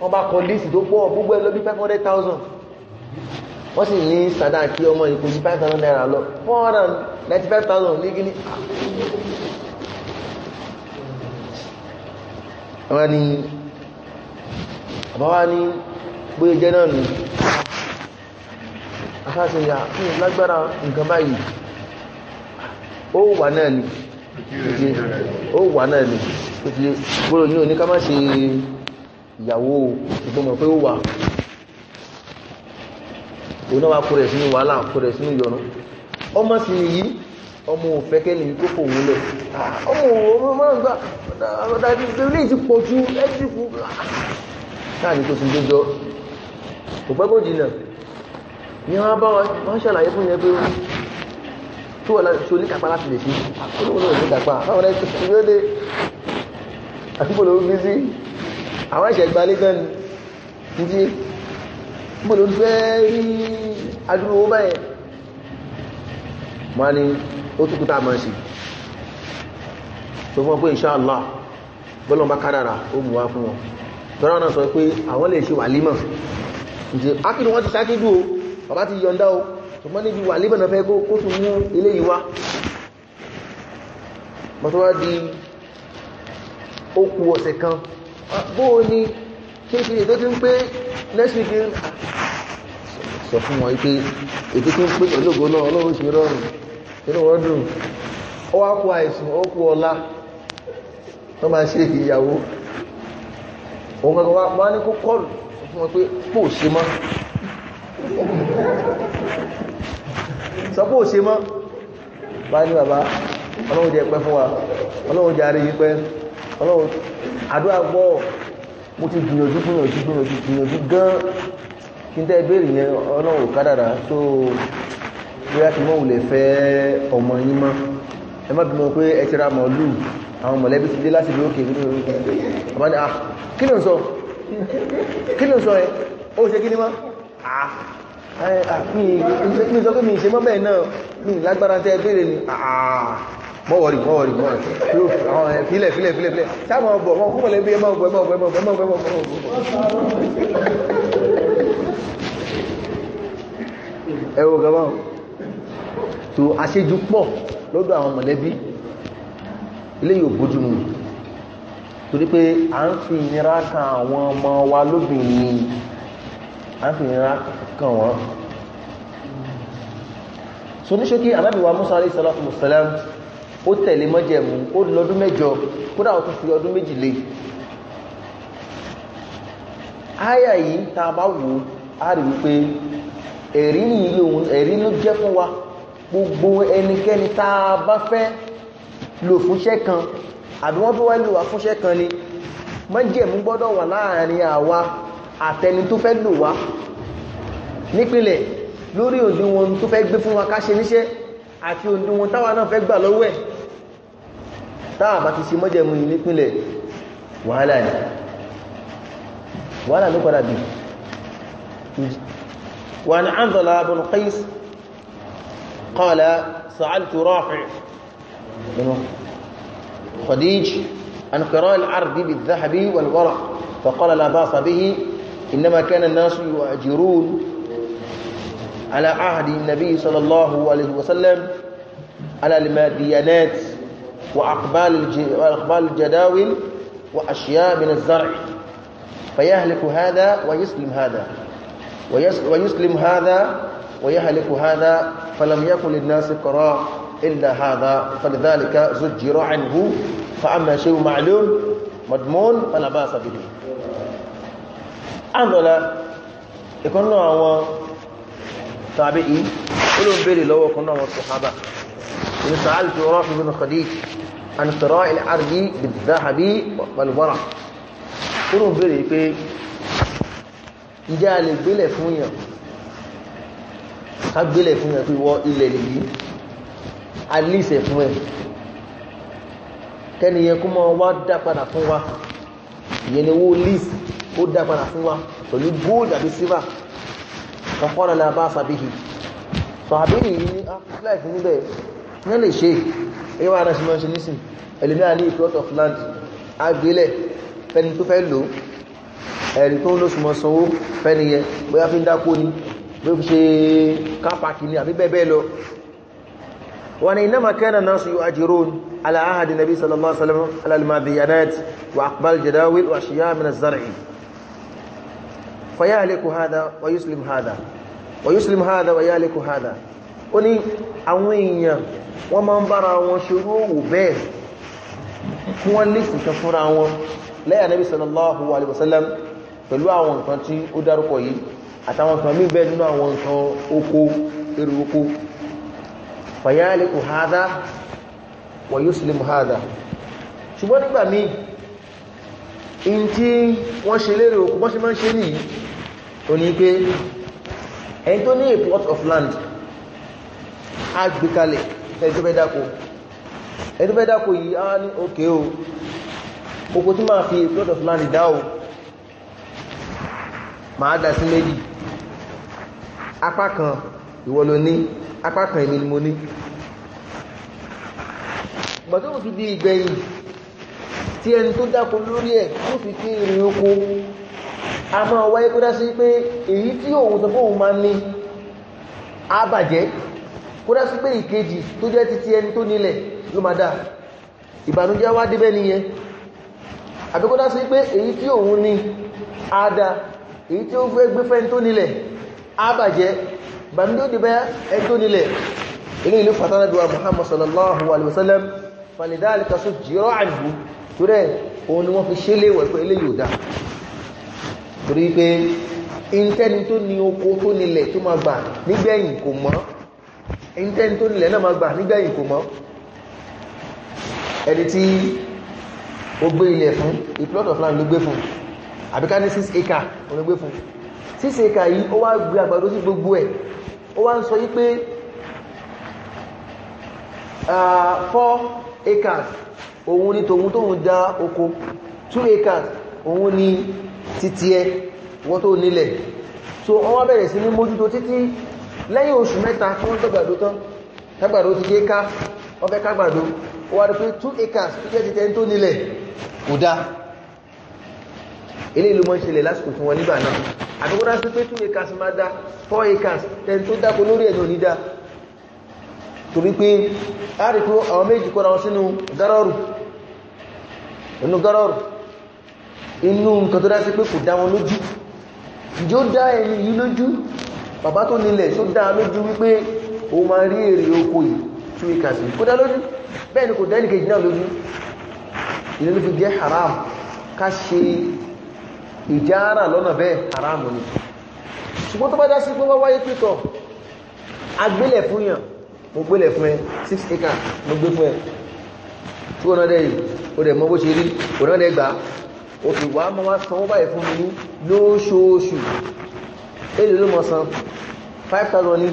wọ́n bá kọ líìsì tó pọ̀ gbogbo ẹ̀ lọ bí five hundred thousand wọ́n sì ní sàdá kí ọmọ ìkò jí 5,000 naira lọ 495,000 ní gíní wọ́n ni àbáwá ní bóyé jẹ́ náà ní akáṣẹ́yà fún lágbára nǹkan báyìí ó wà náà ní ó wà náà ní gbọ́rọ̀ ní oníká má ìyàwó ìgbọ́mọ̀ pé ó wà òun náà wá kó rẹ̀ sínú wàhálà kó rẹ̀ sínú ìyọnu ọmọ sì yìí ọmọ òfẹ́kẹ́ lè kó fò wúlò ọmọ òun máa ń gbà ọ̀dájú ilé ti pọ̀ ju ẹjú fún láàrin tó ti dójọ́ kò pẹ́ kó jìnà ní wọ́n bá wọ́n ṣàlàyé fún yẹn pé tó wọ́n láti ṣe oníkàpá láti lè ṣe olóòrùn oníkàpá àwọn ẹ̀ṣẹ́ ìrẹ́lẹ̀ àti àwọn ẹ̀ṣẹ̀ gbalé gan ni ní bọ́lú fẹ́ rí adúrówó báyẹ̀ ma ni ó túnkútà máa ṣe tó fún ọpọ̀ insha Allah bọ́lọ̀ bá kádàrà ó mú wá fún wọn tọ́rọ náà sọ pé àwọn lè ṣe wàlímà ìdí akínú wọ́n ti sákídù o bàbá ti yọ̀ndá o ṣùgbọ́n níbi wàlímà náà fẹ́ kó tún mú ilé ìwá bọ́tọ́wá di ó kù ọ̀sẹ̀ kan bóò ni kékeré tó ti ń pé next sọ fún wọn pé ètò tó ń pé pẹ̀lú náà ọlọ́run ṣe rọrùn inú wọn dùn ó wá kú àìsàn ó kú ọlá máa ṣe ìyàwó òun kankan wá ní kó kọlù fún wọn pé pò ṣe ọlọ́run àdúrà gbọ́ mo ti gbìyànjú gbìyànjú gbìyànjú gbìyànjú gan kí n tẹ́ ìbéèrè yẹn ọlọ́run kádàrà tó bóyá ti mọ́ wùlẹ̀ fẹ́ ọmọ yín mọ́ ẹ má bímọ pé ẹ ti ra màálù àwọn mọ̀lẹ́bí ti dé láti ìlú òkè nínú orí ah kí ló ń sọ kí ló ń sọ ẹ ó ṣe kí ní ah, ah mi sọ pé mi ṣe mọ́ bẹ́ẹ̀ náà mi lágbára tẹ́ ìbéèrè ah, ah mọ́wọ̀rì mọ́wọ̀rì mọ́wọ̀rì fílẹ̀ fílẹ̀ fílẹ̀ fílẹ̀ sáàmà ọgbọ̀ wọn kúrò lẹ́bí ẹmọ́ ọgbọ̀ ẹmọ́ ọgbọ̀ ẹmọ́ ọgbọ̀ ẹwọ gaba tó aṣejú pọ̀ lọ́dọ̀ àwọn mọ̀lẹ́bí ilé yóò bójú mu torí pé a ń fi ìnira kan àwọn ọmọ wa lóbìnrin a ń fi ìnira kan wọn so ní ṣókí anábìwá Musa alayhi salatu wasalam ó tẹ̀lé mọ́jẹ̀mú ó lọ́dún mẹ́jọ kódà ó tún fi ọdún méjì lé àyà yìí tá a bá wò á rí wípé ẹ̀rí ní ilé òun ló jẹ́ fún wa gbogbo ẹnikẹ́ni tá a bá fẹ́ lò fúnṣẹ́ kan àbí wọ́n fẹ́ wá lò wá fúnṣẹ́ kan ni mọ́jẹ̀mú gbọ́dọ̀ wà láàrin àwa àtẹni tó fẹ́ lò wá nípìnlẹ̀ lórí òdiwọ̀n tó fẹ́ gbé fún wa ká ṣe níṣẹ́ àti òdiwọ̀n táwa náà fẹ́ gbà lọ́wọ́ ẹ̀ táà bá ti sí mọ́jẹ̀mú nípínlẹ̀ wàhálà ni wàhálà ló padà bí wà ní Anzala bin Qais qala sa'altu Rafi' Khadij an qira' al-'ardi bil-dhahabi wal-waraq faqala la ba'sa bihi إنما كان الناس على عهد النبي صلى الله عليه وسلم على الماديانات وأقبال وأقبال الجداول وأشياء من الزرع فيهلك هذا ويسلم هذا ويسلم هذا ويهلك هذا فلم يكن للناس قرار إلا هذا فلذلك زجر عنه فأما شيء معلوم مضمون فلا بأس به àndọ̀lá ìkọ́nà àwọn tàbí olóòbèrè lọ́wọ́ كنا هو الصحابة إن سألت رافي بن خديج عن قراء العرج بالذهب والورع ó ló ń béèrè pé ìjà lè gbélẹ̀ fún yàn ká gbélẹ̀ fún yàn pé wọ ilẹ̀ nìyí alíṣẹ̀ fún ẹ kẹ́niyẹ kó mọ́ wá dá fún wa ìyẹn owó lease ó dá fún wa pẹ̀lú gold àbí silver kọ́kọ́rọ̀ làbá sàbíhì sàbíhì yìí ní áfíláìfù níbẹ̀ ní lè ṣe ẹgbẹ́ wọn aṣe mọ́ṣe nísìn ẹlòmíà ní plot of land agbélẹ̀ fẹ́ni tó fẹ́ lò ẹ̀rì tó ń lóṣù mọ́ sanwó fẹ́ni yẹ bóyá fi ń dákó ni bí ó fi ṣe kápákì ni àbí bẹ́ẹ̀ bẹ́ẹ̀ lọ wọn ni iná makẹ́nà náà sọ àjírò aláhàdì nàbí hada wa yuslim hada wa yuslim hada wa yahliku hada ó àwọn èèyàn wọ́n máa ń bára wọn ṣorú òwò bẹ́ẹ̀ kí wọ́n lè sì kan fúnra wọn lẹ́yà Nabi sallallahu alaihi wasallam pẹ̀lú àwọn nǹkan tí ó dárúkọ yìí àtàwọn nǹkan míì bẹ́ẹ̀ nínú àwọn nǹkan oko èrò oko fayaliku hadha wa yuslimu hadha ṣùgbọ́n nígbà míì in tí wọ́n ṣe lérè oko ṣe máa ń ṣe nìyí tó ní pé ẹni tó ní a plot of land agbèkalẹ̀ ẹ̀dọ́fẹ́dáko ẹ̀dọ́fẹ́dáko yìí á ní òkè o oko tí máa fi plot of land dá o máa dá sí méjì apá kan ìwọ ló ní apá kan èmi ni mo ní gbọ́tọ́wọ́ fi di ìgbẹ̀yìn tí ẹni tó dákò lórí ẹ̀ tó fi kí ìrìn oko a máa wáyé kó dá sí pé èyí tí òun sọ fóun máa ní á kó dá sí pé ìkejì tó jẹ́ títí ẹni tó nílẹ̀ ló máa dá ìbànújẹ́ wá débẹ́ nìyẹn àbí kó dá sí pé èyí tí òun ní àádá èyí tí ó fẹ́ gbé fẹ́ tó nílẹ̀ àbàjẹ́ ìbànújẹ́ débẹ́ ẹ tó nílẹ̀ ilé ìlú fatanaduwa Muhammad sallallahu alaihi wasallam falidhalika sujjira anhu torí òun ni wọ́n fi ṣe léwọ̀ pé ilé yóò dá torí pé intẹni tó ní oko tó nílẹ̀ tó máa ẹni tẹ́ni tó nílẹ̀ náà máa gbà nígbẹ̀yìn kò mọ́ ẹni tí ó gbé ilẹ̀ fún a of land ló gbé fún àbíká ní 6 acre ló gbé fún 6 acre yìí ó wá gbé àgbàdo sí gbogbo ẹ̀ ó wá ń sọ yí pé 4 acres òun ni tòun tóun dá oko 2 acres òun ni títí ẹ wọ́n tó nílẹ̀ so wọ́n wá bẹ̀rẹ̀ sí ní mójútó títí lẹ́yìn oṣù mẹ́ta fún tọ́gbàdó tán tọ́gbàdó ti gé ká ọbẹ̀ kágbàdó ó rí pé 2 acres tó jẹ́ títẹ́ tó nílẹ̀ kò dá ilé ìlú mọ́ fún wọn nígbà náà àbíkọ́dá sí pé 2 acres máa dá 4 acres tẹ́ni tó dákò lórí ẹ̀nà onídá torí pé a rí pé àwọn méjì kọ́ra wọn sínú inú inú nǹkan tó dá sí pé kò bàbá tó nílẹ̀ tó dá lójú wípé o máa rí èrè oko yìí tí wíkà sí kó dá lójú bẹ́ẹ̀ ni kò dá ẹnìkejì náà lójú ilé ló fi jẹ́ haram ká ṣe ìjára lọ́nà bẹ́ẹ̀ haram ni ṣùgbọ́n tó bá dá sí pé wá wáyé pítọ̀ agbélẹ̀ fún yàn mo gbélẹ̀ fún ẹ 6 acre mo gbé fún ẹ 200 yìí ó dẹ̀ mọ́ bó ṣe rí 200 gbà ó fi wá mọ́ wá sanwó báyìí fún mi lóṣooṣù èlò ló mọ̀ san 5,000 ní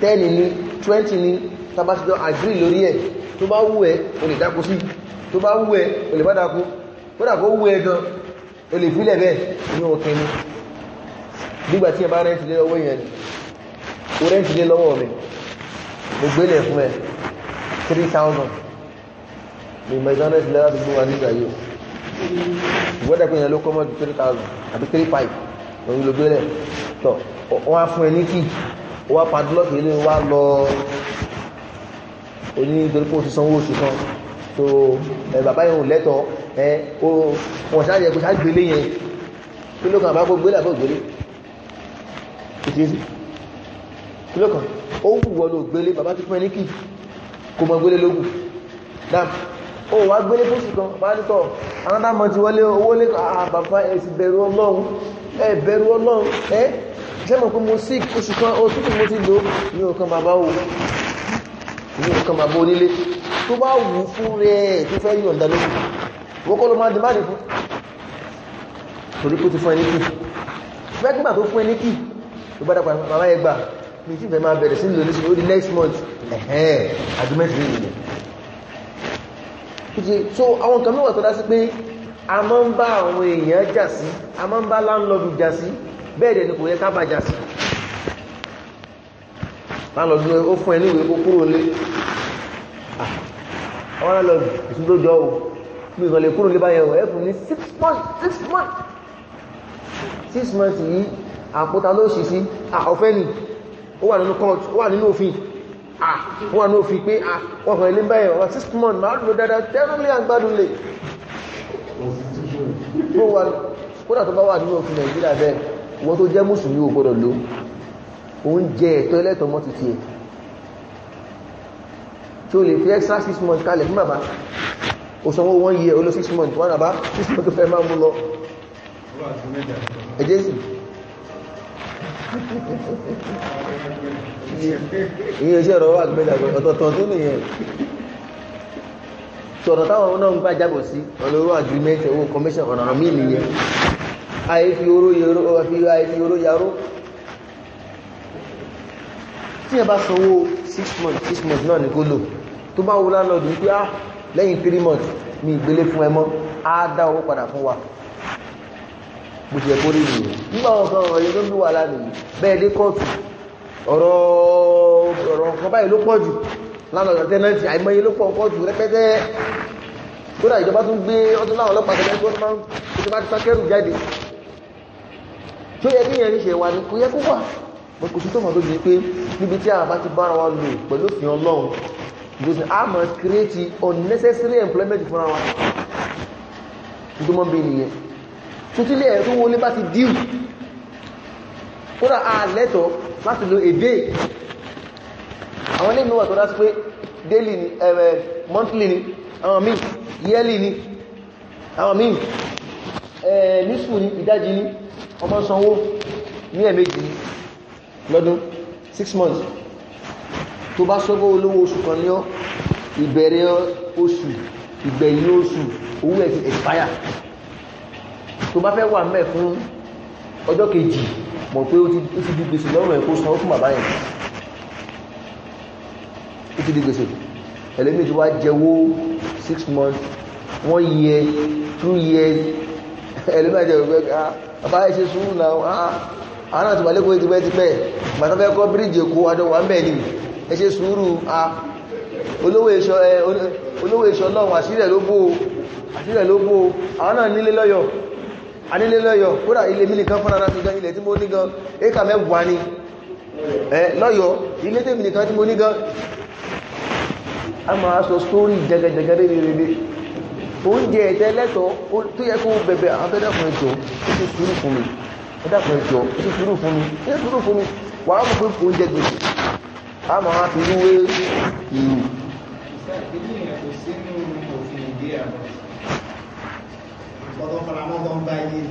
10 ní 20 ní tabasito agree lórí ẹ̀ tó bá wù ẹ́ o lè dákú sí tó bá wù ẹ́ o lè bá dákú ó dàkó wù ẹ́ gan o lè fílẹ̀ bẹ́ẹ̀ ní òkè ní nígbà tí ẹ bá rẹ́ntì lé lọ́wọ́ èèyàn ni o rẹ́ntì lé lọ́wọ́ mi mo gbélẹ̀ fún ẹ 3,000 mi mọ̀ ìdánrẹ́ntì lẹ́wọ́ àdúgbò wa nígbà yìí gbọ́dọ̀ pé èèyàn ló kọ́ mọ́ ju 3,000 àbí 3,500 òun ló gbélẹ̀ tọ̀ wọ́n á fún ẹ ní kí wọ́n á padlọ́ọ̀kì ilé wa lọ oní nítorí pé o ti sanwó oṣù kan tó bàbá yẹn ò lẹ́tọ̀ ẹ wọ́n ṣáà yẹ kó ṣáà gbélé yẹn kí ló kàn bá kó gbélé àbọ̀ gbélé ìtìsí kí ló kàn ó wù wọ́n ló gbélé bàbá ti fún ẹ ní kí kò mọ gbélé lógún dáàbò o wá gbélé fóṣù kan bá ní tọ̀ another month wọlé owó lé àbàbá ah, ẹ̀ sì bẹ̀rù ọlọ́run ẹ̀bẹ̀rù ọlọ́run ẹ́ ṣẹ́mọ̀ pé mo sí oṣù kan oṣù tí mo ti lò ní ọkàn bàbá o ní ọkàn bàbá onílé tó bá wù fún rẹ̀ tó fẹ́ yọ̀ǹda lókùn wọ́n kọ́ ló máa dì máa dì fún torí kó ti fún ẹni kì fẹ́ gbà tó fún ẹni kì tó bá dàpọ̀ bàbá yẹn gbà mi ti fẹ́ máa bẹ̀rẹ̀ sí lò nísìnyí ó di next month ẹ̀hẹ́n agreement rẹ̀ nìyẹn so àwọn kan mẹ́wàá tó dá sí pé a máa ń bá àwọn èèyàn jà sí a máa ń bá láńlọ́dù jà sí bẹ́ẹ̀ dẹ̀ ni kò yẹ ká bá sí láńlọ́dù ó fún ẹ ní ìwé kúrò lé àwọn láńlọ́dù ìsún tó jọ o mi ìsàn lè kúrò lé báyẹn o ẹ ní six months six months six months yìí àpótá ló ṣì sí ọ̀fẹ́ ni ó wà nínú court ó wà nínú òfin ó wà nínú òfin pé wọ́n fún lé báyẹn o six months máa lò dáadáa tẹ́rù àgbádùn lè kódà tó bá wà nínú òfin nàìjíríà bẹ́ẹ̀ wọ́n tó jẹ́ mùsùlùmí ò gbọ́dọ̀ ló oúnjẹ ẹ̀tọ́ ẹlẹ́tọ̀ mọ́ ti tiẹ̀ tí ó lè fi extra six months kalẹ̀ fún bàbá O sanwó one year ó lọ six months wọ́n bàbá six months tó fẹ́ máa mú lọ ẹjẹ́ sì ìyẹn iṣẹ́ ọ̀rọ̀ wà gbẹ́dàgbẹ́ ọ̀tọ̀ọ̀tọ̀ tó nìyẹn tọ̀nà táwọn náà ń gbà jábọ̀ sí ọlọ́rọ̀ agreement owó commission ọ̀nà míì nìyẹn àìfi oró yẹró àìfi oró yaró tí ẹ bá sanwó 6 months 6 months náà ní kó lò tó bá wúlá lọ dùn pé á lẹ́yìn 3 months ní ìgbélé fún ẹmọ́ á dá owó padà fún wa bó ti ẹ̀kọ́ rí nìyẹn nígbà wọn kan ọ̀rọ̀ yẹn tó ń bí wà lánìí bẹ́ẹ̀ dé kóòtù ọ̀rọ̀ ọ̀rọ̀ kan báyìí ló pọ̀ jù lánàá tẹ́nẹ́tì àìmọye ló pọ̀ ọkọ̀ jù rẹpẹtẹ kódà ìjọba tún gbé ọdún láwọn ọlọ́pàá tẹ́lẹ̀ tó máa ń tó máa ti sákẹ́rù jáde tí ó yẹ kí ìyẹn ṣe wà ní kò yẹ kó wà mo kò sí tó mọ̀ tó di pé níbi tí a bá ti bára wa lò pẹ̀lú òfin ọlọ́run ìgbésẹ̀ a máa create unnecessary employment fúnra wa tó mọ́ bẹ́ẹ̀ nìyẹn tó tí ilé ẹ̀ tó wọlé bá ti díù kódà a lẹ́tọ̀ọ́ láti lo èdè àwọn ilé ìmúwà tó dá sí pé daily ni ẹ̀rẹ̀ eh, eh, monthly ni àwọn míì yearly ni àwọn míì eh, nísù ni ìdájí ni ọmọ sanwó ní ẹ̀mẹ́jì lọ́dún 6 months tó bá sọ́gbọ́ olówó oṣù kan ní ọ́ ìbẹ̀rẹ̀ oṣù ìgbẹ̀yìn oṣù owó ẹ̀ ti expire tó bá fẹ́ wà mẹ́ fún ọjọ́ kejì mọ̀ pé ó ti di gbèsè lọ́rùn ẹ̀ kó sanwó fún bàbá yẹn ó ti di gbèsè ẹlẹ́mìí ti wá jẹ́wó six months one year two years ẹlẹ́mìí àti ẹ̀rọ pé ah, bàbá ẹ̀ ṣe sùúrù náà ah, àwọn àti wà lẹ́kọ̀ọ́ tipẹ́ tipẹ́ gbàtà fẹ́ kọ́ bíríjì èkó adọ́wà ń bẹ̀ ni ẹ ṣe sùúrù ah, olówó èṣọ́ lọ́wọ́ àṣírẹ̀ ló bó àṣírẹ̀ ló bó àwọn náà nílé lọ́yọ̀ anílé lọ́yọ̀ kódà ilé mílì kan fún ara mi gan ilẹ̀ tí mo ní gan éka mẹ́wàá ni lọ́yọ̀ ilé tèmi nìkan tí mo ní gan a máa sọ sórí jẹgẹjẹgẹ rere oúnjẹ ẹ̀tẹ́ lẹ́tọ̀ tó yẹ kó bẹ̀bẹ̀ àwọn ẹ̀dàkùn ẹ̀jọ́ ó sì sùúrù fún mi ẹ̀dàkùn ẹ̀jọ́ ó sì sùúrù fún mi ó sì sùúrù fún mi wà á mọ̀ pé kò ń jẹ gbèsè a máa fi rúwé ìlú ọ̀dọ̀ faramọ́ tó ń bá yé ni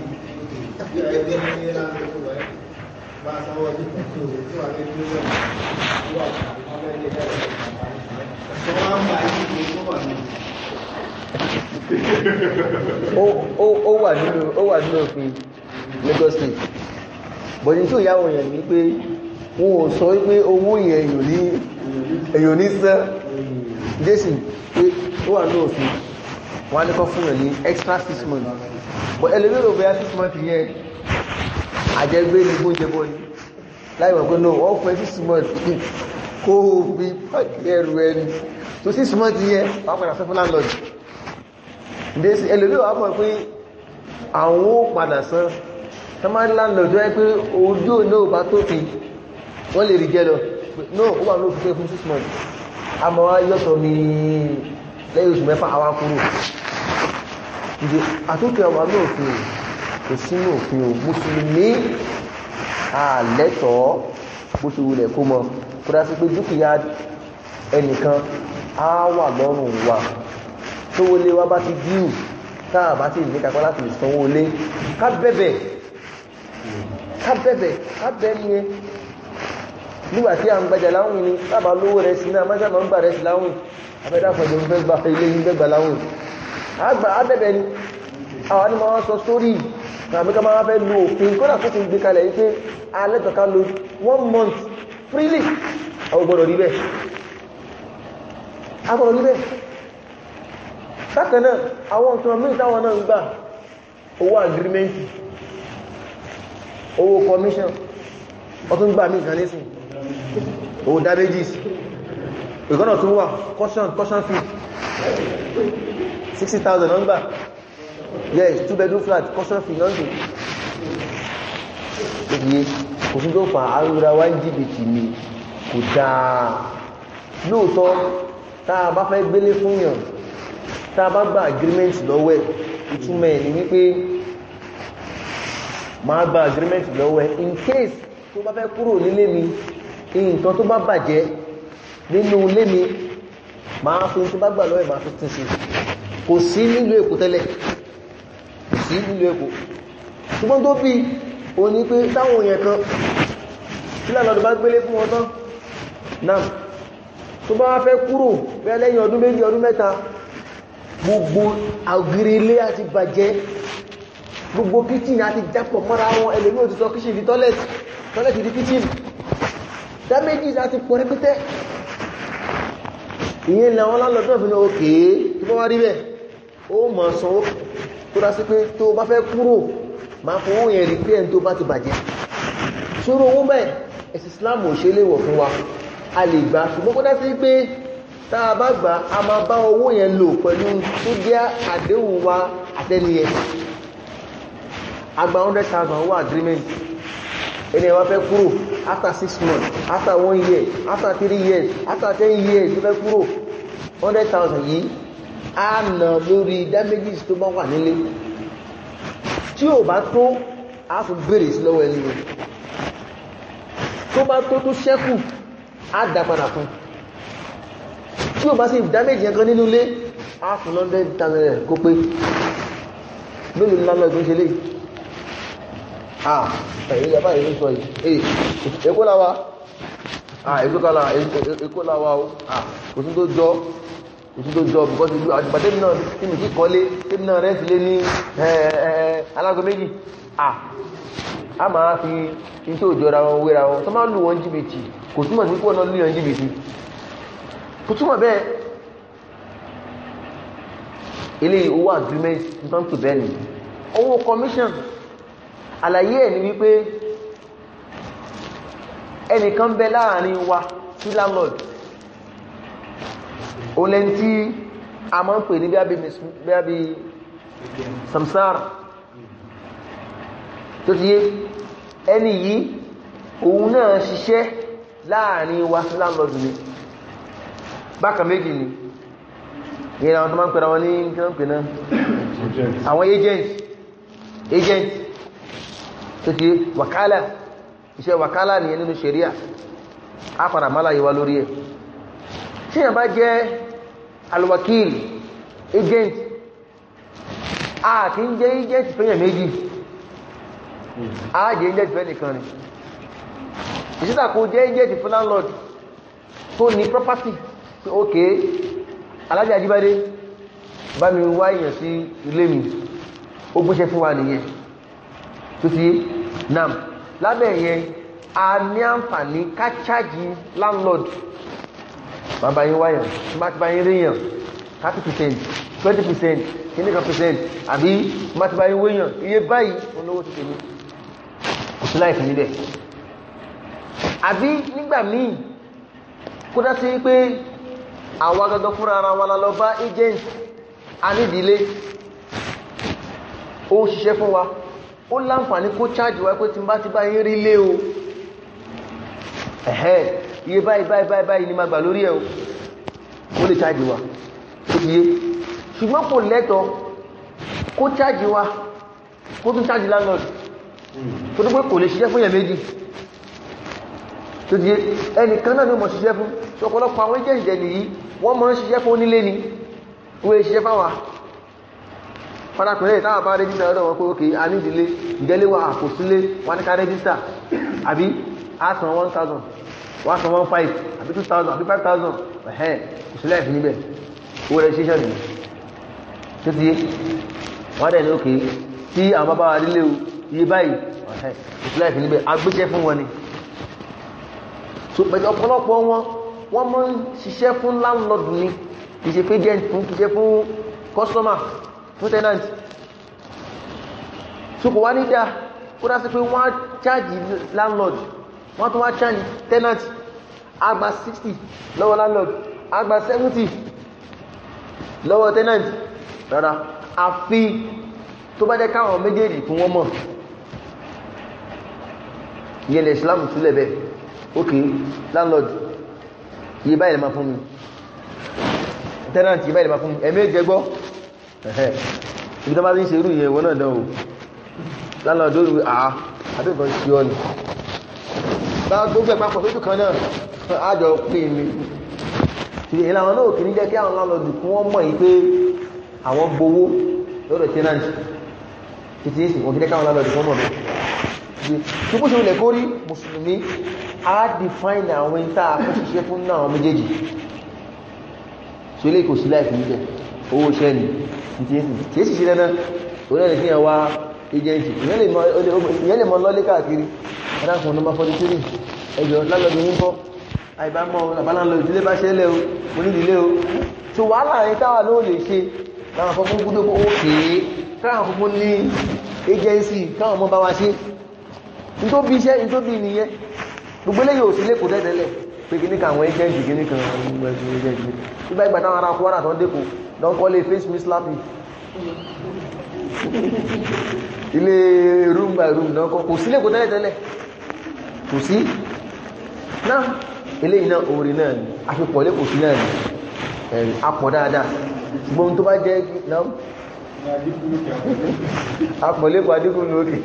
ba a san wà nínú ó wà nínú òfin Lagos state bọ̀dé tí ò yẹn ni pé wọn ò sọ wípé owó yẹn èyàn ní sẹ́ jésì pé ó wà nínú òfin wọn á ní kọ́ fún yẹn ní extra six months but ẹlẹ́gbẹ̀rẹ̀ bóyá six months yẹn àjẹgbé ní gbóúnjẹ bọ́ ni láì mọ̀ pé no wọ́n fún ẹ sí súnmọ́ ní kó o fi pàdé ẹrù ẹni tó sí súnmọ́ ti yẹ wọ́n padà sọ fún láńlọ́ọ̀dì dèsì ẹlòmíràn wà mọ̀ pé àwọn ó padà san tó máa ń láńlọ́ọ̀dì wáyé pé ojú òun náà bá tófin wọ́n lè rí jẹ́ lọ no ó wà lóòfin pé fún six months àmọ́ yọ́tọ̀ mi lẹ́yìn oṣù mẹ́fà àwa kúrò àtúntò àwọn náà fi kò sínú òfin o mùsùlùmí àlẹ́tọ̀ọ́ bó ṣe wulẹ̀ kó mọ kó dá sí pé dúkìá ẹnìkan á wà lọ́rùn wa tówó lé wa bá ti díù táà bá ti ní kakọ́ láti sanwó lé ká bẹ̀bẹ̀ ká bẹ̀bẹ̀ ká bẹ̀ ní ẹ nígbà tí a ń gbajà láwìn ni sábà lówó rẹ̀ sí náà máṣá máa ń gbà rẹ̀ sí láwìn abẹ́dàfọ̀jọ́ ń fẹ́ gba ilé ń fẹ́ gbà láwìn àgbà abẹ́bẹ̀ ni àwọn ni wọ́n sọ sórí àbí ká máa fẹ́ lo òfin kódà kó ti gbé kalẹ̀ yìí pé alẹ́tọ̀ká lo one month freely àwọn gbọ́dọ̀ rí bẹ́ẹ̀ agbọ́dọ̀ rí àwọn nǹkan míì táwọn náà ń gbà owó agreement owó commission ọtún gbà míì kan nísìn owó damages ìgbọ́nà tún wà caution caution fee 60,000 náà ń yes two bedroom flat cultural finance ìdíye kò sí tó fà arúgbó wá ń jìbìtì ni kò dáa lóòótọ́ tá a bá fẹ́ gbélé fún yàn tá a bá gba agreement lọ́wọ́ ẹ̀ ìtumọ̀ ẹ̀ ni wípé máa gba agreement lọ́wọ́ ẹ̀ in case tó bá fẹ́ kúrò nílé mi nǹkan tó bá bàjẹ́ nínú ilé mi máa fi tó bá gbà lọ́wọ́ ẹ̀ máa fi tún sí kò sí nílùú Èkó tẹ́lẹ̀ sí nílùú Èkó ṣùgbọ́n tó bí o ní pé táwọn èèyàn kan sílànàdù bá gbélé fún ọtán náà tó bá fẹ́ kúrò bẹ́ lẹ́yìn ọdún méjì ọdún mẹ́ta gbogbo àgírí ilé àti bàjẹ́ gbogbo kíchìn àti jápọ̀ mọ́ra wọn ẹlòmí òtútọ́ kíchìn di tọ́lẹ̀tì tọ́lẹ̀tì di kíchìn damages àti pọ̀ rẹpẹtẹ ìyẹn làwọn lálọ́dún ọ̀fìn òkèé tó bá wá rí bẹ́ẹ̀ ó mọ̀ sanwó tó dá sí pé tó bá fẹ́ kúrò máa fún òun yẹn rí pé ẹni tó bá ti bàjẹ́ sóró owó bẹ́ẹ̀ ẹ̀sìn Islam ò ṣe léwọ̀ fún wa a lè gbà ṣùgbọ́n kó dá sí pé tá a bá gbà a máa bá owó yẹn lò pẹ̀lú tó jẹ́ àdéhùn wa àtẹ́niyẹ agba hundred thousand owó agreement ẹni ẹ wá fẹ́ kúrò after six months after one year after three years after ten years ó fẹ́ kúrò hundred yìí á nà lórí damages tó bá wà nílé tí ò bá tó á tún béèrè sí lọ́wọ́ ẹni yẹn tó bá tó tó ṣẹ́kù á dá padà fún tí ò bá sí damage yẹn kan nínú ilé á fún london town rẹ̀ kó pé mélòó ńlá lọ́ọ̀dún ṣe léyìí ah ẹ̀yìn yàbá ìlú sọ yìí èkó láwa ah èkó láwa o ah kò tún tó jọ ìtúndó jọ because ìlú àtìgbàtẹ́mì náà tí mi kí kọ́lé tẹ́mì náà rẹ̀ sílé ní alágọ méjì a máa fi in tó jọra wọn wéra wọn tó máa lù wọn jìbìtì kò túmọ̀ sí pọ̀ náà lù wọn jìbìtì kò túmọ̀ bẹ́ẹ̀ ilé owó agreement nǹkan tó bẹ́ẹ̀ ni owó commission àlàyé ẹ̀ ni wípé ẹnìkan bẹ láàrin wa sí landlord o lẹ́ tí a máa ń pè ní bí a bí samsara tó ti yé ẹni yìí òun náà ṣiṣẹ́ láàrin wa sí láàrínlọ́dù ni bákan méjì ni ìyẹn àwọn tó máa ń pẹ̀rọ wọn ní kíláǹpẹ̀ náà àwọn agents agents tó ti wàkálà iṣẹ́ wàkálà nìyẹn nínú ṣẹ̀ríà á padà mọ́lá yíwa lórí ẹ̀ tí yàn bá jẹ́ alwakil agent a kì ń jẹ́ agent fẹ́yẹ̀ méjì a jẹ́ agent fẹ́ nìkan ni ìṣítà kò jẹ́ agent fún landlord tó ní property ok alájẹ́ ajíbádé bá mi wá èèyàn sí ilé mi ó gbéṣẹ́ fún wa nìyẹn tó ti nam lábẹ́ yẹn a ní àǹfààní ká chájì landlord máa bá yín wáyàn tí máa ti bá yín 30% 20% kìnnìkan percent àbí máa ti bá yín iye báyìí olówó ti tèmi kò sí láìpẹ́ níbẹ̀ àbí nígbà míì kó dá sí pé àwọn agangan fúnra ara wa la lọ bá agent anídìílé ó ń ṣiṣẹ́ fún wa ó láǹfààní kó charge wa pé tí bá ti bá yín rí lé o ẹ̀hẹ́ iye báyìí báyìí báyìí ni ma gbà lórí ẹ̀ o lè chájì wa iye ṣùgbọ́n kò lẹ́tọ̀ kó chájì wa kó tún chájì landlord tó tó pé kò lè ṣiṣẹ́ fún yẹn méjì tó di ẹnìkan náà ní mọ̀ ṣiṣẹ́ fún ṣọ̀pọ̀lọpọ̀ àwọn ẹjẹ́ ìjẹ̀ nìyí wọ́n mọ̀ ṣiṣẹ́ fún onílé ni wọ́n ṣiṣẹ́ fáwà fọ́nàkùnrin ìtàwà bá rẹ́jísà ọ̀dọ̀ wọn pé ókè a ní ìdílé ìdẹ́lẹ́wà àkòsílé wọn ní ká rẹ́jísà àbí àtàn 1000 one thousand one five àbí two thousand àbí five thousand ẹ̀hẹ́n kò sí láìpẹ́ níbẹ̀ owó rẹ̀ ṣíṣàn nìyẹn tó ti yé wọ́n dẹ̀ ní òkè tí àwọn bàbá wa nílé o iye báyìí ẹ̀hẹ́n kò sí láìpẹ́ níbẹ̀ agbéṣẹ́ fún wọn ni so pẹ̀lú ọ̀pọ̀lọpọ̀ wọn wọ́n mọ́ ń ṣiṣẹ́ fún láńlọ́dù ni kì í ṣe agent fún kì í ṣe fún customer fún tenant so kò wá ní dáa kó dá sí pé wọ́n á charge landlord wọ́n tún wá change tenant agba 60 lọ́wọ́ landlord agba 70 lọ́wọ́ tenant rárá àfi tó bá jẹ́ káwọn méjèèjì kún wọ́n mọ̀ yẹlẹ̀ islam sílẹ̀ bẹ́ẹ̀ ok landlord yìí báyìí lè máa fún mi tenant yìí báyìí lè máa fún mi ẹ̀mí jẹ gbọ́ ibi tó bá ti ń ṣe irú yẹn wọ́n náà dán o landlord ó rí àá àbẹ́bọ̀ sí ọ ni bá gbófẹ́ papọ̀ lójú kan náà àjọ pé mi ṣùgbọ́n ìlànà náà kì í jẹ́ kí àwọn lọ́lọ́dù kí wọ́n mọ̀ yí pé àwọn gbowó lọ́dọ̀ tenant títí ìsìn òkìdẹ́ káwọn lọ́lọ́dù kí wọ́n mọ̀ mi ṣùgbọ́n ṣe ilẹ̀ kórí mùsùlùmí á define àwọn ìta àkọsíṣẹ́ fún náà méjèèjì ṣe lè kò sí láìpẹ́ níbẹ̀ owó ṣẹ́ni títí ìsìn títí ìsìn agency ìyẹn lè mọ lọ́lé káàkiri ẹ̀dàkùn nọmba 43 ẹjọ́ lálọ́dún yí ń bọ́ àìbámọ́ àbálànlọ ìdílé bá ṣẹlẹ̀ o onídìílé o tó wà láàrin táwà ló lè ṣe láwọn fọ́fún gúdó kó kéé káwọn fọ́fún ní agency káwọn mọ́ bá wá ṣe nítóbi iṣẹ́ nítóbi nìyẹn gbogbo eléyìí ò sí lẹ́kọ̀ọ́ tẹ́tẹ́lẹ̀ pé kí ní ka àwọn agency kí ní kan ẹgbẹ̀rún agency nígbà ìgbà táwọn ará don call a face me slap ilé room by room náà kọ́ kò sí lẹ́kọ̀ọ́ tẹ́lẹ̀ tẹ́lẹ̀ kò sí náà ilé iná orin náà ni afipọ̀ lẹ́kọ̀ọ́ sí náà ni apọ̀ dáadáa gbọ́n tó bá jẹ́ náà apọ̀lẹ́kọ̀ọ́ adínkù lókè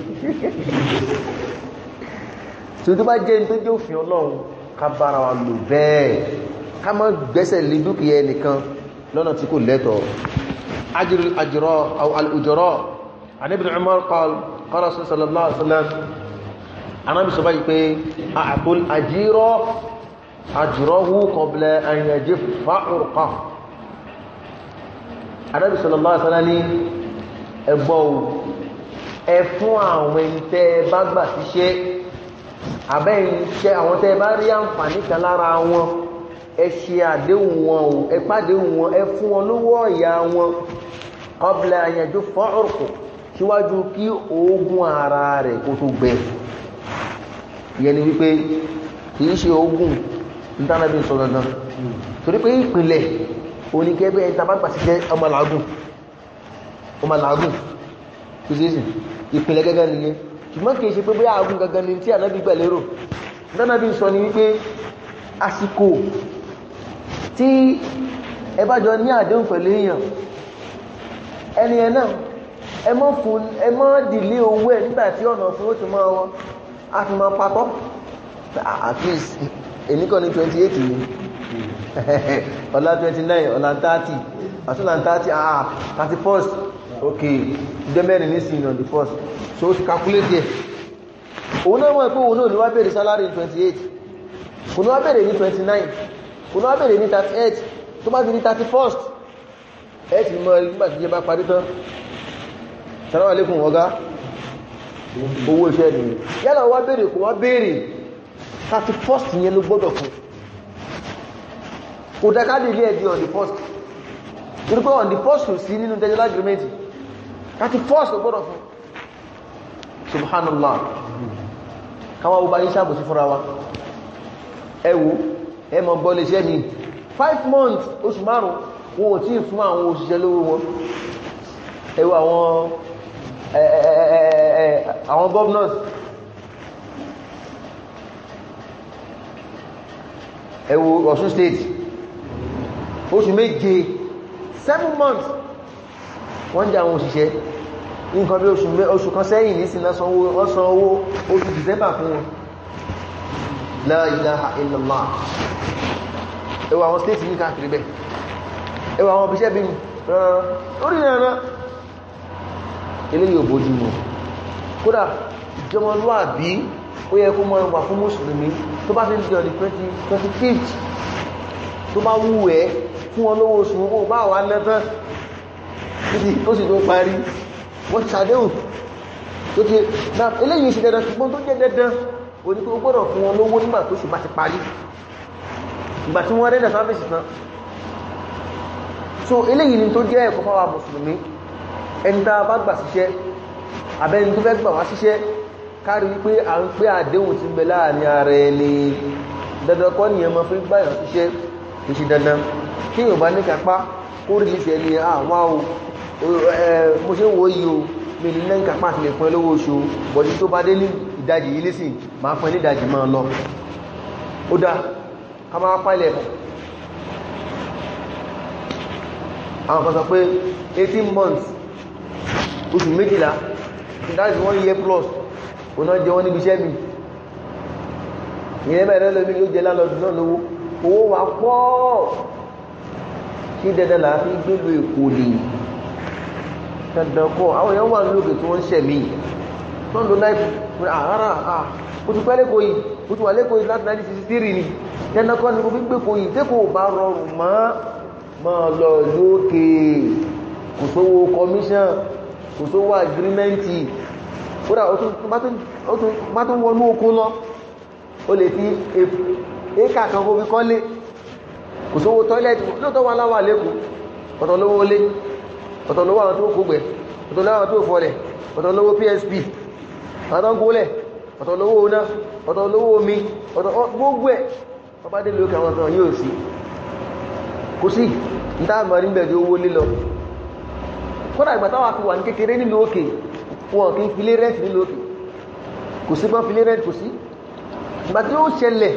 tí ó tó bá jẹ́ tó jẹ́ òfin ọlọ́run ká bára wa lò bẹ́ẹ̀ ká má gbẹ́sẹ̀ lé dúkìá ẹnìkan lọ́nà tí kò lẹ́tọ̀ọ́ ajírọ̀ عن ابن عمر قال قال رسول صلى الله عليه وسلم أنا بسبعي بي أعطوا الأجير أجره قبل أن يجف عرقه Ànábì sallallahu alaihi wasallam ní ẹgbọ́ o ẹ fún àwọn ẹni tẹ́ ẹ bá gbà síṣẹ́ àbẹ́yìn tẹ́ àwọn tẹ́ bá rí àǹfààní kan lára wọn ẹ àdéhùn wọn o ẹ wọn ẹ wọn lówó ọ̀yà wọn qabla an yajuffa síwájú kí oògùn ara rẹ̀ kó tó gbẹ ìyẹn ni wípé kì í ṣe oògùn ìtànàbí sọ gangan torí pé ìpìlẹ̀ oníkẹ́bẹ́ ìtàbàgbà sí jẹ́ ọmọ làágùn kìsìsì ìpìlẹ̀ gẹ́gẹ́ nìyẹn ṣùgbọ́n kìí ṣe pé bí ààgùn gangan ni tí ànábì gbà lérò ìtànàbí sọ ni wípé àsìkò tí ẹ ní àdéhùn pẹ̀lú èèyàn ẹni ẹ náà ẹ mọ́ fún ẹ mọ́ dìlé owó ẹ̀ nígbà tí ọ̀nà fún ó ti mọ́ ọ a fi mọ́ papọ̀ at least èmi kàn ní twenty eight ni (laughs) ọ̀la twenty nine ọ̀la thirty àtúnlá thirty ah, ah thirty first ok ìjọ mẹ́rin nísìnyí on the first so ó ti calculate yẹ òun náà mọ̀ pé òun náà ní wá bèèrè salary twenty eight òun wá bèèrè ní twenty nine òun wá bèèrè ní thirty eight tó bá ti ní thirty first ẹ̀ ti mọ̀ nígbà tí jẹ́ bá parí tán salamu alaikum ọ̀gá owó iṣẹ́ ni yálà wá béèrè kò wá béèrè 31st yẹn ló gbọ́dọ̀ fún kò dákádì ilé ẹ̀dì on the first torí pé on the first sí nínú tẹ́jọ́ agreement 31st ló gbọ́dọ̀ fún subhanallah káwà ó bá yí sáàbò sí fúnra wa ẹwù ẹmọ gbọ́ lè ṣẹ́ mi 5 months oṣù márùn-ún wọn ò tí fún àwọn òṣìṣẹ́ lówó wọn ẹwù àwọn Eh, eh, eh, àwọn governors ẹ wo Ọ̀ṣun state oṣù méje seven months wọ́n jẹ́ àwọn òṣìṣẹ́ nǹkan bí oṣù kan sẹ́yìn ní sínà san owó oṣù December fún wọn la ilaha illallah ẹwà àwọn state ní káàkiri bẹ́ẹ̀ ẹwà àwọn ọbíṣẹ́ bí rárá orí rárá eléyìí ò bójú mu kódà ìjọmọlúàbí ó yẹ kó mọ́ wà fún mùsùlùmí tó bá fi jọ di 25th tó bá wù ẹ́ fún ọlọ́wọ́ oṣù ó bá wà lẹ́tàn títí ó sì tó parí wọ́n ṣàdéhùn tó ti na eléyìí ṣe dandan ṣùgbọ́n tó jẹ́ dandan oníkó gbọ́dọ̀ fún wọn lówó nígbà tó ṣù bá ti parí ìgbà tí wọ́n rẹ́dà sáfẹ́sì tán so eléyìí ni tó jẹ́ ẹ̀kọ́ fáwọn mùsùlùmí ẹni tá a bá gbà síṣẹ́ àbẹ́ni tó fẹ́ gbà wá síṣẹ́ kárí wípé à ń pé àdéhùn ti bẹ láàrin ara ẹni dandan kọ́ nìyẹn mọ́ fi gbàyàn síṣẹ́ ìṣe dandan kí yóò bá ní kápá kó rí níṣẹ́ ni àwọn o mo ṣe wo yìí o mi ní lẹ́yìn kápá àti lè fún ẹ lówó oṣù bọ̀dí tó bá dé ní ìdajì yìí nísìn máa fún ní ìdajì máa lọ ó dá ká máa pálẹ̀ àwọn kan sọ pé 18 months oṣù méjìlá that is one year plus òun náà jẹ wọ́n níbi iṣẹ́ mi ìyẹn mẹ́rin lómi yóò jẹ lálọ́dún náà lówó owó wà pọ̀ kí dandan là á fi gbélú èkó lè dandan kọ́ àwọn èèyàn wà lókè tí wọ́n ń ṣẹ̀mí wọ́n lo láìpù àárá àá ó ti pẹ́ lẹ́kọ̀ọ́ yìí ó ti wà lẹ́kọ̀ọ́ yìí láti 1963 ni dandan kọ́ ni kò fi gbé kò yìí tẹ́kọ̀ọ́ bá rọrùn mọ́ mọ́ lọ lókè kò sówó commission kò sówó agrimenti kódà bá tún wọnú oko lọ o lè fi éka kan kó fi kọ́lé kò sówó toilet lóòtọ́ wà láwà lẹ́kù ọ̀tọ̀ lówó lé ọ̀tọ̀ lówó àwọn tó kógbẹ̀ ọ̀tọ̀ lówó àwọn tó fọ́lẹ̀ ọ̀tọ̀ lówó PSP àtọ́gbólẹ̀ ọ̀tọ̀ lówó oná ọ̀tọ̀ lówó omi ọ̀tọ̀ gbogbo ẹ̀ ọba lókè àwọn ọ̀tọ̀ yóò sí kò sí ìtààmà rí mẹ́jọ owó lílọ kọ́nà ìgbàtàwà fi wà ní kékeré nílùú òkè wọn kí filé rẹ́ǹtì nílùú òkè kò sí bọ́n filé rẹ́ǹtì kò sí ìgbà tí ó ṣẹlẹ̀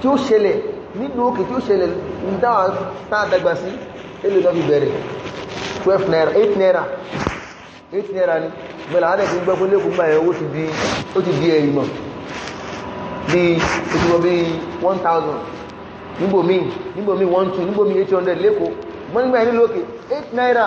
tí ó ṣẹlẹ̀ nílùú òkè tí ó ṣẹlẹ̀ ìdáwà tá a dàgbà sí èlò náà bẹ̀rẹ̀ twelve naira eight naira eight naira ni mẹ́lá àádẹ́ ti ń gbọ́ pé lẹ́kùn gbà ẹ̀ ó ti di ó ti di ẹ̀rì mọ̀ bí ìtumọ̀ bí one nígbòmí nígbòmí one two nígbòmí eight hundred lẹ́kọ̀ọ́ mọ́ nígbà yẹn nílùú òkè eight naira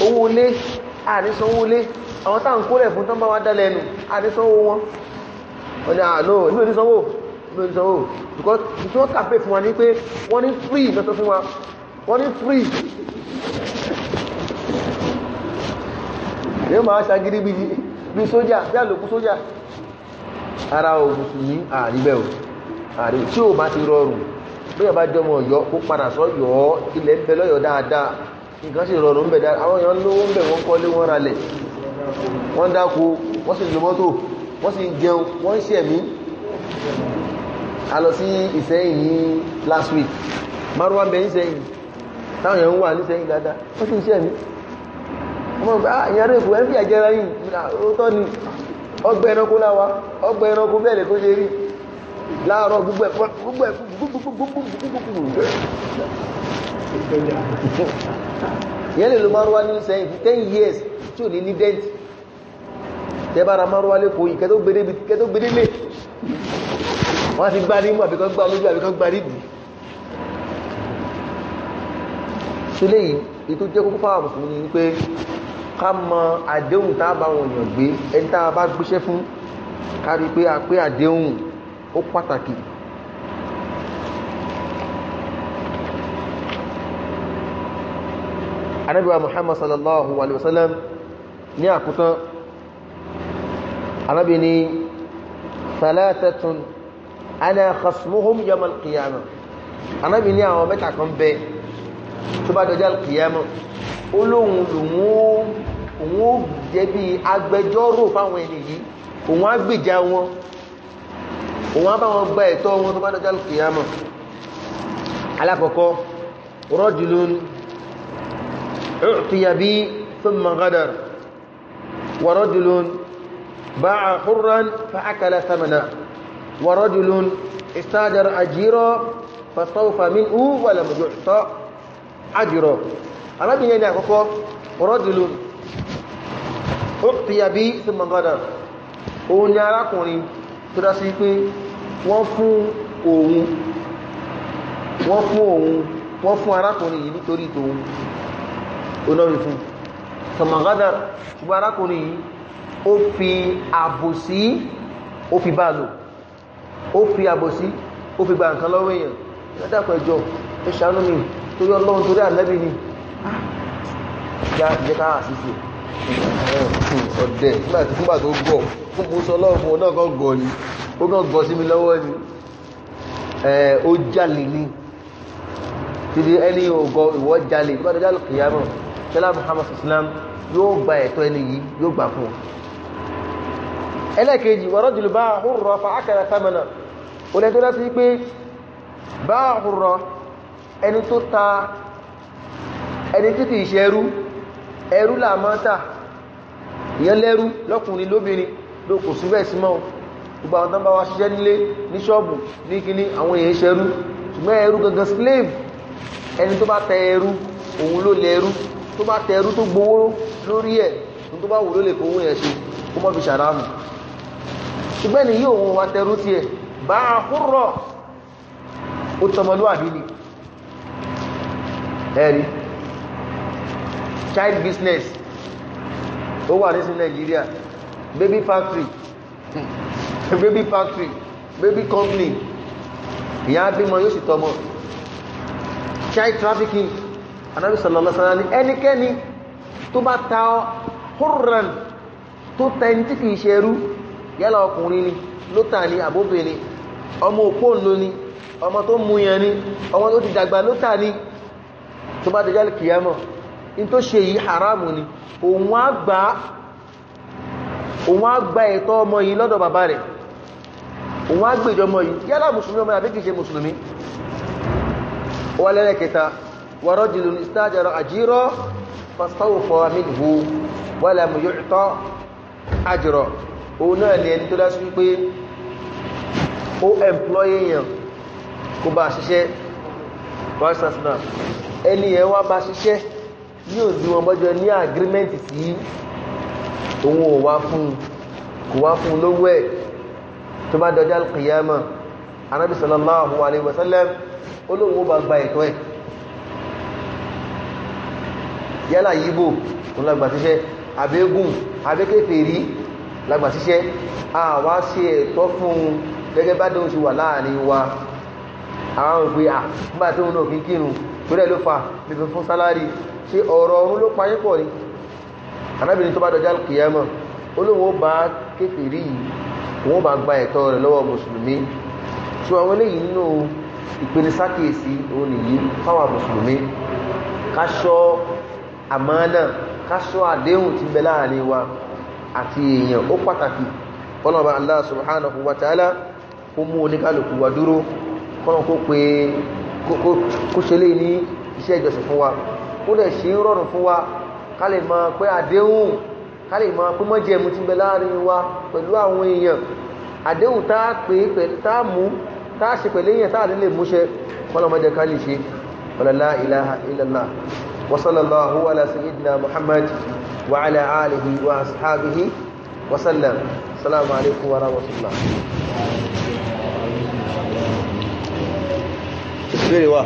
owó ilé àníṣan owó ilé àwọn táà ń kó rẹ̀ fún tán bá wá dálẹ̀ ẹnu àníṣan owó wọn wọ́n ní àlọ́ ìlú oníṣanwó ìlú oníṣanwó because tí wọ́n kàfẹ́ fún wa ní pé wọ́n ní free lọ́sọ fún wa wọ́n ní free yóò máa ṣagídí bí sójà bí àlòkú sójà ara o mùsùlùmí àríbẹ̀ o àrí tí ò bá ti rọrùn bí ọba jọmọ ọ̀yọ́ kó padà sọ́yọ́ ilẹ̀ ń bẹ lọ́yọ́ dáadáa nǹkan sì rọrùn bẹ̀ dára àwọn èèyàn lówó ń bẹ̀ wọ́n kọ́lé wọ́n ralẹ̀ wọ́n dáko wọ́n sì lọ́mọ́tò wọ́n sì jẹun wọ́n sì ẹ̀mí a lọ sí Ìsẹ́yìn ní last week márùwá bẹ̀ Ìsẹ́yìn táwọn èèyàn wà ní Ìsẹ́yìn dáadáa wọ́n sì ṣẹ̀mí ọmọ ìgbà ìyẹn rẹ̀ fún ẹ̀fí àjẹrà yìí òótọ́ ni ọgbẹ́ ẹranko láwa ọgbẹ́ ẹranko bẹ́ẹ̀ lè kó ṣe rí láàárọ̀ gbogbo ẹ̀ yẹn lè lo márùwá ní sẹ́yìn fún 10 years tí ò ní ní dent tẹ́bára márùwá lẹ́kọ̀ọ́ yìí kẹ́tọ́ gbédé lè wọ́n ti gbá nímú àbíkọ́ gbá lójú àbíkọ́ gbá nídìí tó léyìn ètò jẹ́ kókó fáwọn mùsùlùmí ni pé ká mọ àdéhùn tá a bá wọn èèyàn gbé ẹni tá a bá gbéṣẹ́ fún ká rí pé a pé àdéhùn ó anábíwá muhammad sallallahu alaihi wasallam ní àkútán anábí ni thalathatun ana khasmuhum yawm al-qiyama anábí ní àwọn mẹ́ta kan bẹ tó bá dọjá al-qiyama olóhun lòun ó jẹ́ bí agbẹjọ́rò fáwọn ẹni yìí òun á wọn òun bá wọn gba ẹ̀tọ́ wọn tó bá dọjá al-qiyama alákọ̀ọ́kọ́ rajulun اعطي بي ثم غدر ورجل باع حرا فأكل ثمنه ورجل استاجر أجيرا فاستوفى منه ولم يعطى أجيرا arábìnrin ẹni àkọ́kọ́ rọ́dìlò òkìyàbí sí mọ̀gádà òun ni arákùnrin tó dá sí pé wọ́n fún òun wọ́n fún òun wọ́n fún arákùnrin yìí nítorí tòun olórí fún tọmọ̀gádà ṣùgbọ́n arákùnrin yìí ó fi àbòsí ó fi bá lò ó fi àbòsí ó fi gba nǹkan lọ́wọ́ èèyàn látàkọ̀ ẹjọ́ ẹ ṣàánú mi torí ọlọ́run torí àlẹ́bì ni jẹ́ ká àṣìṣe ọ̀dẹ̀ nígbàtí fúnbà tó gọ̀ fún mú sọ lọ́wọ́ fún ọ̀nà gọ̀ ni ó gàn gọ̀ ni ó jalè ni títí ẹni ògọ̀ ìwọ́ jalè tẹ́lá muhammad islam yóò gba ẹ̀tọ́ ẹni yìí yóò gbà fún ẹlẹ́kejì wọ́n rọ́jùlù bá hùrọ̀ fa ákàrà sámanà ó lẹ́ tó dá sí pé bá hùrọ̀ ẹni tó ta ẹni tí kìí ẹrú ẹrú làmọ́ta ìyẹn lẹ́rú lọ́kùnrin lóbìnrin ló kò síbẹ̀ símọ́ gbogbo àwọn tán bá wá ṣiṣẹ́ nílé ní ṣọ́ọ̀bù ní kíní àwọn èèyàn ṣẹrú ṣùgbọ́n ẹrú gangan slave ẹni tó bá tẹ ẹrú òun ló lẹ́rú tó bá tẹrú tó gbowó lórí ẹ̀ tó bá wù ló lè fowó yẹn ṣe kó mọ́ fi ṣàrámù ṣùgbọ́n ni yóò wọn wá tẹrú tiẹ̀ bá a kúrọ̀ ó tọmọlúwàbí ni ẹ̀rí child business ó wà nísìn Nàìjíríà baby factory (laughs) baby factory baby company ìyá bímọ yóò sì tọmọ child trafficking anábì sallallahu alaihi wasallam ní ẹnikẹ́ni tó bá ta hurran tó ta ẹni tí kìí ṣerú yálà ọkùnrin ni ló tà ní àbóbìnrin ọmọ òpónlò ni ọmọ tó múyàn ni ọmọ tó ti dàgbà ló tà ní tó bá dẹjá lè kìyàmọ̀ in tó ṣe yìí haramu ni òun á gba ẹ̀tọ́ ọmọ yìí lọ́dọ̀ bàbá rẹ̀ òun á gbèjọ ọmọ yìí yálà mùsùlùmí ọmọ àbíkìí ورجل استاجر أجيرا فاستوفى منه ولم يعطى أجرا òun náà ni ẹni tó dá sí wípé ó ẹ̀mplọ́yé èèyàn kó bá ṣiṣẹ́ wáṣásínà ẹni ẹ̀ wá bá ṣiṣẹ́ ní òdí wọn bọ́jọ ní agreement sí òun ò wá fún kò wá fún lówó ẹ̀ tó bá dọjá al-qiyamah anábì sallallahu alaihi wasallam olóòwò bá gba ẹ̀tọ́ ẹ̀ yálà yíbò òun lágbàtíṣẹ́ àbégùn àbékèfèrí lágbàtíṣẹ́ àwá ṣe ẹ̀tọ́ fún gẹ́gẹ́ bá dóhun ṣe wà láàrin wa àwọn òpin à nígbà tó ń náà kí kírun tó rẹ̀ ló fa pípẹ́ fún sálárì ṣe ọ̀rọ̀ ọ̀run ló payé pọ̀ ni arábìnrin tó bá dọjá kìyàmọ̀ olóhun ó bá kéfèrí wọn bá gba ẹ̀tọ́ rẹ̀ lọ́wọ́ mùsùlùmí tí àwọn eléyìí nínú ìpinisákèsí òun nìyí fáwọn mùsùlùmí káṣọ́ àmánà kásọ àdéhùn ti bẹ láàrin wa àti èèyàn ó pàtàkì kọ́nàbà Allah subhanahu wa ta'ala kó mú oníkálùkù wa dúró kọ́nà kó pé kó ṣe lè ní iṣẹ́ ìjọsìn fún wa ó dẹ̀ ṣe ń rọrùn fún wa ká lè máa pé àdéhùn ká lè máa pé mọ́jẹ̀mú ti bẹ láàrin wa pẹ̀lú àwọn èèyàn àdéhùn tá pé pẹ̀lú tá mú tá ṣe pẹ̀lú èèyàn tá lè múṣẹ kọ́nà ká lè ṣe ọlọ́lá ilaha وصلى الله على سيدنا محمد وعلى آله وأصحابه وسلم السلام عليكم ورحمة الله ìbéèrè نعم.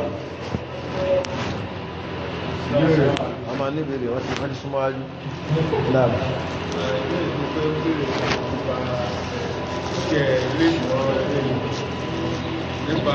a máa ní ìbéèrè wọ́n ti fẹ́ ti súnmọ́ ájú náà nípa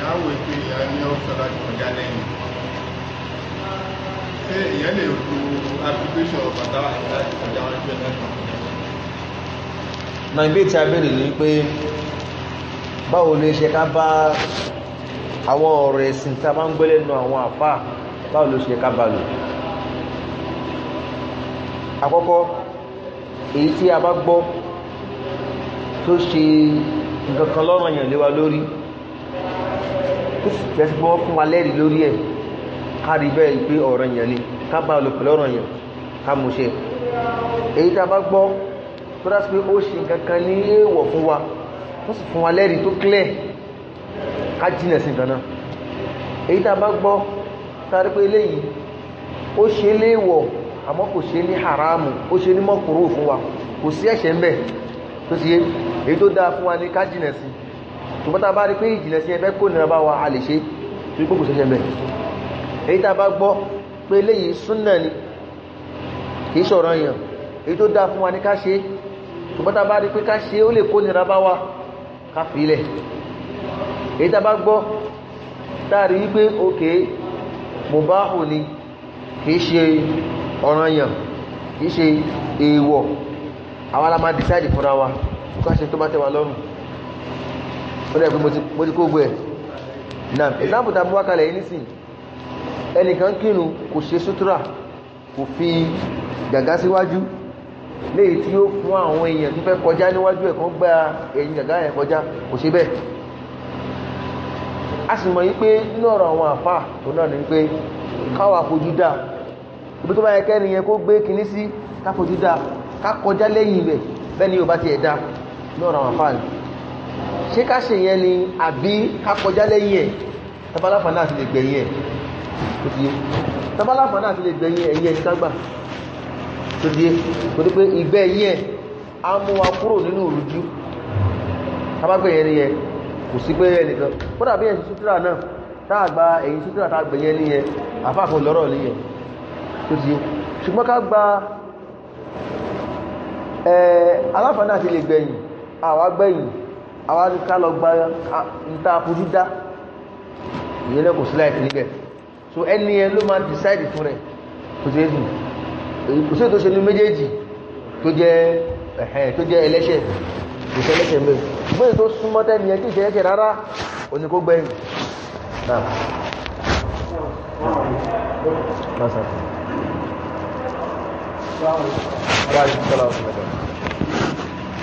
èèyàn á wòye pé èèyàn ní ọ́fíìsì láti kọjá lẹ́yìn ṣé èèyàn lè lo application bàtà láti kọjá wọn jẹ́ lẹ́yìn. a béèrè ni báwo ló ṣe ká bá àwọn ọ̀rọ̀ ẹ̀sìn tá a máa ń gbélé nu àwọn àfáà báwo ló ṣe ká bá lò àkọ́kọ́ èyí tí a bá gbọ́ tó ṣe nǹkan kan lọ́rọ̀ yàn lé wa lórí tẹ́sí bọ́ fún wa lẹ́rìí lórí ẹ̀ kárí bẹ́ẹ̀ pé ọ̀rọ̀ èèyàn ni ká bá lò pẹ̀lú ọ̀rọ̀ èèyàn ká mú ṣe èyí tá a bá gbọ́ tó dá sí pé ó ṣe nǹkan kan ní èèwọ̀ fún wa wọ́n sì fún wa lẹ́rìí tó clear ká jìnà sí nǹkan náà èyí tá a bá gbọ́ sáré pé eléyìí ó ṣe léèwọ̀ àmọ́ kò ṣe ní haramu ó ṣe ní mọ́kúrú fún wa kò sí ẹ̀ṣẹ̀ ń bẹ̀ tó ṣe èyí tó dáa fún wa ní ká jìnà sí i ṣùgbọ́n tá bá rí pé ìjìnà sí ẹfẹ́ kó nira bá wa a lè ṣe tí gbogbo ṣẹṣẹ bẹ̀ èyí tá bá gbọ́ pé léyìí súnnà ni kìí ṣọ̀rọ̀ èèyàn èyí tó dá fún wa ní ká ṣe ṣùgbọ́n tá bá rí pé ká ṣe ó lè kó nira bá wa ká fi ilẹ̀ èyí tá bá gbọ́ tá rí wípé òkè mùbáhù kìí ṣe ọ̀rọ̀ èèyàn kìí ṣe èèwọ̀ àwọn alamá decide fúnra wa ká ṣe tó bá tẹ́ lọ́rùn ó dẹ̀ pé mo ti kó gbé ẹ̀ náà example tàbí wákàlẹ̀ yìí nísìn ẹnìkan kírun kò ṣe sutura kò fi gàgá síwájú léyìí tí ó fún àwọn èèyàn tó fẹ́ kọjá níwájú ẹ̀ kan gba ẹ̀yìn gàgá yẹn kọjá kò ṣe bẹ́ẹ̀ a sì mọ̀ yí pé nínú ọ̀rọ̀ àwọn àfà tó náà ni pé ṣé ká ṣe yẹn ni àbí ká kọjá lẹ́yìn ẹ̀ tabaláfà náà ti lè gbẹ̀yìn ẹ̀ tó ti yé tabaláfà náà ti lè gbẹ̀yìn ẹ̀yìn ẹ̀ nígbàgbà tó ti yé kò ní pé ìgbẹ̀yìn ẹ̀ á mú wa kúrò nínú òrùjú tabagbẹ̀yìn ni yẹn kò sí pé ẹnìkan kódà bí ẹ̀sìn sútúrà náà táàgbà ẹ̀yìn sútúrà táàgbẹ̀yìn ni yẹn àfáàfà lọ́rọ̀ ni yẹn tó ti yé ṣùgbọ́n ká gba aláfà náà ti lè gbẹ̀yìn àwa àwọn adúká lọ gba níta fojú dá ìyẹn lẹ́kọ̀ọ́ sí láìpẹ́ níbẹ̀ so ẹni yẹn ló máa decide fún rẹ̀ kò sí èsì kò sí ètò ìṣẹ́nu méjèèjì tó jẹ́ ẹ̀hẹ́ tó jẹ́ ẹlẹ́ṣẹ̀ kò sí ẹlẹ́ṣẹ̀ mẹ́rin gbẹ́yìn tó súnmọ́ tẹ́ni yẹn kí ìṣẹ́ ẹlẹ́ṣẹ̀ rárá òní kó gbẹ́yìn náà Gracias.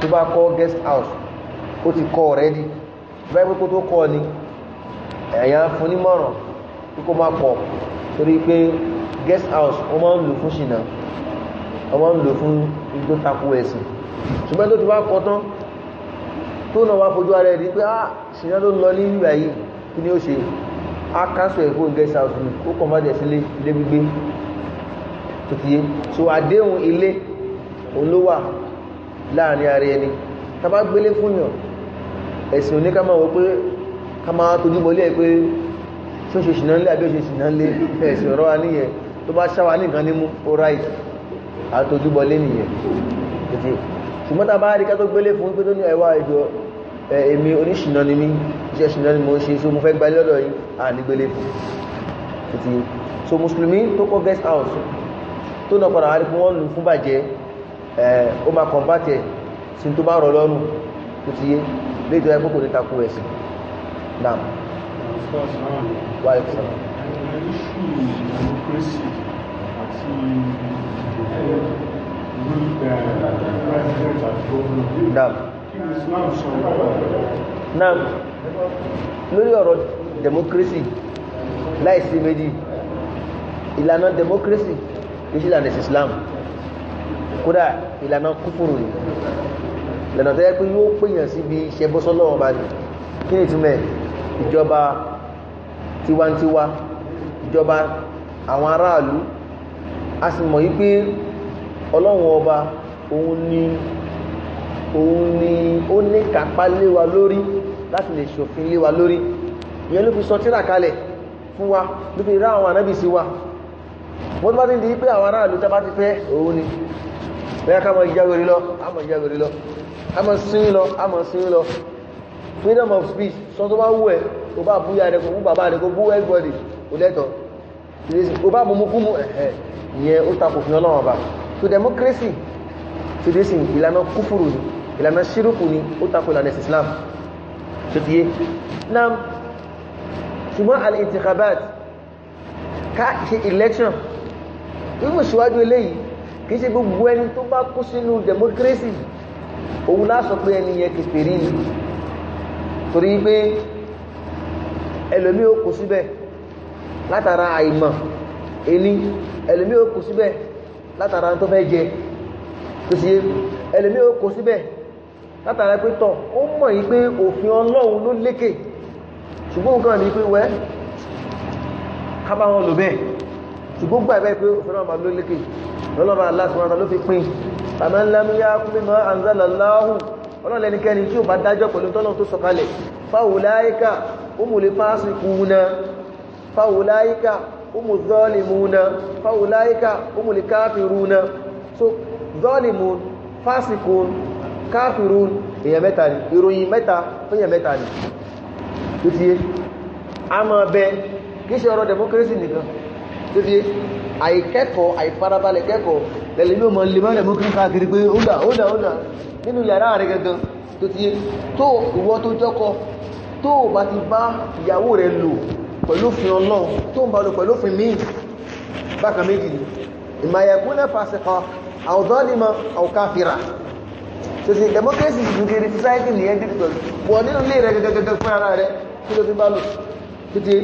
tó bá kọ́ guest house ó ti kọ́ already báyìí pé kó tó kọ́ ni ẹ̀yàn fún nímọ̀ràn pé kó má kọ́ torí pé guest house wọ́n máa ń lò fún ṣìnà wọ́n máa ń lò fún igbó tako ẹ̀sìn ṣùgbọ́n tó ti bá kọ́ tán tó náà wá fojú ara ẹ̀rí pé ah ṣìnà ló ń lọ ní ìwà yìí kí ni ó ṣe a cancel ẹ̀kọ́ guest house ni ó kàn má jẹ̀ sílé ilé gbígbé tó ti yé so àdéhùn ilé olówà láàrin ara ẹni ta bá gbélé fún yàn ẹ̀sìn òní ká máa wọ pé ká máa tójú bọlé ẹ pé ṣe ṣe ṣìnà ńlé àbí ṣe ṣìnà ńlé ẹ̀sìn ọ̀rọ̀ wa níyẹn tó bá ṣáwa ní nǹkan nímú ó ráìt àtójú bọlé nìyẹn tètè tó gbélé fún mo ṣe so mo fẹ́ gbalẹ́ lọ́dọ̀ yìí à ní gbélé fún tètè so mùsùlùmí tó kọ́ guest wọ́n lù fún bàjẹ́ o máa kọ̀m̀bátì ẹ̀ sí tó bá rọ̀ lọ́rùn tó ti yé léjọ ẹ kókò ní takò ẹ̀sìn náà. wáyé sọ. iṣu democracy àti president àti governor kí Islam sọ náà lórí ọ̀rọ̀ democracy láìsí méjì ìlànà democracy ìṣìlànà Islam. Islam kódà ìlànà kúfùrù ni ìlànà tó yẹ pé yóò pèèyàn síbi iṣẹ́ bọ́sọ́lọ́wọ́ bá ní kí ni ìtumẹ̀ ìjọba tiwantiwa ìjọba àwọn aráàlú a sì mọ̀ yí pé ọlọ́run ọba òun ni òun ni ó ní kápá léwa lórí láti lè ṣòfin léwa lórí ìyẹn ló fi sọ tírà kalẹ̀ fún wa ló fi rá àwọn ànábì wa wọ́n tó bá ti di pé àwọn aráàlú tá ti fẹ́ òun ni bẹ́ẹ̀ ká mọ̀ jáwèrè lọ a mọ̀ jáwèrè lọ a mọ̀ sín lọ a mọ̀ sín lọ freedom of speech sọ tó bá wù ẹ́ tó bá bú ya rẹ̀ kò bú bàbá rẹ̀ kò bú everybody kò lẹ́tọ̀ tó bá mú mú kú mú ẹ̀hẹ̀ ìyẹn ó takò fi ọlọ́wọ̀n bá to democracy to this ìlànà kúfùrù ni ìlànà ṣírùkù ni ó takò ìlànà Islam tó ti yé na ṣùgbọ́n al-intikhabat ká ṣe election mo ìṣíwájú eléyìí kì í ṣe gbogbo ẹni tó bá kú sínú democracy òun lásọ pé ẹni yẹn kèfèrí ni torí pé ẹlòmí ó kú síbẹ̀ látara àìmọ̀ ẹni ẹlòmí ó kú síbẹ̀ látara tó fẹ́ jẹ tó sì ẹlòmí ó kú síbẹ̀ látara pé tọ̀ ó mọ̀ yí pé òfin ọlọ́run ló lékè ṣùgbọ́n nǹkan ní pé wẹ́ kábàwọn lò bẹ́ẹ̀ ṣùgbọ́n gbà bẹ́ẹ̀ pé òfin ọlọ́run ló lékè lọ́lọ́bà aláṣùwọ́n ló fi pín àmọ́ lámúyá kúmímọ́ àǹzálàláhù ọlọ́lẹ́nikẹ́ni tí ó bá dájọ́ pẹ̀lú tọ́lọ́ tó sọ̀kalẹ̀ fáwòláíkà umùlé fásikúna fáwòláíkà umu zọ́ọ̀lìmúna fáwòláíkà umùlé káfìrúna so zọ́ọ̀lìmún fásikún káfìrún èyàn mẹ́ta ni ìròyìn mẹ́ta fẹ́yàn mẹ́ta ni tó ti yé a máa bẹ kí ṣe ọ̀rọ̀ democracy nìkan tó ti yé àìkẹ́kọ̀ọ́ àìfarabalẹ̀ kẹ́kọ̀ọ́ lẹ́lẹ́ ní ọmọ lè mọ́lẹ̀ mú kí n káàkiri pé ódà ódà ódà nínú yàrá rẹ̀ gangan tó ti tó ìwọ tó jọ́kọ tó bá ti bá ìyàwó rẹ̀ lò pẹ̀lú òfin ọlọ́run tó ń bá lò pẹ̀lú òfin míì bákan méjì ni ìmàyẹ̀kún náà fàṣẹkọ àwùdọ́límọ̀ àwùkáfíra tòsí democracy ti di society nìyẹn dídùkọ̀ wọ nínú ilé rẹ̀ gẹ́gẹ́gẹ́ fún ara rẹ̀ kí ló ti bá lò títí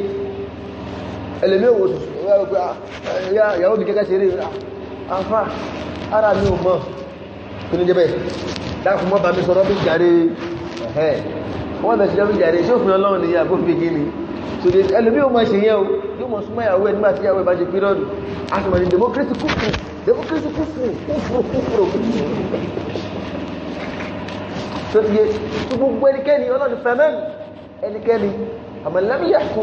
ẹlẹ́mí òwò ah, ìyàwó mi kẹ́kẹ́ ṣeré afá ah, ara mi ò mọ́ kí ní jẹ́ bẹ́ẹ̀ dákùn mọ́ bá mi sọ̀rọ̀ bí jàre ẹ̀ wọ́n bẹ̀ sọ̀rọ̀ bí jàre ṣé òfin ọlọ́run ni àbó fi so the ẹlẹ́mí ò mọ́ ṣe yẹ́ o yóò mọ̀ súnmọ́ ìyàwó ẹ̀ nígbà tí ìyàwó ẹ̀ bá ṣe pírọ́dù a sì mọ̀ ní democracy kúfù democracy kúfù kúfù kúfù tó ti yé tó gbogbo ẹnikẹ́ni ọlọ́run fẹ́ mẹ́rin ẹnikẹ́ni àmọ́ lẹ́mìyàkú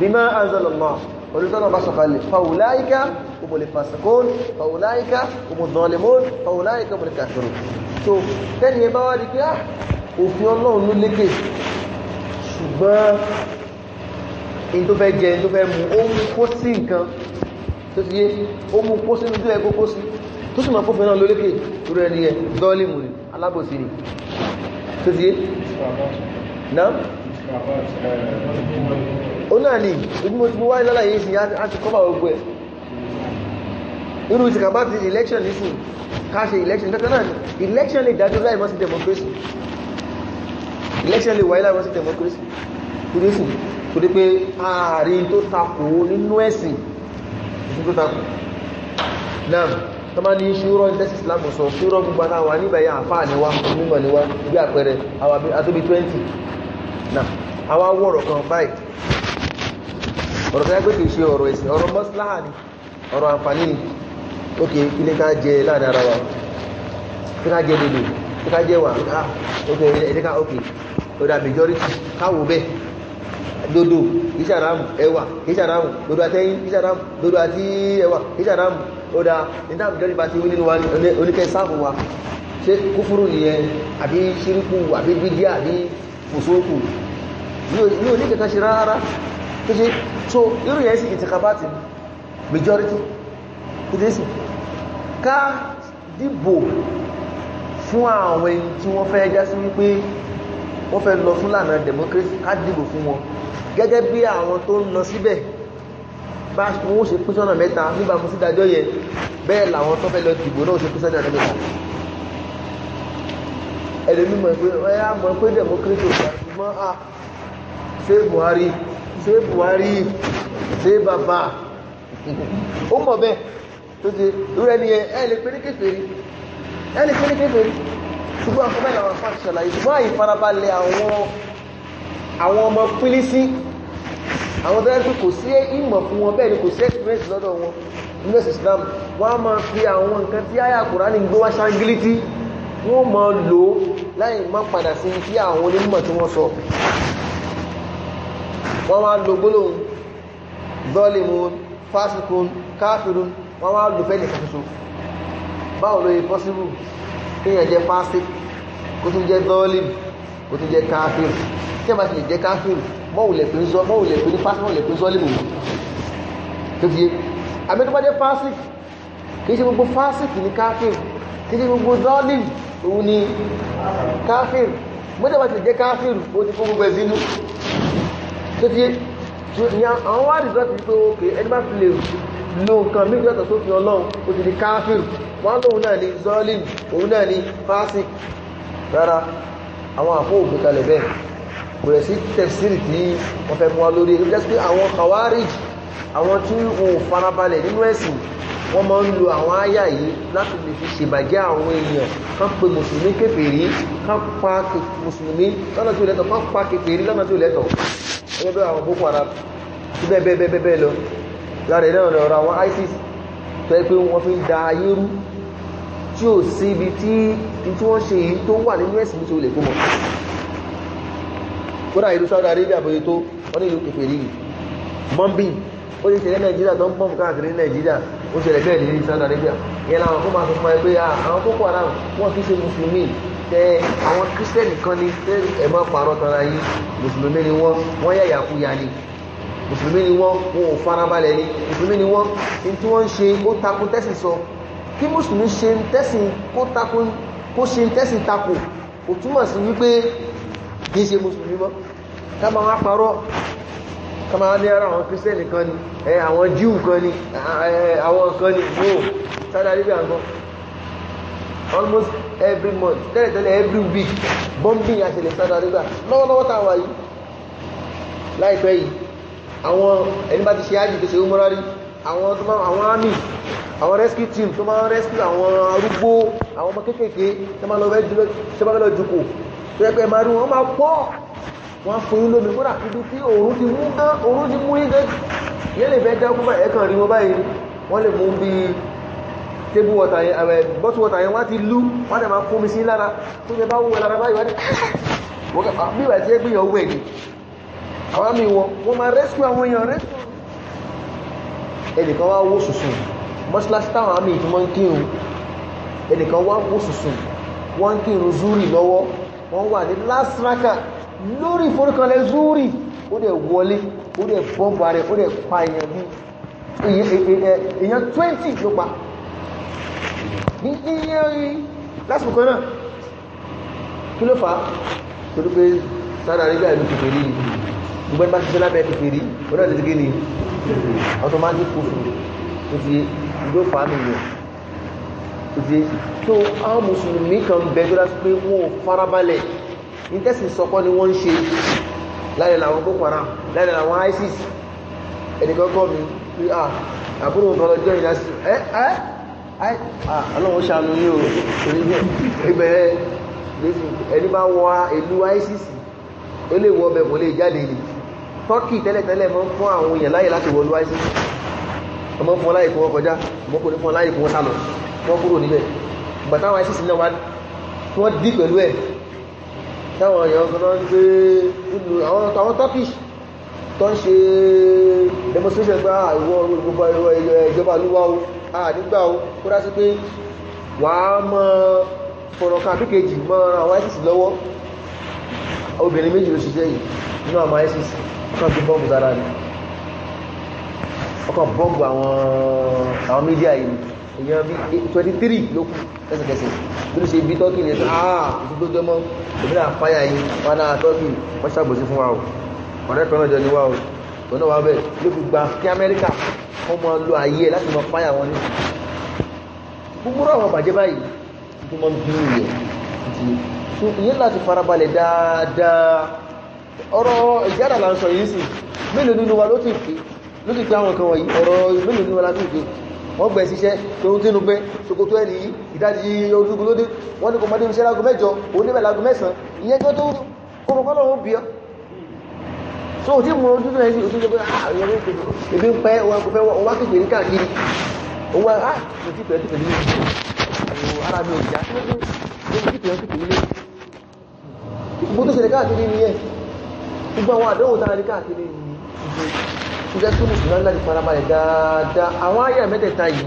bima anzalallah olùtọ́nà bá sọ̀kalẹ̀ fàúláìká òmòlè fàṣàkóòn fàúláìká òmòdánlẹ̀mọ́n fàúláìká òmòlè kàfẹ́rù so tẹ́ni ẹbá wá di pé á ah, òfin ọlọ́run ló lékè ṣùgbọ́n in tó fẹ́ jẹ in tó fẹ́ mú ó mú kó sí nǹkan tó ti yé ó mú kó sí nítorí ẹgbó kó sí tó ni alábòsí ni tó ti ó náà ni ìgbìmọ̀ wáyé lálàyé sí àti kọ́bà ogbó ẹ̀ irú ti kàbá ti election nísìn ká ṣe election kẹta náà ni election lè dájú láì mọ́ sí democracy election lè wáyé láì mọ́ sí democracy kúrẹ́sì kò dé pé ààrí tó takò nínú ẹ̀sìn ìsìn tó takò náà tó má ní ṣúrọ́ ìdẹ́sì islam sọ ṣúrọ́ gbogbo àwọn níbẹ̀yà àfáà níwá onímọ̀ níwá bí àpẹẹrẹ àtòbí 20 náà àwọn wọ̀rọ̀ kan báyìí ọ̀rọ̀ tó yẹ pé kì í ṣe ọ̀rọ̀ ẹ̀sìn ọ̀rọ̀ mọ́síláhà ni ọ̀rọ̀ àǹfààní ni ókè kí ní ká jẹ láàrin ara wa kí ká jẹ dèdè kí ká jẹ wà ókè ah, ẹ̀dẹ́ ká ókè ọ̀dà majority káwò bẹ́ẹ̀ dodo ìṣàràmù ẹwà ìṣàràmù dodo àtẹ́yìn ìṣàràmù dodo àti ẹwà ìṣàràmù ọ̀dà ìdáàmù jọ́rí bá ti wí nínú wa oníkẹ́ sáàmù wa ṣe kúfúrú nìyẹn àbí ṣíríkù àbí bídíà àbí fòsókù ní oníkẹ́kẹ́ ṣe rárá tó ṣe so irú yẹn sí ìtìkàbátì majority ìdísì ká dìbò fún àwọn ẹni tí wọ́n fẹ́ já sí wípé wọ́n fẹ́ lọ fún lànà democracy ká dìbò fún wọn gẹ́gẹ́ bí àwọn tó ń lọ síbẹ̀ bá wọ́n ṣe pín sọ́nà mẹ́ta níbàmú sí dájọ́ yẹn bẹ́ẹ̀ làwọn tó fẹ́ lọ dìbò náà ṣe pín sọ́nà mẹ́ta ẹlòmí mọ̀ pé ẹ mọ̀ pé democracy ò gbà ṣùgbọ́n a ah, ṣé Buhari ṣé buhari ṣé bàbá ó mọ̀ bẹ́ẹ̀ tó ti rẹ̀ ni ẹ lè pé ní kékeré ẹ lè pé ní kékeré ṣùgbọ́n àwọn mẹ́lẹ̀ àwọn fáṣí ṣàlàyé ṣùgbọ́n àìfarabalẹ̀ àwọn ọmọ pílísí àwọn tẹ́lẹ̀ kò sí ìmọ̀ fún wọn bẹ́ẹ̀ ni kò sí experience lọ́dọ̀ wọn us islam wọ́n a máa fi àwọn nǹkan tí àyà Kùránì gbé wá ṣángílítí wọ́n máa lò láì má padà sí tí àwọn onímọ̀ tí wọ́n sọ wọ́n wá lo gbólóhùn zalimun fásikún káfirún wọ́n wá lò fẹ́lẹ̀ ṣoṣo báwo ló yẹ pọ́síbù kíyàn jẹ́ fásik kó tún jẹ́ zalim kó tún jẹ́ káfir tí a bá ti lè jẹ́ káfir mọ́wùlẹ̀ pé ní fásik mọ́wùlẹ̀ pé zalim mú tó fi àmì tó bá jẹ́ fásik kìí ṣe gbogbo fásik ní káfir kìí ṣe gbogbo zalim òun ni káfir mọ́tẹ́ bá ti lè jẹ́ káfir ó ti fún gbogbo ẹ̀sínú tó ti ní àwọn wá rìsọ́ ti pé òkè ẹni bá fi lè lo nǹkan mí ìjọ́tọ̀ tó fi ọlọ́run ó ti di káfíìrù wọ́n lóun náà ni zọ́lìm òun náà ni fásik rárá àwọn àfọ́ ògbékalẹ̀ bẹ́ẹ̀ kò rẹ̀ sí tẹ̀sírì tí wọ́n fẹ́ mú wa lórí ẹgbẹ́ pé àwọn kàwárìjì àwọn tí wọn ò farabalẹ̀ nínú ẹ̀sìn wọ́n máa ń lo àwọn áyà yìí láti lè fi ṣèbàjẹ́ àwọn èèyàn kán pe mùsùlùmí kèfèrí kán pa mùsùlùmí lọ́nà tí ó lẹ́tọ̀ kán pa kèfèrí lọ́nà tí ó lẹ́tọ̀ ẹgbẹ́ bẹ́ẹ̀ àwọn boko haram tí bẹ́ẹ̀bẹ́ẹ̀bẹ́ẹ̀ lọ lára ẹ̀ náà lọ́rọ̀ àwọn ISIS tó ẹ pé wọ́n fi ń da ayé rú tí ò sí ibi tí tí wọ́n ṣe èyí tó wà nínú ẹ̀sìn tí ó lè kó mọ̀ kódà ìlú Saudi Arabia bóyá tó wọ́n ní ìlú kèfèrí yìí bombing ó ti tẹ̀lé nàìjíríà tó ń bọ́m káàkiri nàìjíríà ó ṣẹlẹ̀ bẹ́ẹ̀ ní Saudi Arabia yẹn làwọn kó máa sọ fún ẹ pé ah, àwọn Boko Haram wọn kì í ṣe mùsùlùmí tẹ àwọn kírísítẹ́nì kan ní tẹ ẹ má parọ́ tara yín mùsùlùmí ni wọ́n wọ́n yà yàkuyà ni mùsùlùmí ni wọ́n wọn ò farabalẹ̀ ni mùsùlùmí ni wọ́n ní tí wọ́n ń ṣe ó takò tẹ́sìn sọ kí mùsùlùmí ṣe tẹ́sìn kó takò kó ṣe tẹ́sìn takò kò túmọ̀ sí wípé kì í ṣe mùsùlùmí mọ́ ká máa parọ́ kama ní ara àwọn kírísítẹ́nì kan ni ẹ àwọn jíù kan ni àwọn kan ni no Saudi Arabia gan almost every month tẹ́lẹ̀tẹ́lẹ̀ every week bombing àṣẹlẹ̀ Saudi Arabia lọ́wọ́lọ́wọ́ tá a wà yìí láìpẹ́ yìí àwọn ẹni bá ti ṣe ájì tó ṣe umorari àwọn tó máa àwọn army àwọn rescue team tó máa rescue àwọn arúgbó àwọn ọmọ kéékèèké tó máa lọ jùkò tó yẹ pé ẹ máa rí wọn máa pọ̀ wọ́n fún yín lómi kódà ibi tí òòrùn ti mú gán òòrùn ti mú yín gán yẹ́ lè fẹ́ dákú báyìí ẹ̀kàn rí wọn báyìí wọ́n lè mú bí table water yẹn àwẹ̀ bottle water yẹn wọ́n ti lú wọ́n dẹ̀ máa fún mi sí lára tó lè bá wọ lára báyìí wọ́n (laughs) bí ìwà tí ẹ gbìyàn owó ẹ̀dì àwọn àmì wọn wọ́n máa rescue àwọn èèyàn rescue ẹnìkan wá wó sùsùn mọ́ṣíláṣí táwọn àmì ìtumọ̀ wà ní last raka lórí ìforúkanlẹ̀ zúúrì ó dẹ̀ wọlé ó dẹ̀ bọ́m̀bà rẹ̀ ó dẹ̀ pa èèyàn bí èèyàn 20 ló pa ní iye rí lásìkò náà kí ló fà á torí pé sára rí bẹ́ẹ̀ ló ti fèrí gbogbo ẹgbẹ́ ṣiṣẹ́ lábẹ́ ti fèrí ọ̀nà ti gé ni automatic kófù ó ti ló fà á nìyẹn ó ti tó àwọn mùsùlùmí kan bẹ́ẹ̀ tó dá sí pé wọ́n farabalẹ̀ ìtẹ́sì sọpọ́ ni wọ́n ń ṣe láàrin làwọn boko haram láàrin làwọn isis ẹnìkọ́kọ́ mi pé à àbúrò nǹkan lọ jọ ìyá sí ẹ ẹ ọlọ́run ṣàánú yìí o ìbẹ̀rẹ̀ ẹni bá wọ ìlú isis ó lè wọ ọbẹ̀ kò lè jáde ni turkey tẹ́lẹ̀tẹ́lẹ̀ mọ́ fún àwọn èèyàn láyè láti wọ ìlú isis ọmọ fún láyè fún ọkọjá ọmọkùnrin fún láyè fún ọsàlọ̀ wọ́n kúrò níbẹ̀ ìgbàtàwọn isis náà wá tí wọ́n dí pẹ̀lú ẹ̀ táwọn èèyàn tó náà ń gbé ìlú àwọn turkish tó ń ṣe demonstration gba ah, ìwọ gbogbo ìjọba olúwa o a nígbà o kó dá sí pé wà á mọ fọ̀rọ̀ kan àbíkejì mọ́ àwọn isis lọ́wọ́ obìnrin méjì ló ṣiṣẹ́ yìí nínú àwọn isis kan fi bọ́ọ̀mù sára ni ọkọ̀ bọ́ọ̀mù àwọn mídíà yìí èèyàn bí 23 ló kù lẹ́sẹ̀kẹsẹ̀ bí ó ṣe bí tọ́kì ní àà ìdúgbójọ́ mọ́ ìbílẹ̀ àfáyà yìí wọ́n náà tọ́kì wọ́n ṣàgbòsí fún wa o ọ̀rẹ́ kan náà jọ ní wa o ọ̀nà wa bẹ̀ ló fi gba kí amẹ́ríkà wọ́n mọ́ lo ayé láti mọ fáyà wọn ní gbogbo àwọn bàjẹ́ báyìí tí wọ́n bí ìyẹ̀ tí ìyẹn láti farabalẹ̀ dáadáa ọ̀rọ̀ ìjára là ń sọ yìí sí mélòó nínú wa ló ti fi àwọn kan wọ́n gbẹ̀ síṣẹ́ tó ń tínú pé ṣokòtò ẹni yìí ìdájí ojúgun lóde wọ́n ní kò mọ́dé ìṣẹ́ lágún mẹ́jọ oníbẹ̀ lágún mẹ́sàn ìyẹn tó ah, ń pẹ́ ṣùgbọ́n kí mùsùlùmí láti farabalẹ̀ dáadáa àwọn àyà mẹ́tẹ̀ẹ̀ta yìí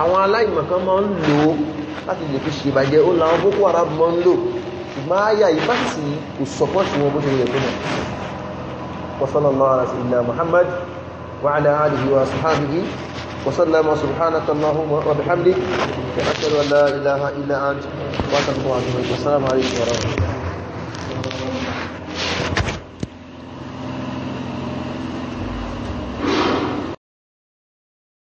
àwọn aláìmọ̀kan máa ń lò ó láti lè fi ṣe ìbàjẹ́ ó làwọn boko haram máa ń lò ṣùgbọ́n àyà yìí fásitì kò sọpọ́ọ̀tì wọn bó ṣe yẹ fún